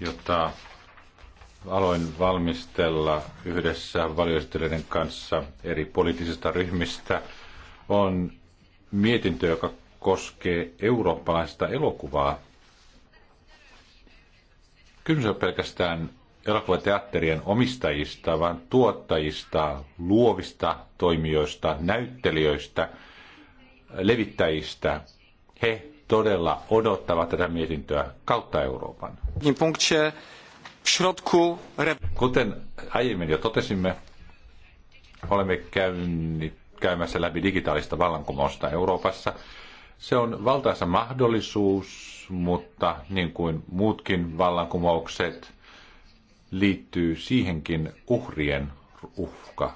Speaker 3: jota aloin valmistella yhdessä valioistelijoiden kanssa eri poliittisista ryhmistä – on mietintö, joka koskee eurooppalaista elokuvaa. Kysymys on pelkästään elokuvateatterien omistajista, vaan tuottajista, luovista toimijoista, näyttelijöistä, levittäjistä. He todella odottavat tätä mietintöä kautta Euroopan. Kuten aiemmin jo totesimme, olemme käyneet käymässä läpi digitaalista vallankumousta Euroopassa. Se on valtaisa mahdollisuus, mutta niin kuin muutkin vallankumoukset, liittyy siihenkin uhrien uhka.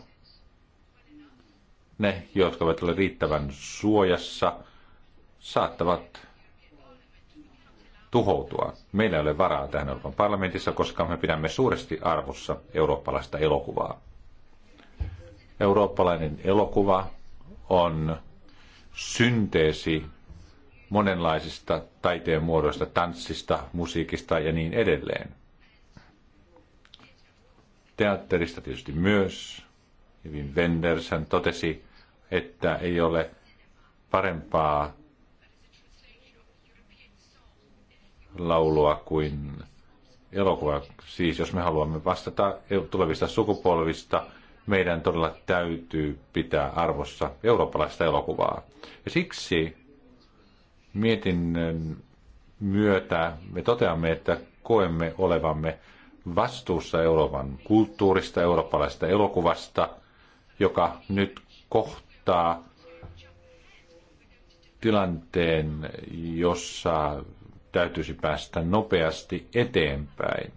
Speaker 3: Ne, jotka ovat ole riittävän suojassa, saattavat tuhoutua. Meillä ei ole varaa tähän Euroopan parlamentissa, koska me pidämme suuresti arvossa eurooppalaista elokuvaa. Eurooppalainen elokuva on synteesi monenlaisista taiteen muodoista, tanssista, musiikista ja niin edelleen. Teatterista tietysti myös. Hyvin Wenders hän totesi, että ei ole parempaa laulua kuin elokuva. Siis jos me haluamme vastata tulevista sukupolvista – meidän todella täytyy pitää arvossa eurooppalaista elokuvaa. Ja siksi mietinnön myötä me toteamme, että koemme olevamme vastuussa Euroopan kulttuurista, eurooppalaisesta elokuvasta, joka nyt kohtaa tilanteen, jossa täytyisi päästä nopeasti eteenpäin.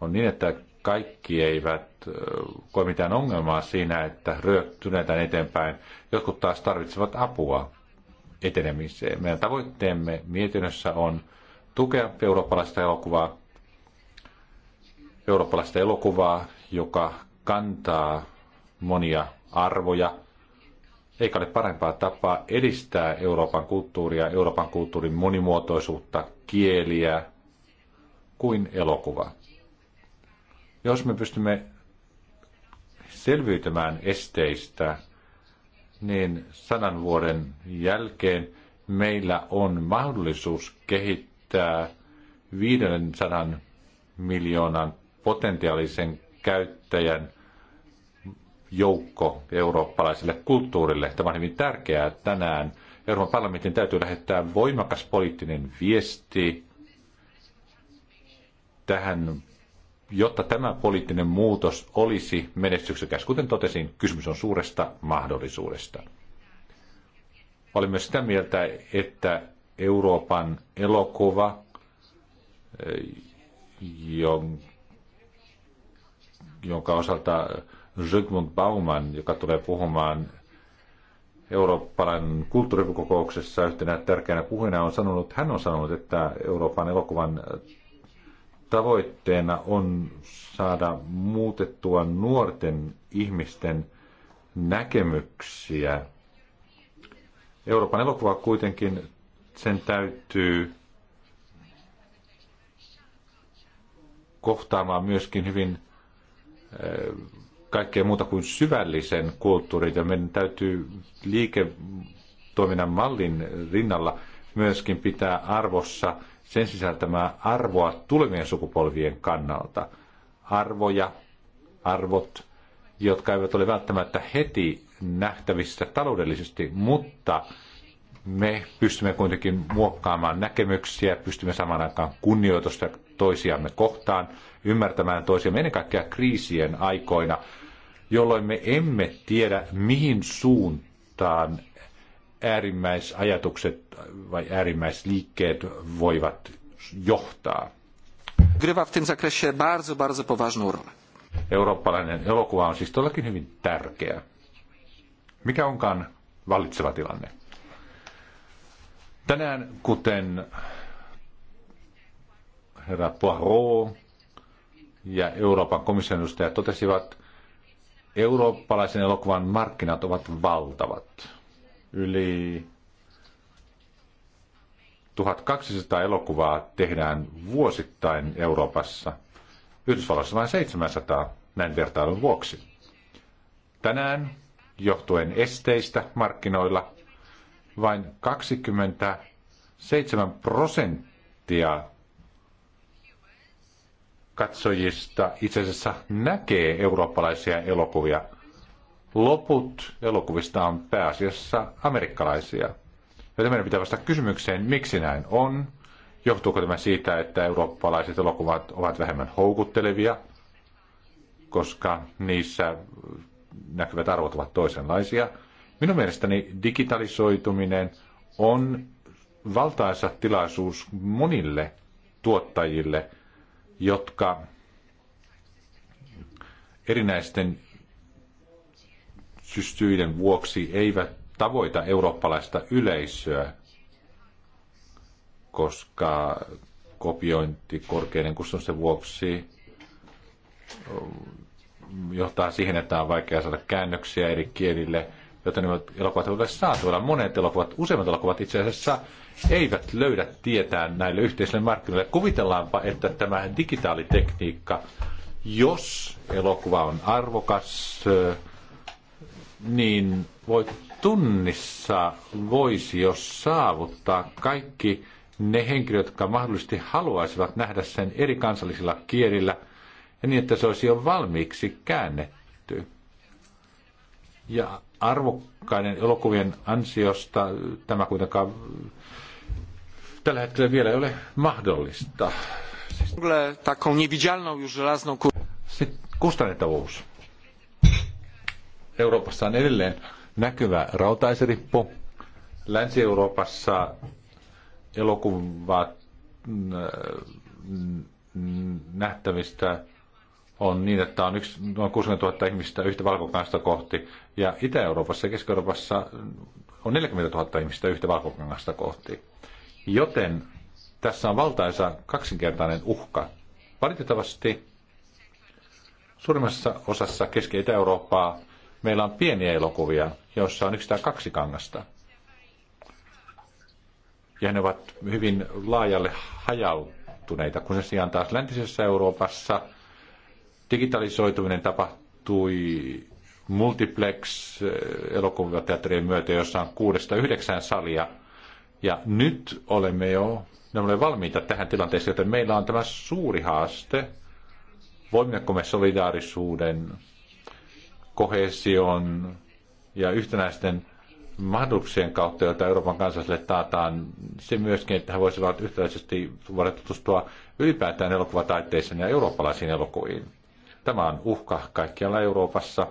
Speaker 3: On niin, että kaikki eivät koe mitään ongelmaa siinä, että ryöktynetään eteenpäin. Jotkut taas tarvitsevat apua etenemiseen. Meidän tavoitteemme mietinnössä on tukea eurooppalaista elokuvaa, eurooppalaista elokuvaa, joka kantaa monia arvoja, eikä ole parempaa tapaa edistää Euroopan kulttuuria, Euroopan kulttuurin monimuotoisuutta, kieliä kuin elokuvaa. Jos me pystymme selviytymään esteistä, niin sadan vuoden jälkeen meillä on mahdollisuus kehittää 500 miljoonan potentiaalisen käyttäjän joukko eurooppalaiselle kulttuurille. Tämä on hyvin tärkeää tänään. Euroopan parlamentin täytyy lähettää voimakas poliittinen viesti tähän jotta tämä poliittinen muutos olisi menestyksekäs. Kuten totesin, kysymys on suuresta mahdollisuudesta. Olin myös sitä mieltä, että Euroopan elokuva, eh, jonka osalta Zygmunt Bauman, joka tulee puhumaan Euroopan kulttuurikokouksessa yhtenä tärkeänä puheena on sanonut, hän on sanonut, että Euroopan elokuvan tavoitteena on saada muutettua nuorten ihmisten näkemyksiä. Euroopan elokuva kuitenkin, sen täytyy kohtaamaan myöskin hyvin eh, kaikkea muuta kuin syvällisen kulttuurin, ja meidän täytyy liiketoiminnan mallin rinnalla myöskin pitää arvossa – sen sisältämää arvoa tulevien sukupolvien kannalta. Arvoja, arvot, jotka eivät ole välttämättä heti nähtävissä taloudellisesti, mutta me pystymme kuitenkin muokkaamaan näkemyksiä, pystymme samaan aikaan kunnioitusta toisiamme kohtaan, ymmärtämään toisiamme ennen kaikkea kriisien aikoina, jolloin me emme tiedä, mihin suuntaan äärimmäisajatukset vai äärimmäisliikkeet voivat johtaa. Grywa w tym zakresie bardzo, bardzo poważną rolę. Eurooppalainen elokuva on siis todellakin hyvin tärkeä. Mikä onkaan vallitseva tilanne? Tänään, kuten herra Poirot ja Euroopan komission edustajat totesivat, eurooppalaisen elokuvan markkinat ovat valtavat Yli 1200 elokuvaa tehdään vuosittain Euroopassa. Yhdysvalloissa vain 700 näin vertailun vuoksi. Tänään, johtuen esteistä markkinoilla, vain 27 prosenttia katsojista itse asiassa näkee eurooppalaisia elokuvia – loput elokuvista on pääasiassa amerikkalaisia. Joten meidän pitää vastata kysymykseen, miksi näin on. Johtuuko tämä siitä, että eurooppalaiset elokuvat ovat vähemmän houkuttelevia, koska niissä näkyvät arvot ovat toisenlaisia. Minun mielestäni digitalisoituminen on valtaisa tilaisuus monille tuottajille, jotka erinäisten syiden vuoksi eivät tavoita eurooppalaista yleisöä, koska kopiointi korkeiden kustannusten vuoksi mm, johtaa siihen, että on vaikea saada käännöksiä eri kielille, joten ne elokuvat eivät ole saatavilla. Monet elokuvat, useimmat elokuvat itse asiassa eivät löydä tietää näille yhteisille markkinoille. Kuvitellaanpa, että tämä digitaalitekniikka, jos elokuva on arvokas, niin voi tunnissa voisi jo saavuttaa kaikki ne henkilöt, jotka mahdollisesti haluaisivat nähdä sen eri kansallisilla kielillä, ja niin, että se olisi jo valmiiksi käännetty. Ja arvokkaiden elokuvien ansiosta tämä kuitenkaan tällä hetkellä vielä ei ole mahdollista. Sitten kustannettavuus. Euroopassa on edelleen näkyvä rautaisrippu. Länsi-Euroopassa elokuvat mm, mm, nähtävistä on niin, että on yksi, noin 60 000 ihmistä yhtä valkokangasta kohti, ja Itä-Euroopassa ja Keski-Euroopassa on 40 000 ihmistä yhtä valkokangasta kohti. Joten tässä on valtaisa kaksinkertainen uhka. Valitettavasti suurimmassa osassa Keski- Itä-Eurooppaa meillä on pieniä elokuvia, joissa on yksi tai kaksi kangasta. Ja ne ovat hyvin laajalle hajautuneita, kun se sijaan taas läntisessä Euroopassa digitalisoituminen tapahtui multiplex-elokuvateatterien eh, myötä, jossa on kuudesta yhdeksään salia. Ja nyt olemme jo me olemme valmiita tähän tilanteeseen, joten meillä on tämä suuri haaste. Voimmeko me solidaarisuuden kohesion ja yhtenäisten mahdollisuuksien kautta, joita Euroopan kansalaisille taataan, se myöskin, että he voisivat yhtäläisesti voida tutustua ylipäätään elokuvataiteeseen ja eurooppalaisiin elokuviin. Tämä on uhka kaikkialla Euroopassa.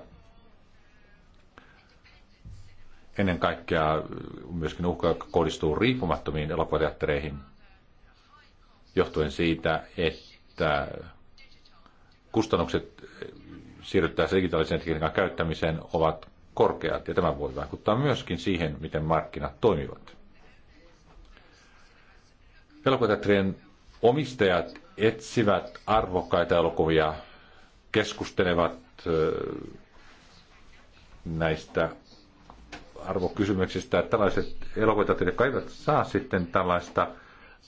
Speaker 3: Ennen kaikkea myöskin uhka, joka kohdistuu riippumattomiin elokuvateattereihin, johtuen siitä, että kustannukset siirryttäessä digitaalisen tekniikan käyttämiseen ovat korkeat, ja tämä voi vaikuttaa myöskin siihen, miten markkinat toimivat. Elokuvateatterien omistajat etsivät arvokkaita elokuvia, keskustelevat näistä arvokysymyksistä. Tällaiset elokuvateatterit, jotka eivät saa sitten tällaista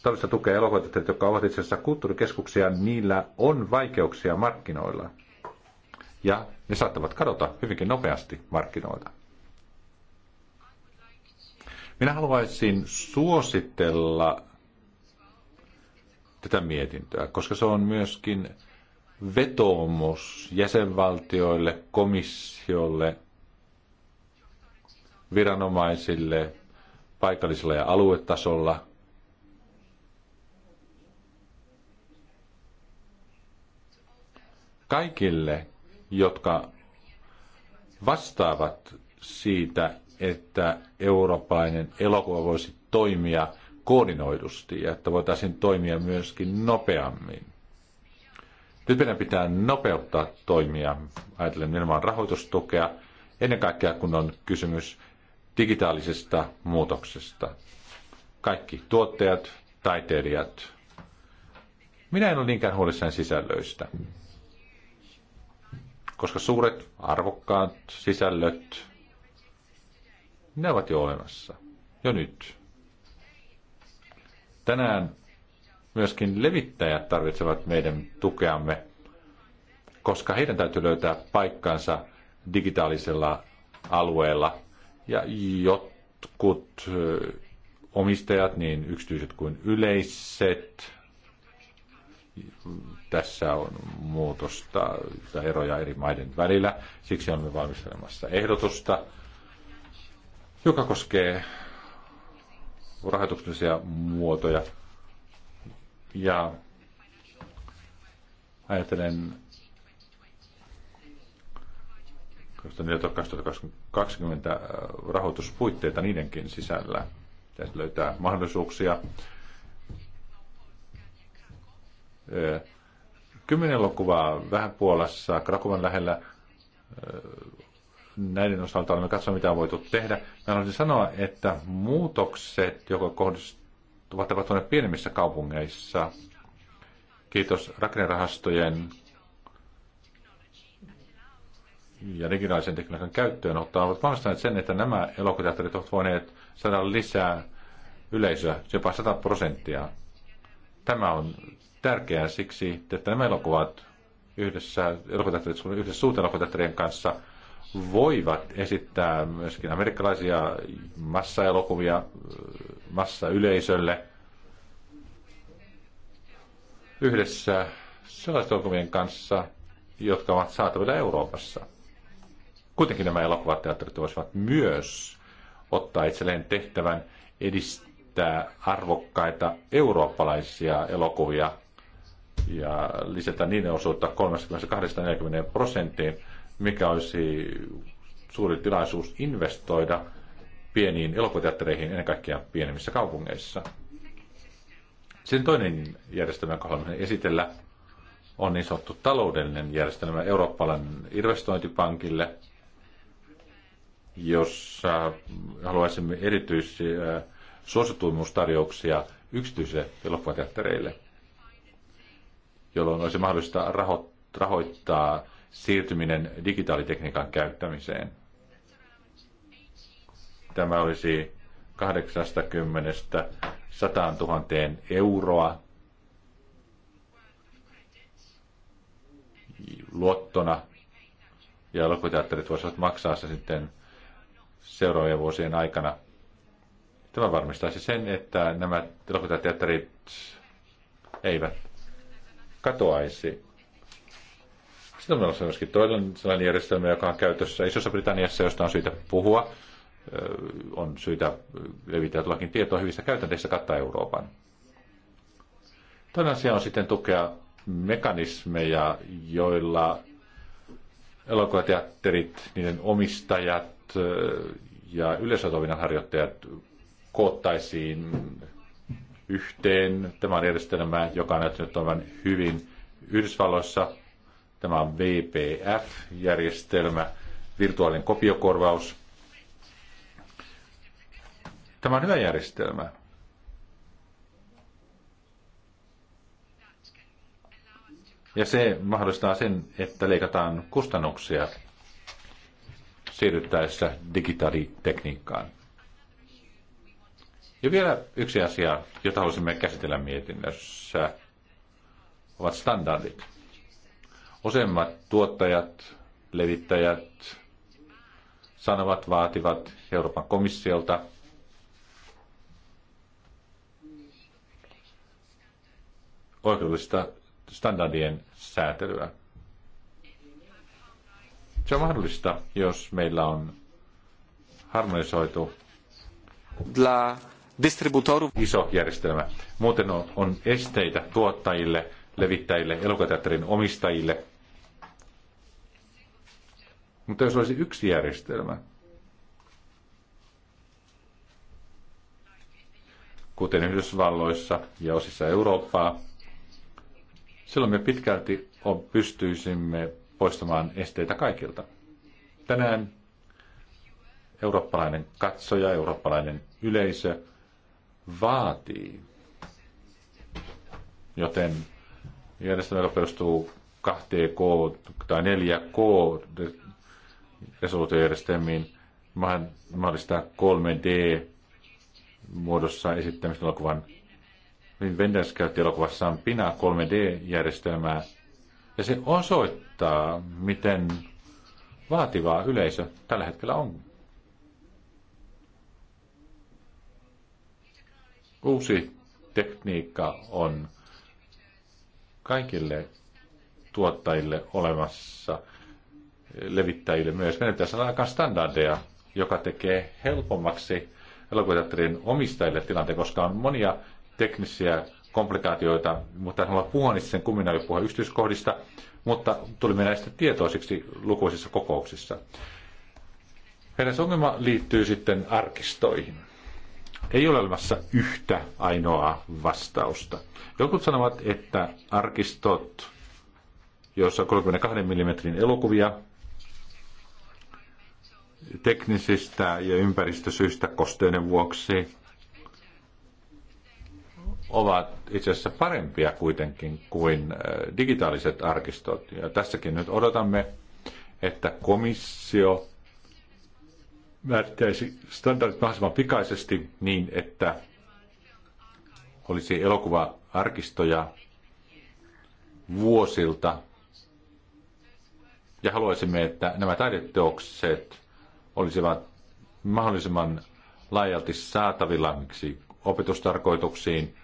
Speaker 3: tällaista tukea elokuvateatterit, jotka ovat itse asiassa kulttuurikeskuksia, niillä on vaikeuksia markkinoilla – ja ne saattavat kadota hyvinkin nopeasti markkinoilta. Minä haluaisin suositella tätä mietintöä, koska se on myöskin vetoomus jäsenvaltioille, komissiolle, viranomaisille, paikallisella ja aluetasolla. Kaikille jotka vastaavat siitä, että eurooppalainen elokuva voisi toimia koordinoidusti ja että voitaisiin toimia myöskin nopeammin. Nyt meidän pitää nopeuttaa toimia, ajatellen nimenomaan rahoitustukea, ennen kaikkea kun on kysymys digitaalisesta muutoksesta. Kaikki tuottajat, taiteilijat. Minä en ole niinkään huolissani sisällöistä koska suuret, arvokkaat sisällöt, ne ovat jo olemassa, jo nyt. Tänään myöskin levittäjät tarvitsevat meidän tukeamme, koska heidän täytyy löytää paikkansa digitaalisella alueella. Ja jotkut omistajat, niin yksityiset kuin yleiset, tässä on muutosta ja eroja eri maiden välillä. Siksi olemme valmistelemassa ehdotusta, joka koskee rahoituksellisia muotoja. Ja ajattelen 2020 äh, rahoituspuitteita niidenkin sisällä. Pitäisi löytää mahdollisuuksia Kymmenen elokuvaa vähän Puolassa, Krakovan lähellä. Näiden osalta olemme katsoneet, mitä on voitu tehdä. Mä haluaisin sanoa, että muutokset, joko kohdistuvat tuonne pienemmissä kaupungeissa, kiitos rakennerahastojen ja digitaalisen tekniikan käyttöön ottaa, ovat vahvistaneet sen, että nämä elokuvateatterit ovat voineet saada lisää yleisöä, jopa 100 prosenttia. Tämä on tärkeää siksi, että nämä elokuvat yhdessä, elokuvateatterit, yhdessä suurten elokuvateatterien kanssa voivat esittää myöskin amerikkalaisia massaelokuvia massayleisölle yhdessä sellaisten elokuvien kanssa, jotka ovat saatavilla Euroopassa. Kuitenkin nämä elokuvateatterit voisivat myös ottaa itselleen tehtävän edistää arvokkaita eurooppalaisia elokuvia ja lisätä niiden osuutta 32-40 prosenttiin, mikä olisi suuri tilaisuus investoida pieniin elokuvateattereihin ennen kaikkea pienemmissä kaupungeissa. Sen toinen järjestelmä, joka haluamme esitellä, on niin sanottu taloudellinen järjestelmä Eurooppalainen investointipankille, jossa haluaisimme erityisiä suosituimmuustarjouksia yksityisille elokuvateattereille – jolloin olisi mahdollista rahoittaa siirtyminen digitaalitekniikan käyttämiseen. Tämä olisi 80 100 000 euroa luottona. Ja elokuvateatterit voisivat maksaa se sitten seuraavien vuosien aikana. Tämä varmistaisi sen, että nämä elokuvateatterit eivät katoaisi. Sitten on myöskin toinen sellainen järjestelmä, joka on käytössä Isossa Britanniassa, josta on syytä puhua. On syytä levittää tuollakin tietoa hyvistä käytänteistä kattaa Euroopan. Toinen asia on sitten tukea mekanismeja, joilla elokuvateatterit, niiden omistajat ja yleisötoiminnan harjoittajat koottaisiin yhteen. Tämä on järjestelmä, joka on näyttänyt olevan hyvin Yhdysvalloissa. Tämä on VPF-järjestelmä, virtuaalinen kopiokorvaus. Tämä on hyvä järjestelmä. Ja se mahdollistaa sen, että leikataan kustannuksia siirryttäessä digitaalitekniikkaan. Ja vielä yksi asia, jota halusimme käsitellä mietinnössä, ovat standardit. Useimmat tuottajat, levittäjät, sanovat vaativat Euroopan komissiolta oikeudellista standardien säätelyä. Se on mahdollista, jos meillä on harmonisoitu dla distributorów. Iso järjestelmä. Muuten on esteitä tuottajille, levittäjille, elokuvateatterin omistajille. Mutta jos olisi yksi järjestelmä, kuten Yhdysvalloissa ja osissa Eurooppaa, silloin me pitkälti pystyisimme poistamaan esteitä kaikilta. Tänään eurooppalainen katsoja, eurooppalainen yleisö vaatii. Joten järjestelmä perustuu 2K tai 4K resoluutiojärjestelmiin mahdollistaa 3D muodossa esittämistä elokuvan. Wenders käytti elokuvassaan Pina 3D-järjestelmää ja se osoittaa, miten vaativaa yleisö tällä hetkellä on. Uusi tekniikka on kaikille tuottajille olemassa, levittäjille myös. Meidän pitäisi olla aika standardeja, joka tekee helpommaksi elokuvateatterin omistajille tilanteen, koska on monia teknisiä komplikaatioita, mutta en halua puhua niistä sen kummin puhua yksityiskohdista, mutta tulimme näistä tietoisiksi lukuisissa kokouksissa. Heidän ongelma liittyy sitten arkistoihin. Ei ole olemassa yhtä ainoaa vastausta. Jotkut sanovat, että arkistot, joissa on 32 mm elokuvia, teknisistä ja ympäristösyistä kosteuden vuoksi, ovat itse asiassa parempia kuitenkin kuin äh, digitaaliset arkistot. Ja tässäkin nyt odotamme, että komissio määrittäisi standardit mahdollisimman pikaisesti niin, että olisi elokuva-arkistoja vuosilta. Ja haluaisimme, että nämä taideteokset olisivat mahdollisimman laajalti saatavilla miksi opetustarkoituksiin,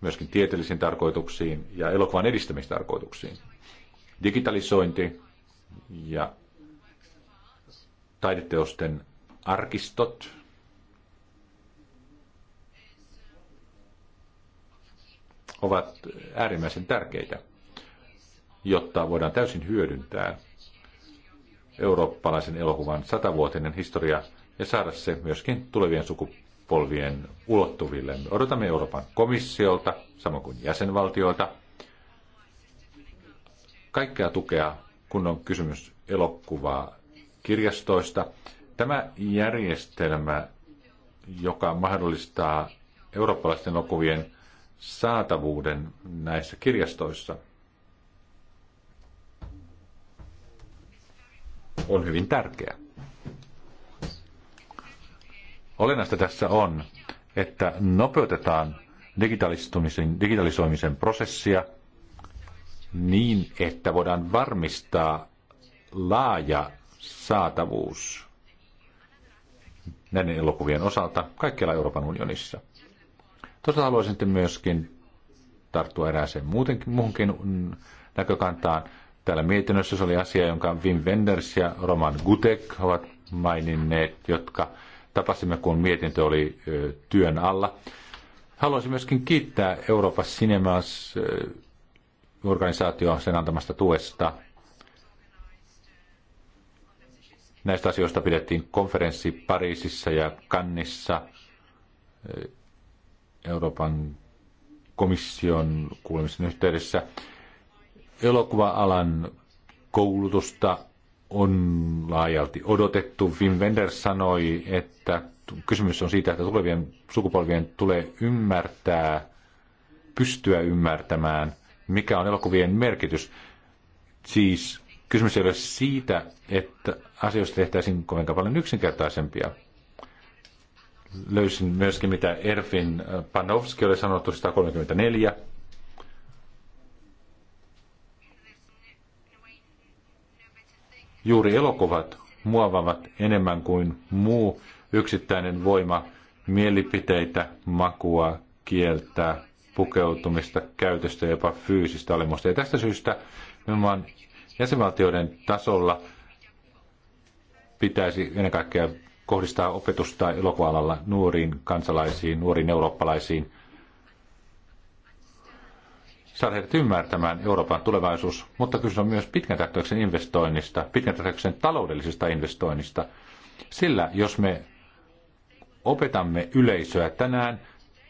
Speaker 3: myöskin tieteellisiin tarkoituksiin ja elokuvan edistämistarkoituksiin. Digitalisointi ja taideteosten arkistot, ovat äärimmäisen tärkeitä, jotta voidaan täysin hyödyntää eurooppalaisen elokuvan satavuotinen historia ja saada se myöskin tulevien sukupolvien ulottuville. Me odotamme Euroopan komissiolta, samoin kuin jäsenvaltioilta, kaikkea tukea, kun on kysymys elokuvaa kirjastoista Tämä järjestelmä, joka mahdollistaa eurooppalaisten elokuvien saatavuuden näissä kirjastoissa, on hyvin tärkeä. Olennaista tässä on, että nopeutetaan digitalistumisen, digitalisoimisen prosessia niin, että voidaan varmistaa laaja saatavuus näiden elokuvien osalta kaikkialla Euroopan unionissa. Tuossa haluaisin sitten myöskin tarttua erääseen muutenkin, muuhunkin näkökantaan. Täällä mietinnössä se oli asia, jonka Wim Wenders ja Roman Gutek ovat maininneet, jotka tapasimme, kun mietintö oli työn alla. Haluaisin myöskin kiittää Euroopan Cinemas organisaatio sen antamasta tuesta Näistä asioista pidettiin konferenssi Pariisissa ja Kannissa Euroopan komission kuulemisen yhteydessä. Elokuva-alan koulutusta on laajalti odotettu. Wim Wenders sanoi, että kysymys on siitä, että tulevien sukupolvien tulee ymmärtää, pystyä ymmärtämään, mikä on elokuvien merkitys. Siis Kysymys ei ole siitä, että asioista tehtäisiin kovinkaan paljon yksinkertaisempia. Löysin myöskin, mitä Erfin Panovski oli sanottu 134. Juuri elokuvat muovavat enemmän kuin muu yksittäinen voima mielipiteitä, makua, kieltä, pukeutumista, käytöstä, jopa fyysistä olemusta. Ja tästä syystä nimenomaan Jäsenvaltioiden tasolla pitäisi ennen kaikkea kohdistaa opetusta elokuva nuoriin kansalaisiin, nuoriin eurooppalaisiin. Saada heidät ymmärtämään Euroopan tulevaisuus, mutta kyse on myös pitkän tähtäyksen investoinnista, pitkän tähtäyksen taloudellisista investoinnista. Sillä jos me opetamme yleisöä tänään,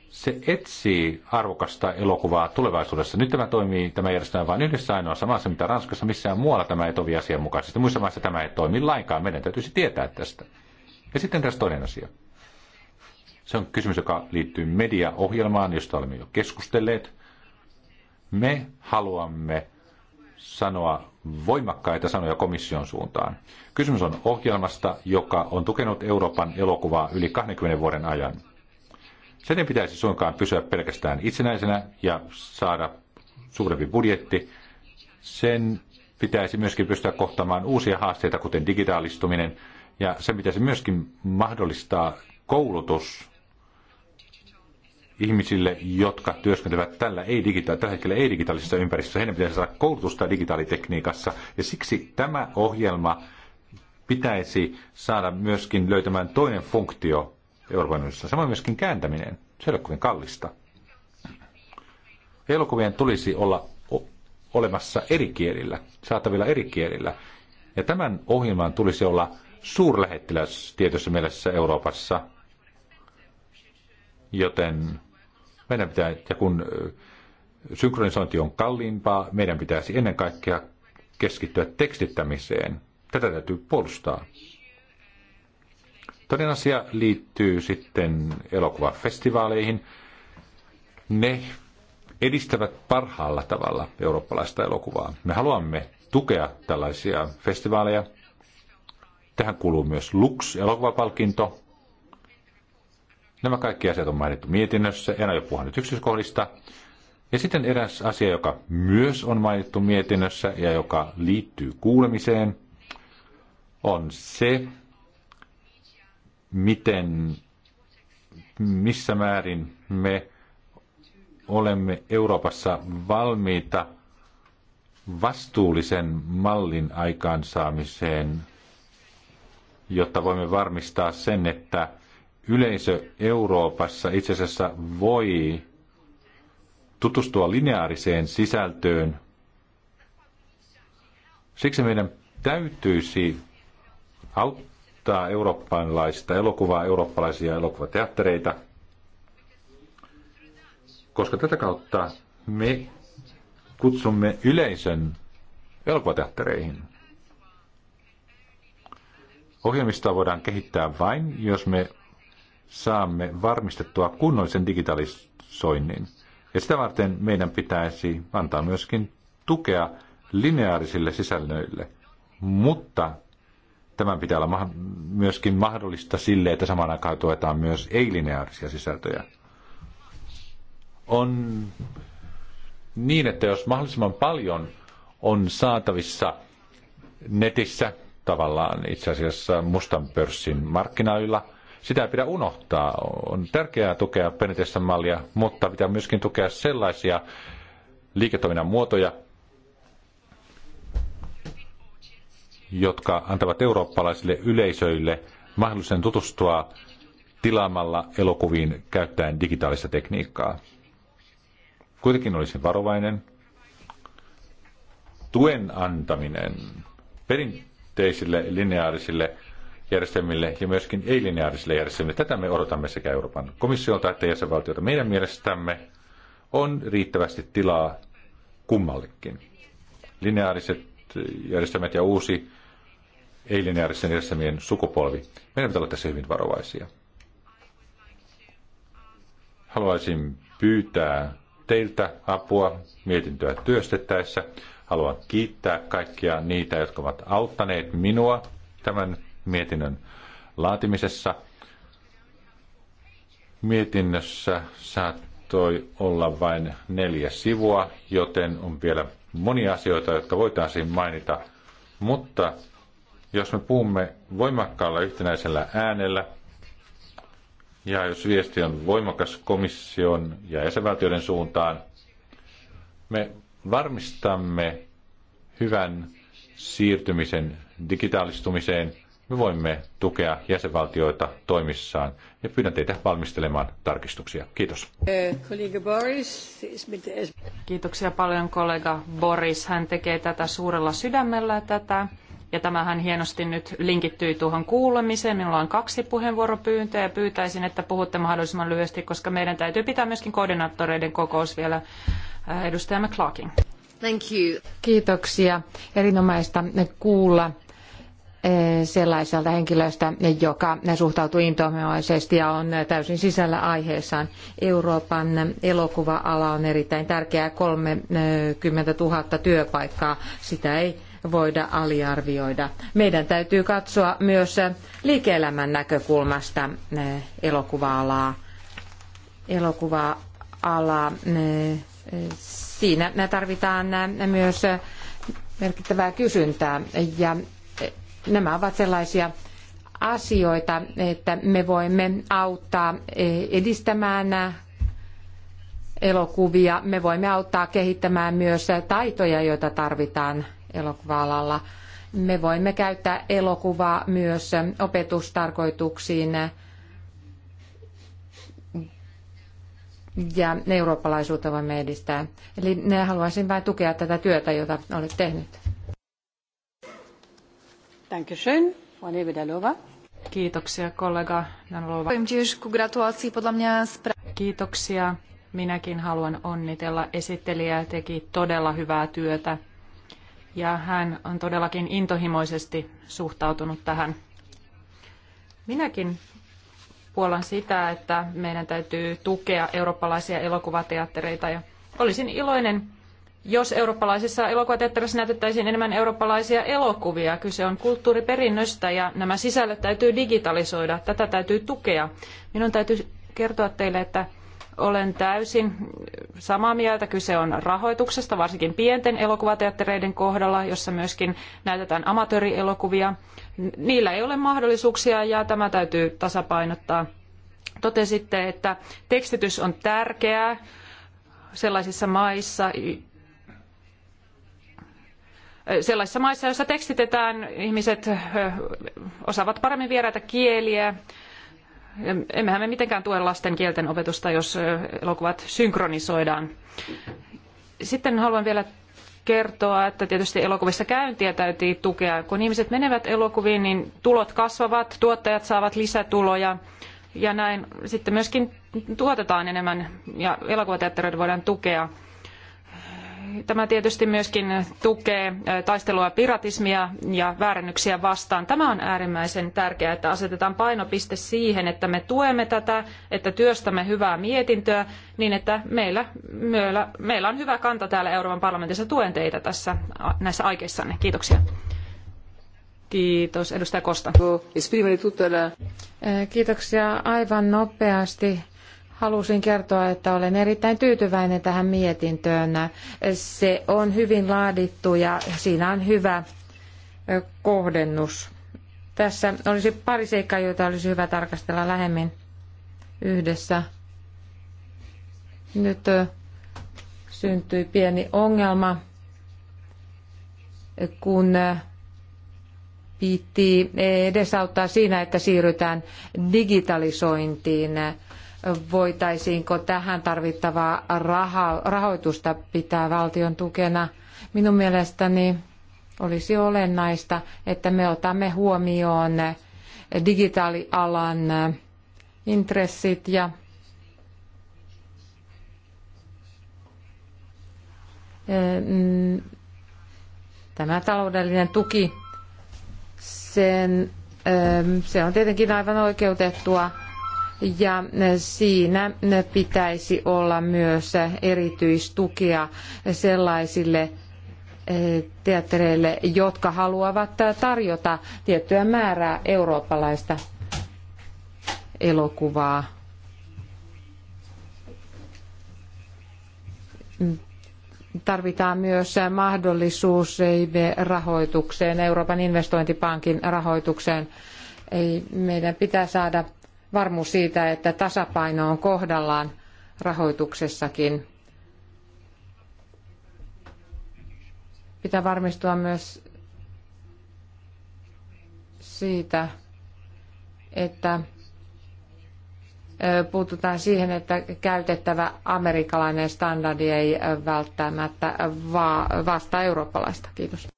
Speaker 3: se etsii arvokasta elokuvaa tulevaisuudessa. Nyt tämä toimii, tämä järjestelmä vain yhdessä ainoassa maassa, mitä Ranskassa, missään muualla tämä ei toimi asianmukaisesti. Muissa maissa tämä ei toimi lainkaan, meidän täytyisi tietää tästä. Ja sitten tässä toinen asia. Se on kysymys, joka liittyy mediaohjelmaan, josta olemme jo keskustelleet. Me haluamme sanoa voimakkaita sanoja komission suuntaan. Kysymys on ohjelmasta, joka on tukenut Euroopan elokuvaa yli 20 vuoden ajan sen ei pitäisi suinkaan pysyä pelkästään itsenäisenä ja saada suurempi budjetti. Sen pitäisi myöskin pystyä kohtamaan uusia haasteita, kuten digitaalistuminen, ja sen pitäisi myöskin mahdollistaa koulutus ihmisille, jotka työskentelevät tällä, ei digita- tällä hetkellä ei-digitaalisessa ympäristössä. Heidän pitäisi saada koulutusta digitaalitekniikassa, ja siksi tämä ohjelma pitäisi saada myöskin löytämään toinen funktio, Euroopan unionissa. Samoin myöskin kääntäminen. Se ei ole kovin kallista. Elokuvien tulisi olla olemassa eri kielillä, saatavilla eri kielillä. Ja tämän ohjelman tulisi olla suurlähettiläs tietyssä mielessä Euroopassa. Joten meidän pitää, ja kun synkronisointi on kalliimpaa, meidän pitäisi ennen kaikkea keskittyä tekstittämiseen. Tätä täytyy puolustaa. Toinen asia liittyy sitten elokuvafestivaaleihin. Ne edistävät parhaalla tavalla eurooppalaista elokuvaa. Me haluamme tukea tällaisia festivaaleja. Tähän kuuluu myös Lux-elokuvapalkinto. Nämä kaikki asiat on mainittu mietinnössä. En aio puhua nyt yksityiskohdista. Ja sitten eräs asia, joka myös on mainittu mietinnössä ja joka liittyy kuulemiseen, on se, miten, missä määrin me olemme Euroopassa valmiita vastuullisen mallin aikaansaamiseen, jotta voimme varmistaa sen, että yleisö Euroopassa itse asiassa voi tutustua lineaariseen sisältöön. Siksi meidän täytyisi auttaa edustaa eurooppalaista elokuvaa, eurooppalaisia elokuvateattereita, koska tätä kautta me kutsumme yleisön elokuvateattereihin. Ohjelmistoa voidaan kehittää vain, jos me saamme varmistettua kunnollisen digitalisoinnin. Ja sitä varten meidän pitäisi antaa myöskin tukea lineaarisille sisällöille, mutta Tämän pitää olla ma- myöskin mahdollista sille, että samaan aikaan tuetaan myös ei-lineaarisia sisältöjä. On niin, että jos mahdollisimman paljon on saatavissa netissä, tavallaan itse asiassa mustan pörssin markkinoilla, sitä ei pidä unohtaa. On tärkeää tukea Penetessan mallia, mutta pitää myöskin tukea sellaisia liiketoiminnan muotoja, jotka antavat eurooppalaisille yleisöille mahdollisen tutustua tilaamalla elokuviin käyttäen digitaalista tekniikkaa. Kuitenkin olisin varovainen. Tuen antaminen perinteisille lineaarisille järjestelmille ja myöskin ei-lineaarisille järjestelmille. Tätä me odotamme sekä Euroopan komissiolta että jäsenvaltiota. Meidän mielestämme on riittävästi tilaa kummallekin. Lineaariset järjestelmät ja uusi eilen järjestämien sukupolvi. Meidän pitää olla tässä hyvin varovaisia. Haluaisin pyytää teiltä apua mietintöä työstettäessä. Haluan kiittää kaikkia niitä, jotka ovat auttaneet minua tämän mietinnön laatimisessa. Mietinnössä saattoi olla vain neljä sivua, joten on vielä monia asioita, jotka voitaisiin mainita, mutta jos me puhumme voimakkaalla yhtenäisellä äänellä, ja jos viesti on voimakas komission ja jäsenvaltioiden suuntaan, me varmistamme hyvän siirtymisen digitaalistumiseen. Me voimme tukea jäsenvaltioita toimissaan ja pyydän teitä valmistelemaan tarkistuksia. Kiitos.
Speaker 1: Kiitoksia paljon kollega Boris. Hän tekee tätä suurella sydämellä tätä ja tämähän hienosti nyt linkittyy tuohon kuulemiseen. Minulla on kaksi puheenvuoropyyntöä ja pyytäisin, että puhutte mahdollisimman lyhyesti, koska meidän täytyy pitää myöskin koordinaattoreiden kokous vielä. Äh, edustaja McClarkin.
Speaker 2: Thank you. Kiitoksia. Erinomaista kuulla eh, sellaiselta henkilöstä, joka suhtautuu intohimoisesti ja on täysin sisällä aiheessaan. Euroopan elokuva-ala on erittäin tärkeä, 30 000 työpaikkaa. Sitä ei voida aliarvioida. Meidän täytyy katsoa myös liike-elämän näkökulmasta eh, elokuva-alaa. elokuva alaa eh, siinä tarvitaan eh, myös merkittävää kysyntää ja nämä ovat sellaisia asioita, että me voimme auttaa edistämään elokuvia. Me voimme auttaa kehittämään myös taitoja, joita tarvitaan elokuva-alalla. Me voimme käyttää elokuvaa myös opetustarkoituksiin ja eurooppalaisuutta voimme edistää. Eli haluaisin vain tukea tätä työtä, jota olet tehnyt.
Speaker 1: Kiitoksia
Speaker 2: kollega Danlova.
Speaker 1: Kiitoksia. Minäkin haluan onnitella esittelijää. Teki todella hyvää työtä ja hän on todellakin intohimoisesti suhtautunut tähän. Minäkin puolan sitä, että meidän täytyy tukea eurooppalaisia elokuvateattereita ja olisin iloinen, jos eurooppalaisissa elokuvateatterissa näytettäisiin enemmän eurooppalaisia elokuvia. Kyse on kulttuuriperinnöstä ja nämä sisällöt täytyy digitalisoida. Tätä täytyy tukea. Minun täytyy kertoa teille, että olen täysin samaa mieltä. Kyse on rahoituksesta, varsinkin pienten elokuvateattereiden kohdalla, jossa myöskin näytetään amatöörielokuvia. Niillä ei ole mahdollisuuksia ja tämä täytyy tasapainottaa. Totesitte, että tekstitys on tärkeää sellaisissa maissa, sellaisissa maissa, joissa tekstitetään, ihmiset osaavat paremmin vieraita kieliä Emmehän me mitenkään tue lasten kielten opetusta, jos elokuvat synkronisoidaan. Sitten haluan vielä kertoa, että tietysti elokuvissa käyntiä täytyy tukea. Kun ihmiset menevät elokuviin, niin tulot kasvavat, tuottajat saavat lisätuloja ja näin sitten myöskin tuotetaan enemmän ja elokuvateattereita voidaan tukea. Tämä tietysti myöskin tukee taistelua piratismia ja väärennyksiä vastaan. Tämä on äärimmäisen tärkeää, että asetetaan painopiste siihen, että me tuemme tätä, että työstämme hyvää mietintöä, niin että meillä, myöllä, meillä on hyvä kanta täällä Euroopan parlamentissa. Tuen teitä tässä näissä aikeissanne. Kiitoksia. Kiitos, edustaja Kosta.
Speaker 2: Kiitoksia aivan nopeasti Halusin kertoa, että olen erittäin tyytyväinen tähän mietintöön. Se on hyvin laadittu ja siinä on hyvä kohdennus. Tässä olisi pari seikkaa, joita olisi hyvä tarkastella lähemmin yhdessä. Nyt syntyi pieni ongelma, kun piti edesauttaa siinä, että siirrytään digitalisointiin voitaisiinko tähän tarvittavaa rahoitusta pitää valtion tukena. Minun mielestäni olisi olennaista, että me otamme huomioon digitaalialan intressit ja mm, tämä taloudellinen tuki, sen, mm, se on tietenkin aivan oikeutettua ja eh, siinä eh, pitäisi olla myös eh, erityistukea sellaisille teattereille, jotka haluavat tarjota tiettyä määrää eurooppalaista elokuvaa. Tarvitaan myös mahdollisuus e rahoitukseen, Euroopan investointipankin rahoitukseen. meidän pitää saada varmuus siitä, että tasapaino on kohdallaan rahoituksessakin. Pitää varmistua myös siitä, että puututaan siihen, että käytettävä amerikkalainen standardi ei välttämättä vastaa eurooppalaista. Kiitos.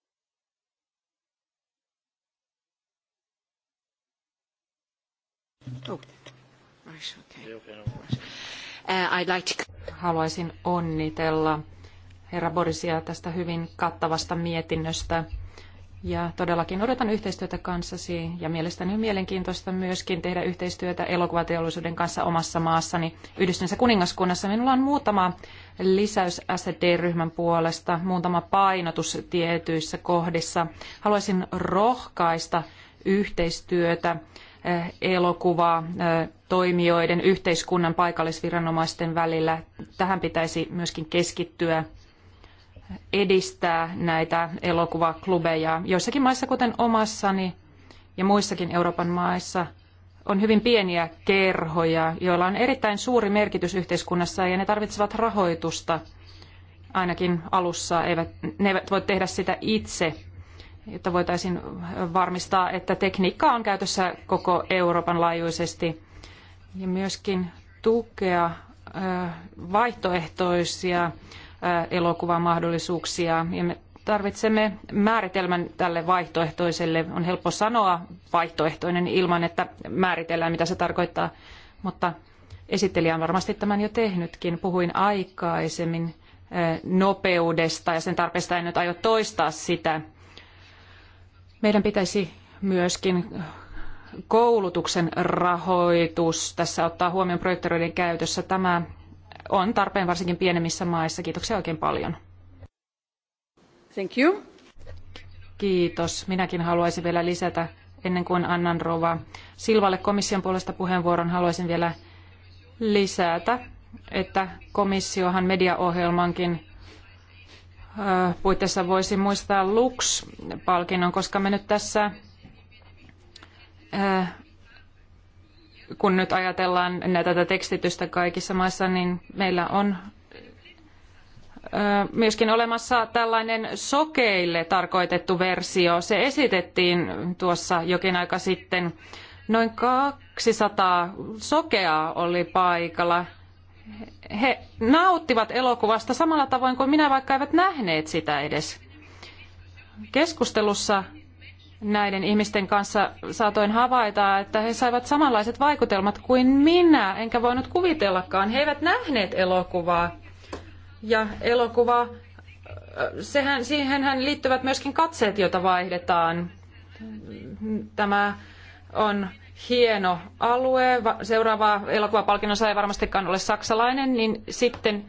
Speaker 2: Oh, uh,
Speaker 1: Haluaisin onnitella herra Borisia tästä hyvin kattavasta mietinnöstä. Ja todellakin odotan yhteistyötä kanssasi ja mielestäni on mielenkiintoista myöskin tehdä yhteistyötä elokuvateollisuuden kanssa omassa maassani Yhdistyneessä kuningaskunnassa. Minulla on muutama lisäys SD-ryhmän puolesta, muutama painotus tietyissä kohdissa. Haluaisin rohkaista yhteistyötä Eh, elokuvaa eh, toimijoiden, yhteiskunnan, paikallisviranomaisten välillä. Tähän pitäisi myöskin keskittyä edistää näitä elokuvaklubeja. Joissakin maissa, kuten omassani ja muissakin Euroopan maissa, on hyvin pieniä kerhoja, joilla on erittäin suuri merkitys yhteiskunnassa ja ne tarvitsevat rahoitusta. Ainakin alussa eivät, ne eivät voi tehdä sitä itse jotta voitaisiin varmistaa, että tekniikka on käytössä koko Euroopan laajuisesti ja myöskin tukea vaihtoehtoisia elokuvamahdollisuuksia. Ja me tarvitsemme määritelmän tälle vaihtoehtoiselle. On helppo sanoa vaihtoehtoinen ilman, että määritellään, mitä se tarkoittaa, mutta esittelijä on varmasti tämän jo tehnytkin. Puhuin aikaisemmin nopeudesta ja sen tarpeesta en nyt aio toistaa sitä. Meidän pitäisi myöskin koulutuksen rahoitus tässä ottaa huomioon projektoroiden käytössä. Tämä on tarpeen varsinkin pienemmissä maissa. Kiitoksia oikein paljon. Thank you. Kiitos. Minäkin haluaisin vielä lisätä ennen kuin annan Rova Silvalle komission puolesta puheenvuoron. Haluaisin vielä lisätä, että komissiohan mediaohjelmankin Äh, puitteissa voisi muistaa Lux-palkinnon, koska me nyt tässä, äh, kun nyt ajatellaan tätä tekstitystä kaikissa maissa, niin meillä on äh, myöskin olemassa tällainen sokeille tarkoitettu versio. Se esitettiin tuossa jokin aika sitten. Noin 200 sokeaa oli paikalla he nauttivat elokuvasta samalla tavoin kuin minä, vaikka eivät nähneet sitä edes. Keskustelussa näiden ihmisten kanssa saatoin havaita, että he saivat samanlaiset vaikutelmat kuin minä, enkä voinut kuvitellakaan. He eivät nähneet elokuvaa. Ja elokuva, sehän, siihenhän liittyvät myöskin katseet, joita vaihdetaan. Tämä on hieno alue. Seuraava elokuvapalkinnon saaja varmastikaan ole saksalainen, niin sitten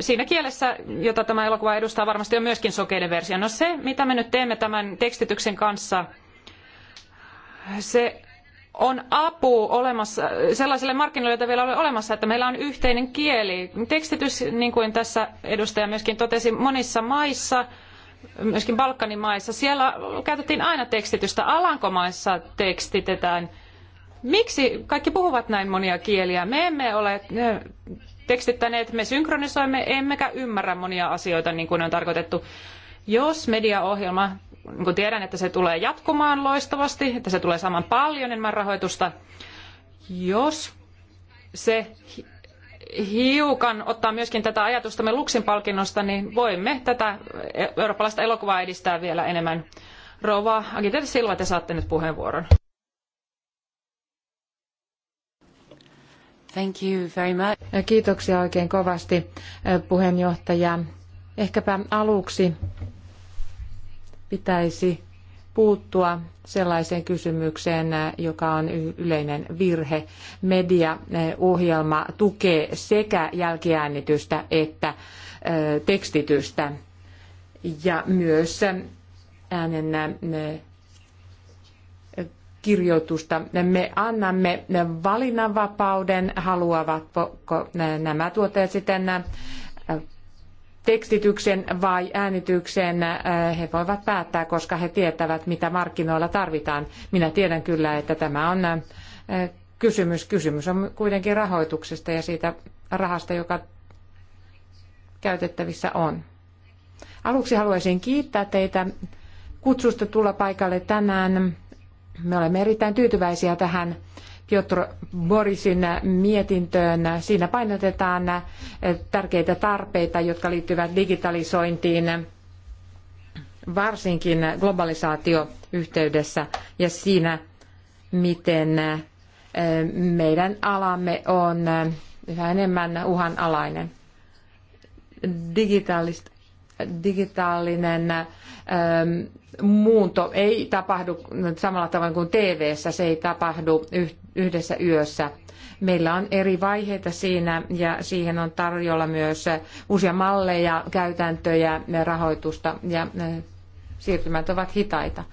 Speaker 1: siinä kielessä, jota tämä elokuva edustaa, varmasti on myöskin sokeiden versio. No se, mitä me nyt teemme tämän tekstityksen kanssa, se on apu olemassa sellaisille markkinoille, joita vielä ei ole olemassa, että meillä on yhteinen kieli. Tekstitys, niin kuin tässä edustaja myöskin totesi, monissa maissa – myöskin Balkanin maissa, siellä käytettiin aina tekstitystä. Alankomaissa tekstitetään. Miksi kaikki puhuvat näin monia kieliä? Me emme ole tekstittäneet, me synkronisoimme, emmekä ymmärrä monia asioita niin kuin on tarkoitettu. Jos mediaohjelma, niin kun tiedän, että se tulee jatkumaan loistavasti, että se tulee saamaan paljon enemmän rahoitusta, jos se hiukan ottaa myöskin tätä ajatustamme Luxin palkinnosta, niin voimme tätä eurooppalaista elokuvaa edistää vielä enemmän. Rova Agiteri Silva, te saatte nyt puheenvuoron.
Speaker 2: Thank you very much. Kiitoksia oikein kovasti puheenjohtaja. Ehkäpä aluksi pitäisi puuttua sellaiseen kysymykseen, joka on yleinen virhe. Mediaohjelma tukee sekä jälkiäänitystä että tekstitystä ja myös äänen kirjoitusta. Me annamme valinnanvapauden, haluavatko nämä tuottajat sitten tekstityksen vai äänityksen, äh, he voivat päättää, koska he tietävät, mitä markkinoilla tarvitaan. Minä tiedän kyllä, että tämä on äh, kysymys. Kysymys on kuitenkin rahoituksesta ja siitä rahasta, joka käytettävissä on. Aluksi haluaisin kiittää teitä kutsusta tulla paikalle tänään. Me olemme erittäin tyytyväisiä tähän Piotr Borisin mietintöön. Siinä painotetaan eh, tärkeitä tarpeita, jotka liittyvät digitalisointiin, varsinkin globalisaatioyhteydessä ja siinä, miten eh, meidän alamme on eh, yhä enemmän uhanalainen. digitaalinen ähm, muunto ei tapahdu samalla tavoin kuin tv -ssä. se ei tapahdu yht, yhdessä yössä. Meillä on eri vaiheita siinä ja siihen on tarjolla myös uusia malleja, käytäntöjä, rahoitusta ja eh, siirtymät ovat hitaita.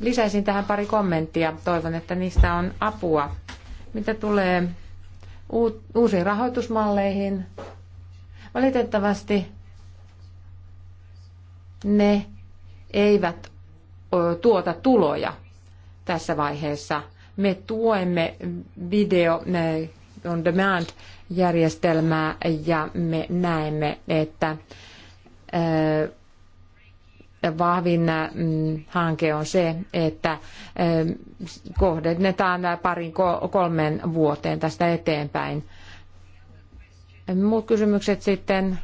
Speaker 2: Lisäisin tähän pari kommenttia. Toivon, että niistä on apua. Mitä tulee uusiin rahoitusmalleihin, valitettavasti ne eivät tuota tuloja tässä vaiheessa – me tuemme video eh, on demand järjestelmää ja me näemme, että eh, vahvin mm, hanke on se, että eh, kohdennetaan parin kolmen vuoteen tästä eteenpäin. Muut kysymykset sitten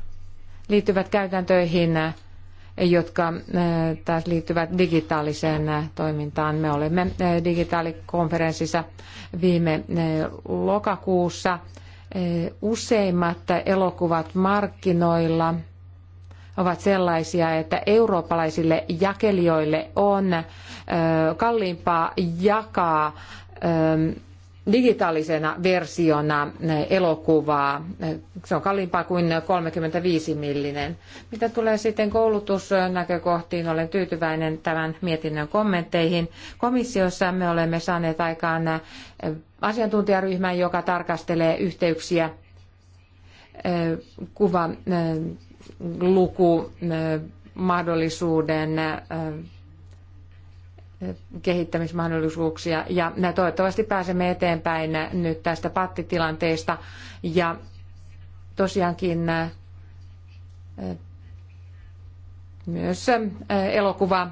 Speaker 2: liittyvät käytäntöihin jotka eh, taas liittyvät digitaaliseen eh, toimintaan. Me olemme eh, digitaalikonferenssissa viime lokakuussa. Useimmat elokuvat markkinoilla ovat sellaisia, että eurooppalaisille jakelijoille on kalliimpaa jakaa digitaalisena versiona eh, elokuvaa. Eh, se on kalliimpaa kuin 35 millinen. Mitä tulee sitten koulutusnäkökohtiin, olen tyytyväinen tämän mietinnön kommentteihin. Komissiossa me olemme saaneet aikaan eh, asiantuntijaryhmän, joka tarkastelee yhteyksiä kuva lukumahdollisuuden mahdollisuuden kehittämismahdollisuuksia ja toivottavasti pääsemme eteenpäin nyt tästä pattitilanteesta ja tosiaankin äh, myös äh, elokuva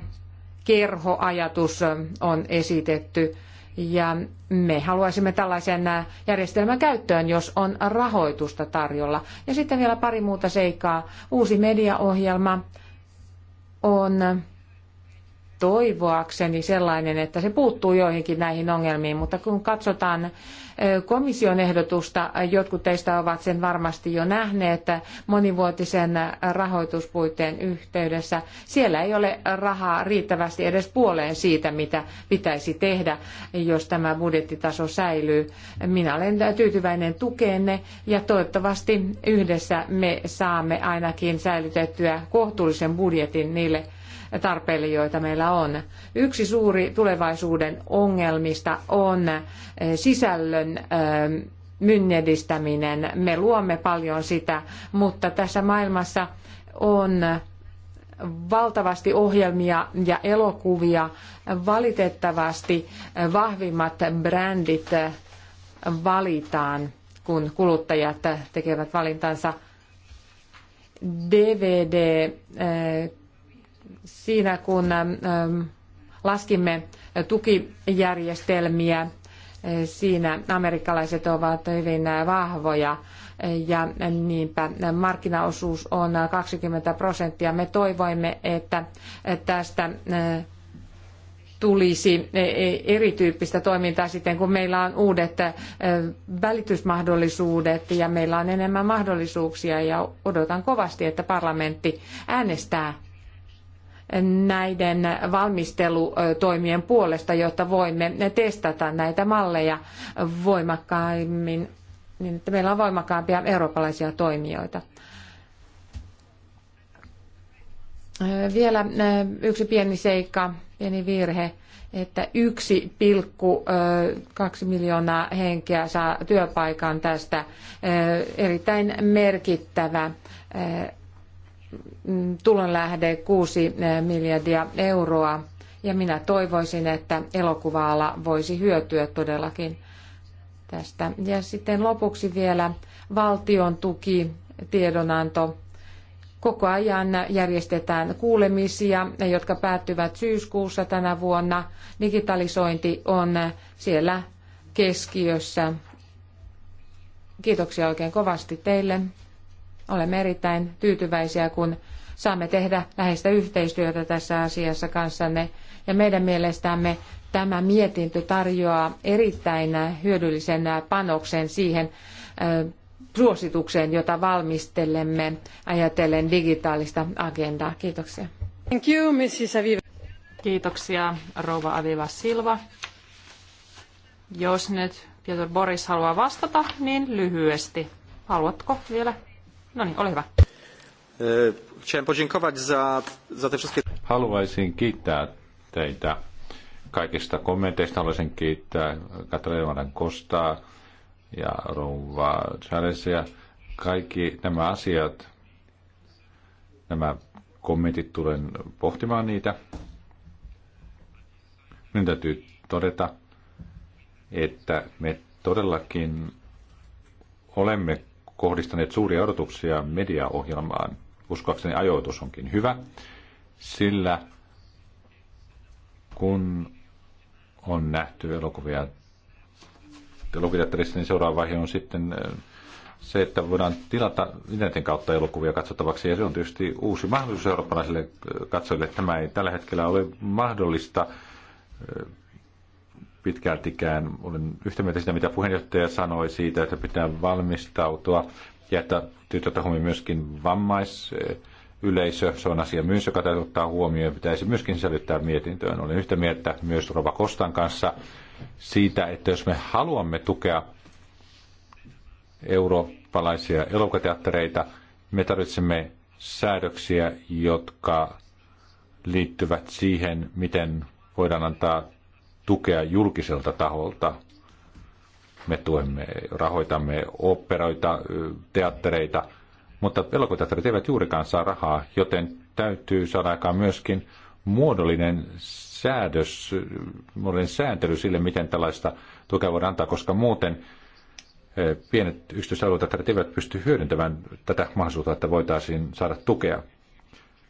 Speaker 2: kerhoajatus äh, on esitetty ja me haluaisimme tällaisen järjestelmän käyttöön, jos on rahoitusta tarjolla. Ja sitten vielä pari muuta seikkaa. Uusi mediaohjelma on toivoakseni sellainen, että se puuttuu joihinkin näihin ongelmiin, mutta kun katsotaan komission ehdotusta, jotkut teistä ovat sen varmasti jo nähneet monivuotisen rahoituspuitteen yhteydessä. Siellä ei ole rahaa riittävästi edes puoleen siitä, mitä pitäisi tehdä, jos tämä budjettitaso säilyy. Minä olen tyytyväinen tukeenne ja toivottavasti yhdessä me saamme ainakin säilytettyä kohtuullisen budjetin niille tarpeille, joita meillä on. Yksi suuri tulevaisuuden ongelmista on eh, sisällön eh, mynnedistäminen. Me luomme paljon sitä, mutta tässä maailmassa on valtavasti ohjelmia ja elokuvia. Valitettavasti eh, vahvimmat brändit valitaan, kun kuluttajat tekevät valintansa. DVD siinä, kun ähm, laskimme tukijärjestelmiä, äh, siinä amerikkalaiset ovat hyvin vahvoja ja niinpä markkinaosuus on 20 prosenttia. Me toivoimme, että tästä äh, tulisi erityyppistä toimintaa sitten, kun meillä on uudet äh, välitysmahdollisuudet ja meillä on enemmän mahdollisuuksia ja odotan kovasti, että parlamentti äänestää näiden valmistelutoimien puolesta, jotta voimme testata näitä malleja voimakkaimmin, niin että meillä on voimakkaampia eurooppalaisia toimijoita. Vielä eh, yksi pieni seikka, pieni virhe, että 1,2 eh, miljoonaa henkeä saa työpaikan tästä. Eh, erittäin merkittävä tulonlähde 6 eh, miljardia euroa. Ja minä toivoisin, että elokuva-ala voisi hyötyä todellakin tästä. Ja sitten lopuksi vielä valtion tuki, tiedonanto. Koko ajan järjestetään kuulemisia, jotka päättyvät syyskuussa tänä vuonna. Digitalisointi on siellä keskiössä. Kiitoksia oikein kovasti teille Olemme erittäin tyytyväisiä, kun saamme tehdä läheistä yhteistyötä tässä asiassa kanssanne. Ja meidän mielestämme tämä mietintö tarjoaa erittäin hyödyllisen panoksen siihen suositukseen, jota valmistelemme ajatellen digitaalista agendaa. Kiitoksia.
Speaker 1: Thank you, Mrs. Aviva. Kiitoksia, rouva Aviva Silva. Jos nyt Piotr Boris haluaa vastata, niin lyhyesti. Haluatko vielä No niin, ole hyvä.
Speaker 3: Haluaisin kiittää teitä kaikista kommenteista. Haluaisin kiittää Katarina Kostaa ja Rouva Charlesia Kaikki nämä asiat, nämä kommentit tulen pohtimaan niitä. Minun täytyy todeta, että me todellakin olemme kohdistaneet suuria odotuksia mediaohjelmaan. Uskoakseni ajoitus onkin hyvä, sillä kun on nähty elokuvia elokuviattelissa, niin seuraava vaihe on sitten se, että voidaan tilata internetin kautta elokuvia katsottavaksi, ja se on tietysti uusi mahdollisuus eurooppalaisille katsojille. Tämä ei tällä hetkellä ole mahdollista pitkältikään. Olen yhtä mieltä sitä, mitä puheenjohtaja sanoi siitä, että pitää valmistautua ja että tytötä huomioon myöskin vammaisyleisö. Se on asia myös, joka täytyy ottaa huomioon ja pitäisi myöskin sisällyttää mietintöön. Olen yhtä mieltä myös Rova Kostan kanssa siitä, että jos me haluamme tukea eurooppalaisia elokuvateattereita, me tarvitsemme säädöksiä, jotka liittyvät siihen, miten voidaan antaa tukea julkiselta taholta. Me tuemme, rahoitamme operoita, teattereita, mutta elokuvateatterit eivät juurikaan saa rahaa, joten täytyy saada aikaan myöskin muodollinen säädös, muodollinen sääntely sille, miten tällaista tukea voidaan antaa, koska muuten pienet yksityisalueet eivät pysty hyödyntämään tätä mahdollisuutta, että voitaisiin saada tukea.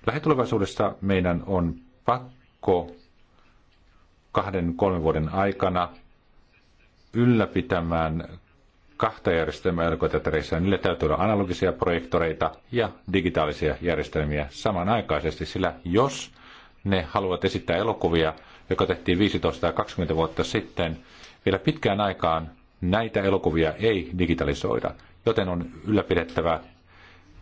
Speaker 3: Lähitulevaisuudessa meidän on pakko kahden kolmen vuoden aikana ylläpitämään kahta järjestelmää elokuviteattereissa. Niille täytyy olla analogisia projektoreita ja digitaalisia järjestelmiä samanaikaisesti, sillä jos ne haluavat esittää elokuvia, joka tehtiin 15 tai 20 vuotta sitten, vielä pitkään aikaan näitä elokuvia ei digitalisoida, joten on ylläpidettävä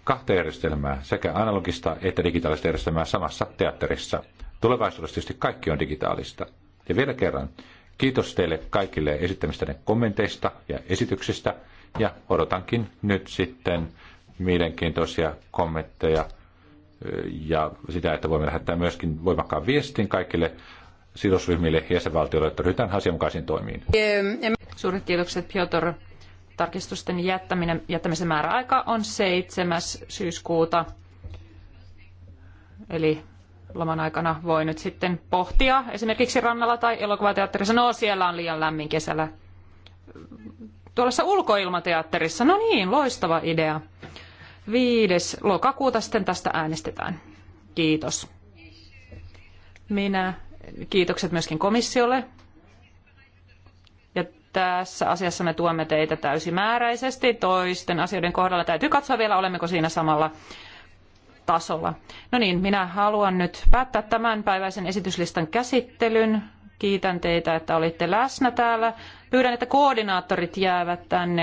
Speaker 3: kahta järjestelmää, sekä analogista että digitaalista järjestelmää samassa teatterissa. Tulevaisuudessa tietysti kaikki on digitaalista. Ja vielä kerran, kiitos teille kaikille esittämistäne kommenteista ja esityksistä, ja odotankin nyt sitten mielenkiintoisia kommentteja ja sitä, että voimme lähettää myöskin voimakkaan viestin kaikille sidosryhmille ja jäsenvaltioille, että ryhdytään asianmukaisiin toimiin.
Speaker 1: Suuret kiitokset Piotr. Tarkistusten jättäminen, jättämisen määräaika on 7. syyskuuta. Eli loman aikana voi nyt sitten pohtia esimerkiksi rannalla tai elokuvateatterissa, no siellä on liian lämmin kesällä. Tuollaisessa ulkoilmateatterissa, no niin, loistava idea. Viides lokakuuta sitten tästä äänestetään. Kiitos. Minä kiitokset myöskin komissiolle. Ja tässä asiassa me tuomme teitä täysimääräisesti. Toisten asioiden kohdalla täytyy katsoa vielä, olemmeko siinä samalla tasolla. No niin, minä haluan nyt päättää tämänpäiväisen esityslistan käsittelyn. Kiitän teitä, että olitte läsnä täällä. Pyydän, että koordinaattorit jäävät tänne.